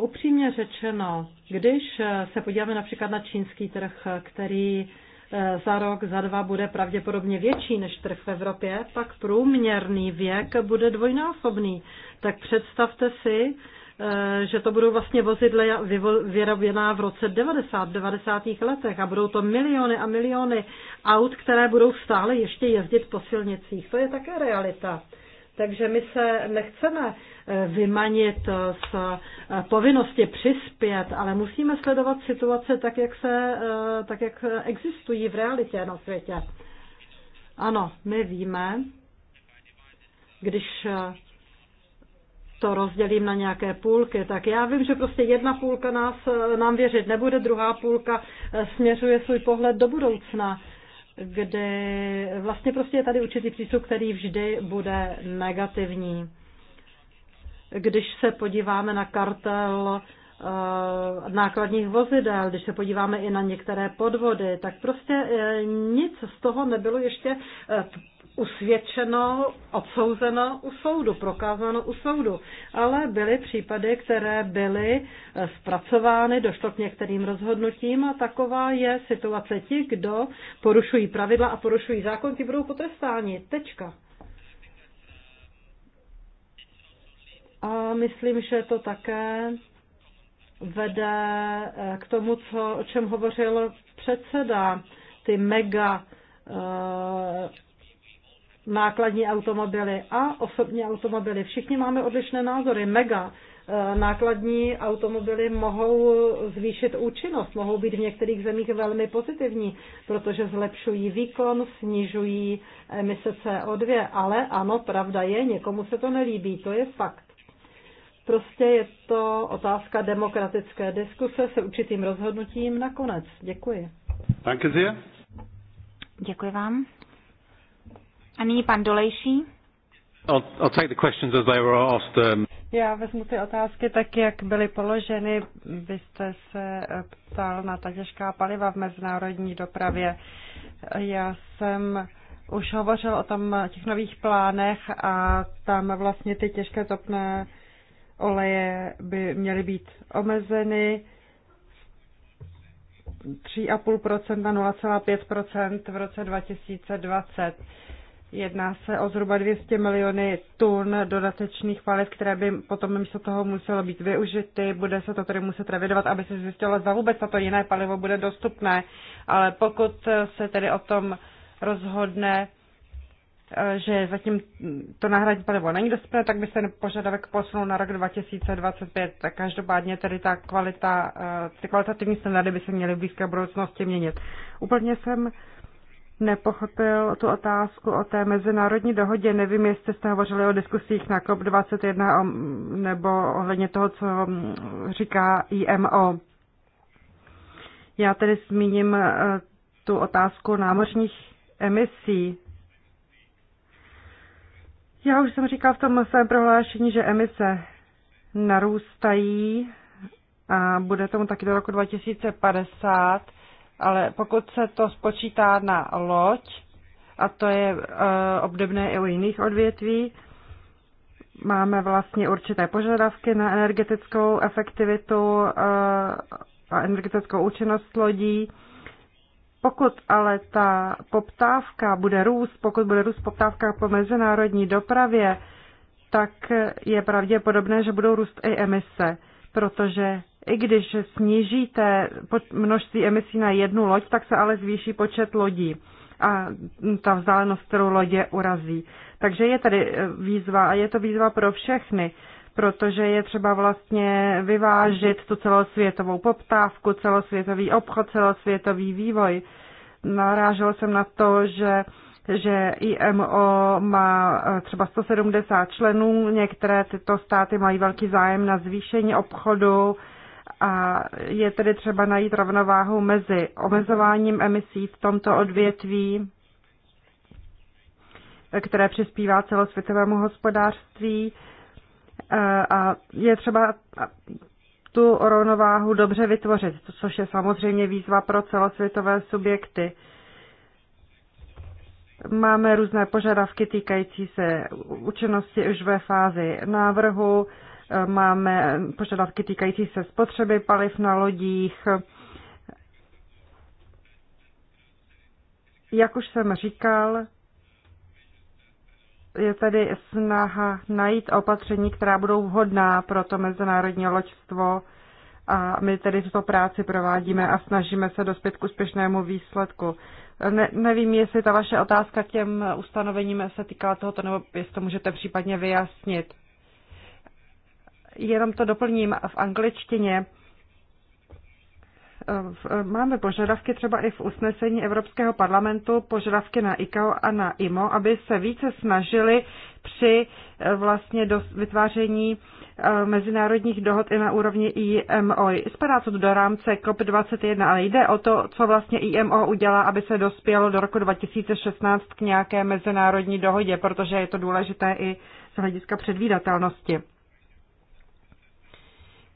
Upřímně řečeno, když eh, se podíváme například na čínský trh, který eh, za rok, za dva bude pravděpodobně větší než trh v Evropě, pak průměrný věk bude dvojnásobný. Tak představte si, eh, že to budou vlastně vozidla vyrobená v roce 90, 90. letech a budou to miliony a miliony aut, které budou stále ještě jezdit po silnicích. To je také realita. Takže my se nechceme eh, vymanit eh, z eh, povinnosti přispět, ale musíme sledovat situace tak, jak, se, tak, jak existují v realitě na světě. Ano, my víme, když to rozdělím na nějaké půlky, tak já vím, že prostě jedna půlka nás, nám věřit nebude, druhá půlka směřuje svůj pohled do budoucna kdy vlastně prostě je tady určitý přístup, který vždy bude negativní. Když se podíváme na kartel eh, nákladních vozidel, když se podíváme i na některé podvody, tak prostě eh, nic z toho nebylo ještě eh, usvědčeno, odsouzeno u soudu, prokázáno u soudu. Ale byly případy, které byly eh, zpracovány, došlo k některým rozhodnutím a taková je situace. Ti, kdo porušují pravidla a porušují zákon, ti budou potrestáni. Tečka. A myslím, že to také vede eh, k tomu, co, o čem hovořil předseda, ty mega eh, nákladní automobily a osobní automobily. Všichni máme odlišné názory. Mega e, nákladní automobily mohou zvýšit účinnost, mohou být v některých zemích velmi pozitivní, protože zlepšují výkon, snižují emise CO2, ale ano, pravda je, někomu se to nelíbí, to je fakt. Prostě je to otázka demokratické diskuse se určitým rozhodnutím nakonec. Děkuji. Děkuji vám. A nyní pan Dolejší. I'll I'll take the questions as they were asked. Um... Já vezmu ty otázky tak, jak byly položeny. Vy jste se ptal na ta těžká paliva v mezinárodní dopravě. Já jsem už hovořil o tom těch nových plánech a tam vlastně ty těžké topné oleje by měly být omezeny 3,5% na 0,5% v roce 2020. Jedná se o zhruba 200 miliony tun dodatečných paliv, které by potom místo toho muselo být využity. Bude se to tedy muset revidovat, aby se zjistilo, zda vůbec to jiné palivo bude dostupné. Ale pokud se tedy o tom rozhodne, eh, že zatím to náhradní palivo není dostupné, tak by se požadavek posunul na rok 2025. Tak každopádně tedy ta kvalita, eh, ty kvalitativní standardy by se měly v blízké budoucnosti měnit. Úplně jsem nepochopil tu otázku o té mezinárodní dohodě. Nevím, jestli jste hovořili o diskusích na COP21 nebo ohledně toho, co mm, říká IMO. Já tedy zmíním eh, tu otázku námořních emisí. Já už jsem říkal v tom svém prohlášení, že emise narůstají a bude tomu taky do roku 2050 ale pokud se to spočítá na loď, a to je e, obdobné i u jiných odvětví, máme vlastně určité požadavky na energetickou efektivitu e, a energetickou účinnost lodí. Pokud ale ta poptávka bude růst, pokud bude růst poptávka po mezinárodní dopravě, tak je pravděpodobné, že budou růst i emise, protože i když snížíte množství emisí na jednu loď, tak se ale zvýší počet lodí a ta vzdálenost, kterou lodě urazí. Takže je tady eh, výzva a je to výzva pro všechny, protože je třeba vlastně vyvážit tu celosvětovou poptávku, celosvětový obchod, celosvětový vývoj. Narážel jsem na to, že že IMO má eh, třeba 170 členů, některé tyto státy mají velký zájem na zvýšení obchodu, a je tedy třeba najít rovnováhu mezi omezováním emisí v tomto odvětví, které přispívá celosvětovému hospodářství a je třeba tu rovnováhu dobře vytvořit, což je samozřejmě výzva pro celosvětové subjekty. Máme různé požadavky týkající se účinnosti už ve fázi návrhu, Máme požadavky týkající se spotřeby paliv na lodích. Jak už jsem říkal, je tady snaha najít opatření, která budou vhodná pro to mezinárodní loďstvo a my tedy tuto práci provádíme a snažíme se dospět k úspěšnému výsledku. Ne, nevím, jestli ta vaše otázka těm ustanovením se týkala tohoto, nebo jestli to můžete případně vyjasnit. Jenom to doplním v angličtině. Máme požadavky třeba i v usnesení Evropského parlamentu, požadavky na ICAO a na IMO, aby se více snažili při eh, vlastně do vytváření eh, mezinárodních dohod i na úrovni IMO. Spadá to do rámce COP21, ale jde o to, co vlastně IMO udělá, aby se dospělo do roku 2016 k nějaké mezinárodní dohodě, protože je to důležité i z hlediska předvídatelnosti.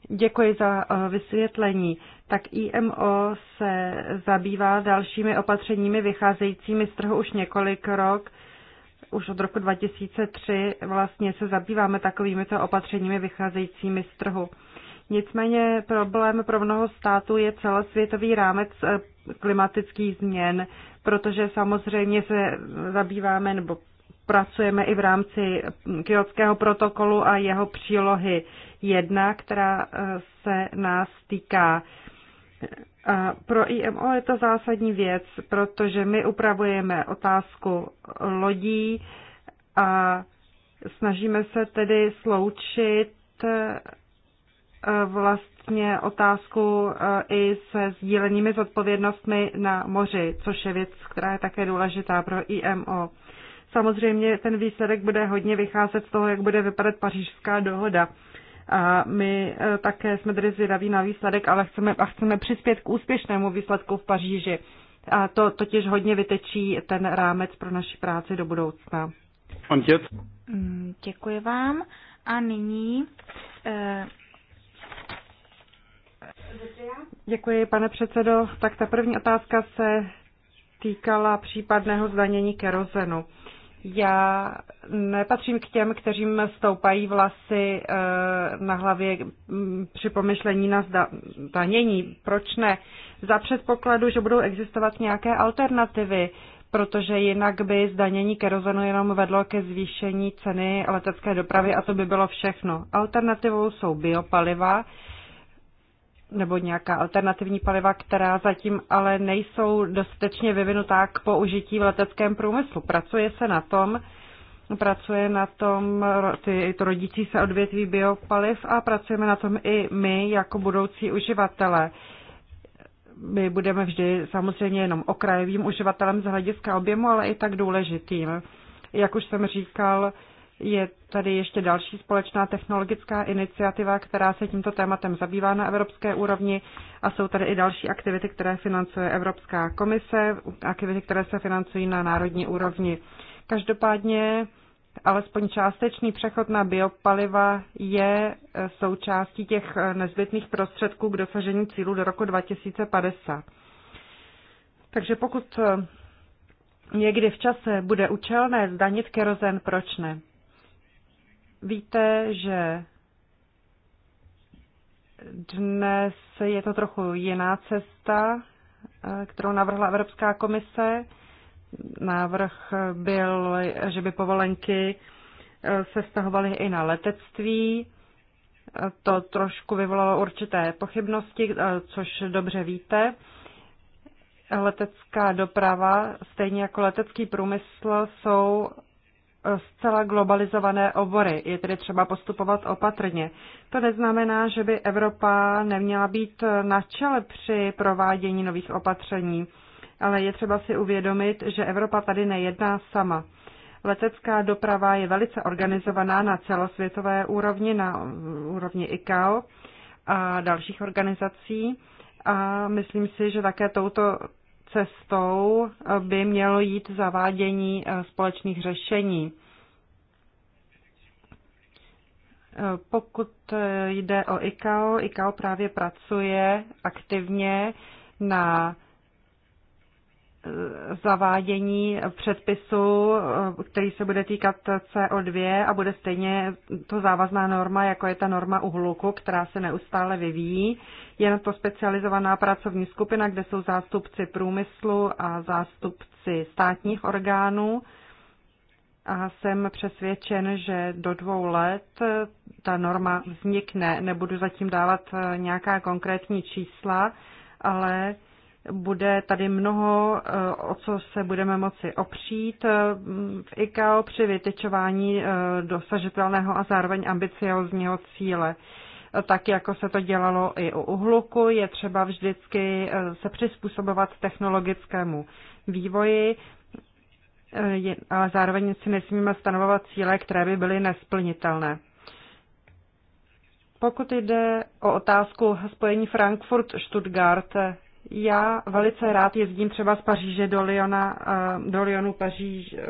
Děkuji za eh, vysvětlení. Tak IMO se zabývá dalšími opatřeními vycházejícími z trhu už několik rok. Už od roku 2003 vlastně se zabýváme takovýmito opatřeními vycházejícími z trhu. Nicméně problém pro mnoho států je celosvětový rámec eh, klimatických změn, protože samozřejmě se zabýváme nebo pracujeme i v rámci hm, Kyotského protokolu a jeho přílohy jedna, která eh, se nás týká. Pro IMO je to zásadní věc, protože my upravujeme otázku lodí a snažíme se tedy sloučit eh, vlastně otázku eh, i se sdílenými zodpovědnostmi na moři, což je věc, která je také důležitá pro IMO. Samozřejmě ten výsledek bude hodně vycházet z toho, jak bude vypadat pařížská dohoda. A my eh, také jsme tedy zvědaví na výsledek, ale chceme, a chceme přispět k úspěšnému výsledku v Paříži. A to totiž hodně vytečí ten rámec pro naši práci do budoucna. Mm, děkuji vám. A nyní eh... Děkuji, pane předsedo. Tak ta první otázka se týkala případného zdanění kerozenu. Eh, já nepatřím k těm, kteřím stoupají vlasy eh, na hlavě mm, při pomyšlení na zdanění. Proč ne? Za předpokladu, že budou existovat nějaké alternativy, protože jinak by zdanění kerozenu jenom vedlo ke zvýšení ceny letecké dopravy a to by bylo všechno. Alternativou jsou biopaliva, nebo nějaká alternativní paliva, která zatím ale nejsou dostatečně vyvinutá k použití v leteckém průmyslu. Pracuje se na tom, pracuje na tom ty, to rodící se odvětví biopaliv a pracujeme na tom i my jako budoucí uživatelé. My budeme vždy samozřejmě jenom okrajovým uživatelem z hlediska objemu, ale i tak důležitým. Jak už jsem říkal, je tady ještě další společná technologická iniciativa, která se tímto tématem zabývá na evropské úrovni a jsou tady i další aktivity, které financuje Evropská komise, aktivity, které se financují na národní úrovni. Každopádně alespoň částečný přechod na biopaliva je součástí těch nezbytných prostředků k dosažení cílu do roku 2050. Takže pokud někdy v čase bude účelné zdanit kerozen, proč ne? Víte, že dnes je to trochu jiná cesta, eh, kterou navrhla Evropská komise. Návrh byl, že by povolenky eh, se stahovaly i na letectví. Eh, to trošku vyvolalo určité pochybnosti, což dobře víte. Letecká doprava, stejně jako letecký průmysl, jsou zcela globalizované obory. Je tedy třeba postupovat opatrně. To neznamená, že by Evropa neměla být na čele při provádění nových opatření, ale je třeba si uvědomit, že Evropa tady nejedná sama. Letecká doprava je velice organizovaná na celosvětové úrovni, na úrovni ICAO a dalších organizací a myslím si, že také touto cestou eh, by mělo jít zavádění eh, společných řešení. Eh, pokud jde o ICAO, ICAO právě pracuje aktivně na zavádění předpisu, který se bude týkat CO2 a bude stejně to závazná norma, jako je ta norma u hluku, která se neustále vyvíjí. Je na to specializovaná pracovní skupina, kde jsou zástupci průmyslu a zástupci státních orgánů. A jsem přesvědčen, že do dvou let ta norma vznikne. Nebudu zatím dávat nějaká konkrétní čísla, ale bude tady mnoho, eh, o co se budeme moci opřít eh, v ICAO při vytyčování eh, dosažitelného a zároveň ambiciozního cíle tak jako se to dělalo i u uhluku, je třeba vždycky se přizpůsobovat technologickému vývoji, ale zároveň si nesmíme stanovovat cíle, které by byly nesplnitelné. Pokud jde o otázku spojení Frankfurt-Stuttgart, já velice rád jezdím třeba z Paříže do Lyona, eh, do Lyonu Paříž eh,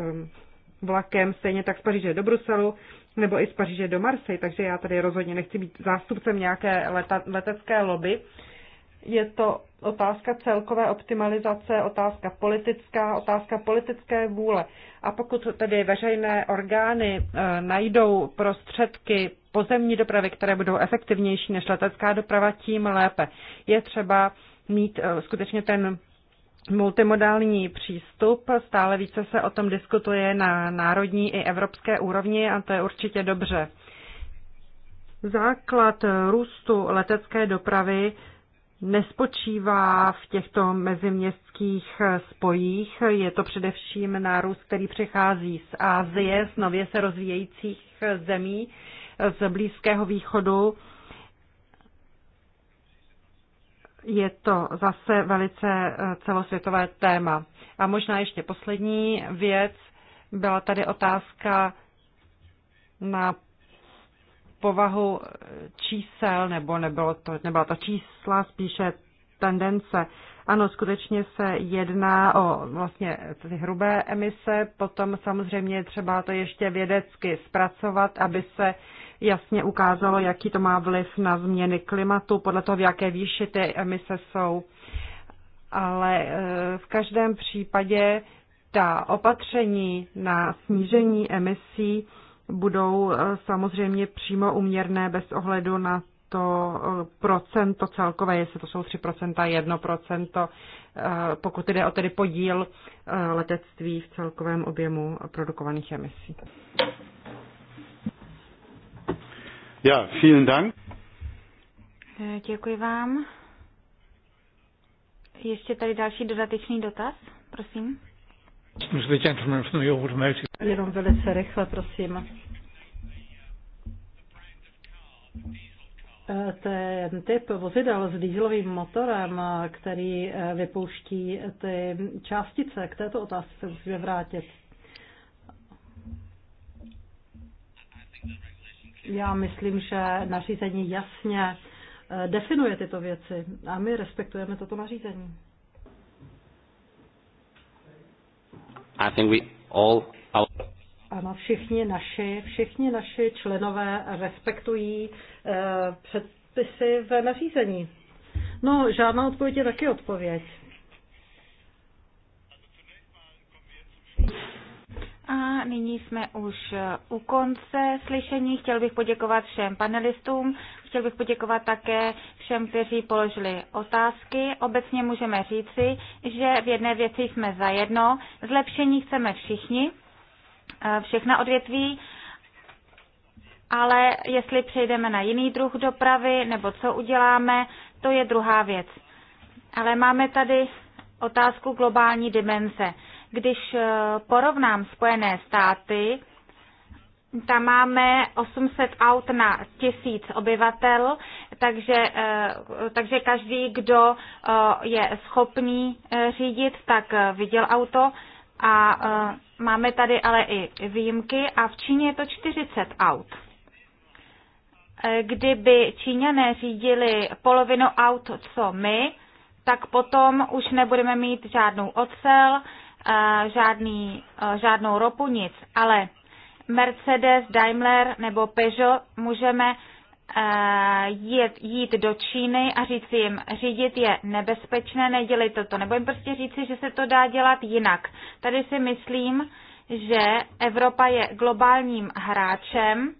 vlakem, stejně tak z Paříže do Bruselu, nebo i z Paříže do Marseille, takže já tady rozhodně nechci být zástupcem nějaké leta, letecké lobby. Je to otázka celkové optimalizace, otázka politická, otázka politické vůle. A pokud tedy veřejné orgány e, najdou prostředky pozemní dopravy, které budou efektivnější než letecká doprava, tím lépe. Je třeba mít eh, skutečně ten multimodální přístup. Stále více se o tom diskutuje na národní i evropské úrovni a to je určitě dobře. Základ růstu letecké dopravy nespočívá v těchto meziměstských spojích. Je to především nárůst, který přichází z Ázie, z nově se rozvíjejících zemí, z Blízkého východu je to zase velice eh, celosvětové téma. A možná ještě poslední věc. Byla tady otázka na povahu eh, čísel, nebo nebylo to, nebyla to čísla, spíše tendence. Ano, skutečně se jedná o vlastně ty hrubé emise, potom samozřejmě třeba to ještě vědecky zpracovat, aby se jasně ukázalo, jaký to má vliv na změny klimatu, podle toho, v jaké výši ty emise jsou. Ale eh, v každém případě ta opatření na snížení emisí budou eh, samozřejmě přímo uměrné bez ohledu na to eh, procento celkové, jestli to jsou 3%, 1%, pokud jde o tedy podíl letectví v celkovém objemu produkovaných emisí. Ja, vielen Dank. Eh, děkuji vám. Ještě tady další dodatečný dotaz, prosím. Jenom velice rychle, prosím. Eh, ten typ vozidel s dýzlovým motorem, eh, který vypouští ty částice, k této otázce se musíme vrátit. Já myslím, že nařízení jasně eh, definuje tyto věci a my respektujeme toto nařízení. I think we all our... Ano, všichni naši, všichni naši členové respektují uh, předpisy v nařízení. No, žádná odpověď je taky odpověď. A nyní jsme už eh, u konce slyšení. Chtěl bych poděkovat všem panelistům, chtěl bych poděkovat také všem, kteří položili otázky. Obecně můžeme říci, že v jedné věci jsme zajedno. Zlepšení chceme všichni, eh, všechna odvětví, ale jestli přejdeme na jiný druh dopravy nebo co uděláme, to je druhá věc. Ale máme tady otázku globální dimenze. Když eh, porovnám Spojené státy, tam máme 800 aut na tisíc obyvatel, takže, eh, takže každý, kdo eh, je schopný řídit, tak viděl auto. A máme tady ale i výjimky a v Číně je to 40 aut. Kdyby Číňané řídili polovinu aut, co my, tak potom už nebudeme mít žádnou ocel, žádný, žádnou ropu, nic, ale Mercedes, Daimler nebo Peugeot můžeme jít, jít do Číny a říct jim, řídit je nebezpečné, nedělejte to, nebo jim prostě říci, že se to dá dělat jinak. Tady si myslím, že Evropa je globálním hráčem,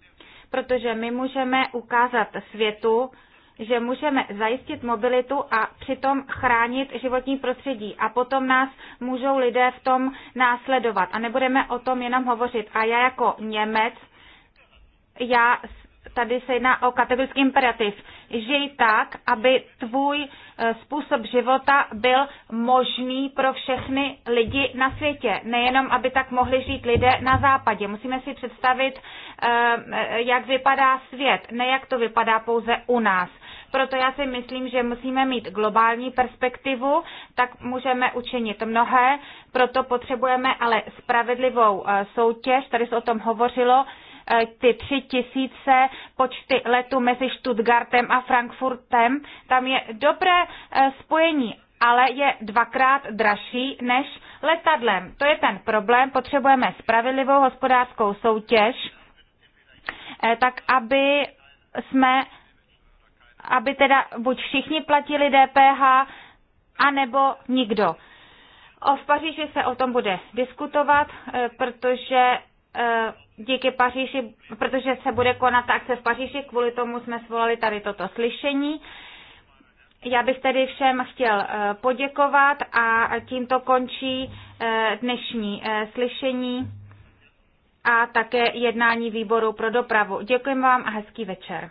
protože my můžeme ukázat světu, že můžeme zajistit mobilitu a přitom chránit životní prostředí a potom nás můžou lidé v tom následovat a nebudeme o tom jenom hovořit. A já jako Němec, já tady se jedná o kategorický imperativ. Žij tak, aby tvůj eh, způsob života byl možný pro všechny lidi na světě. Nejenom, aby tak mohli žít lidé na západě. Musíme si představit, eh, eh, jak vypadá svět, ne jak to vypadá pouze u nás. Proto já si myslím, že musíme mít globální perspektivu, tak můžeme učinit mnohé, proto potřebujeme ale spravedlivou eh, soutěž, tady se o tom hovořilo, eh, ty tři tisíce počty letů mezi Stuttgartem a Frankfurtem, tam je dobré eh, spojení, ale je dvakrát dražší než letadlem. To je ten problém. Potřebujeme spravedlivou hospodářskou soutěž, tak aby jsme aby teda buď všichni platili DPH, anebo nikdo. O v Paříži se o tom bude diskutovat, eh, protože eh, díky Paříži, protože se bude konat akce v Paříži, kvůli tomu jsme svolali tady toto slyšení. Já bych tedy všem chtěl eh, poděkovat a tímto končí dnešní slyšení a také jednání výboru pro dopravu. Děkuji vám a hezký večer.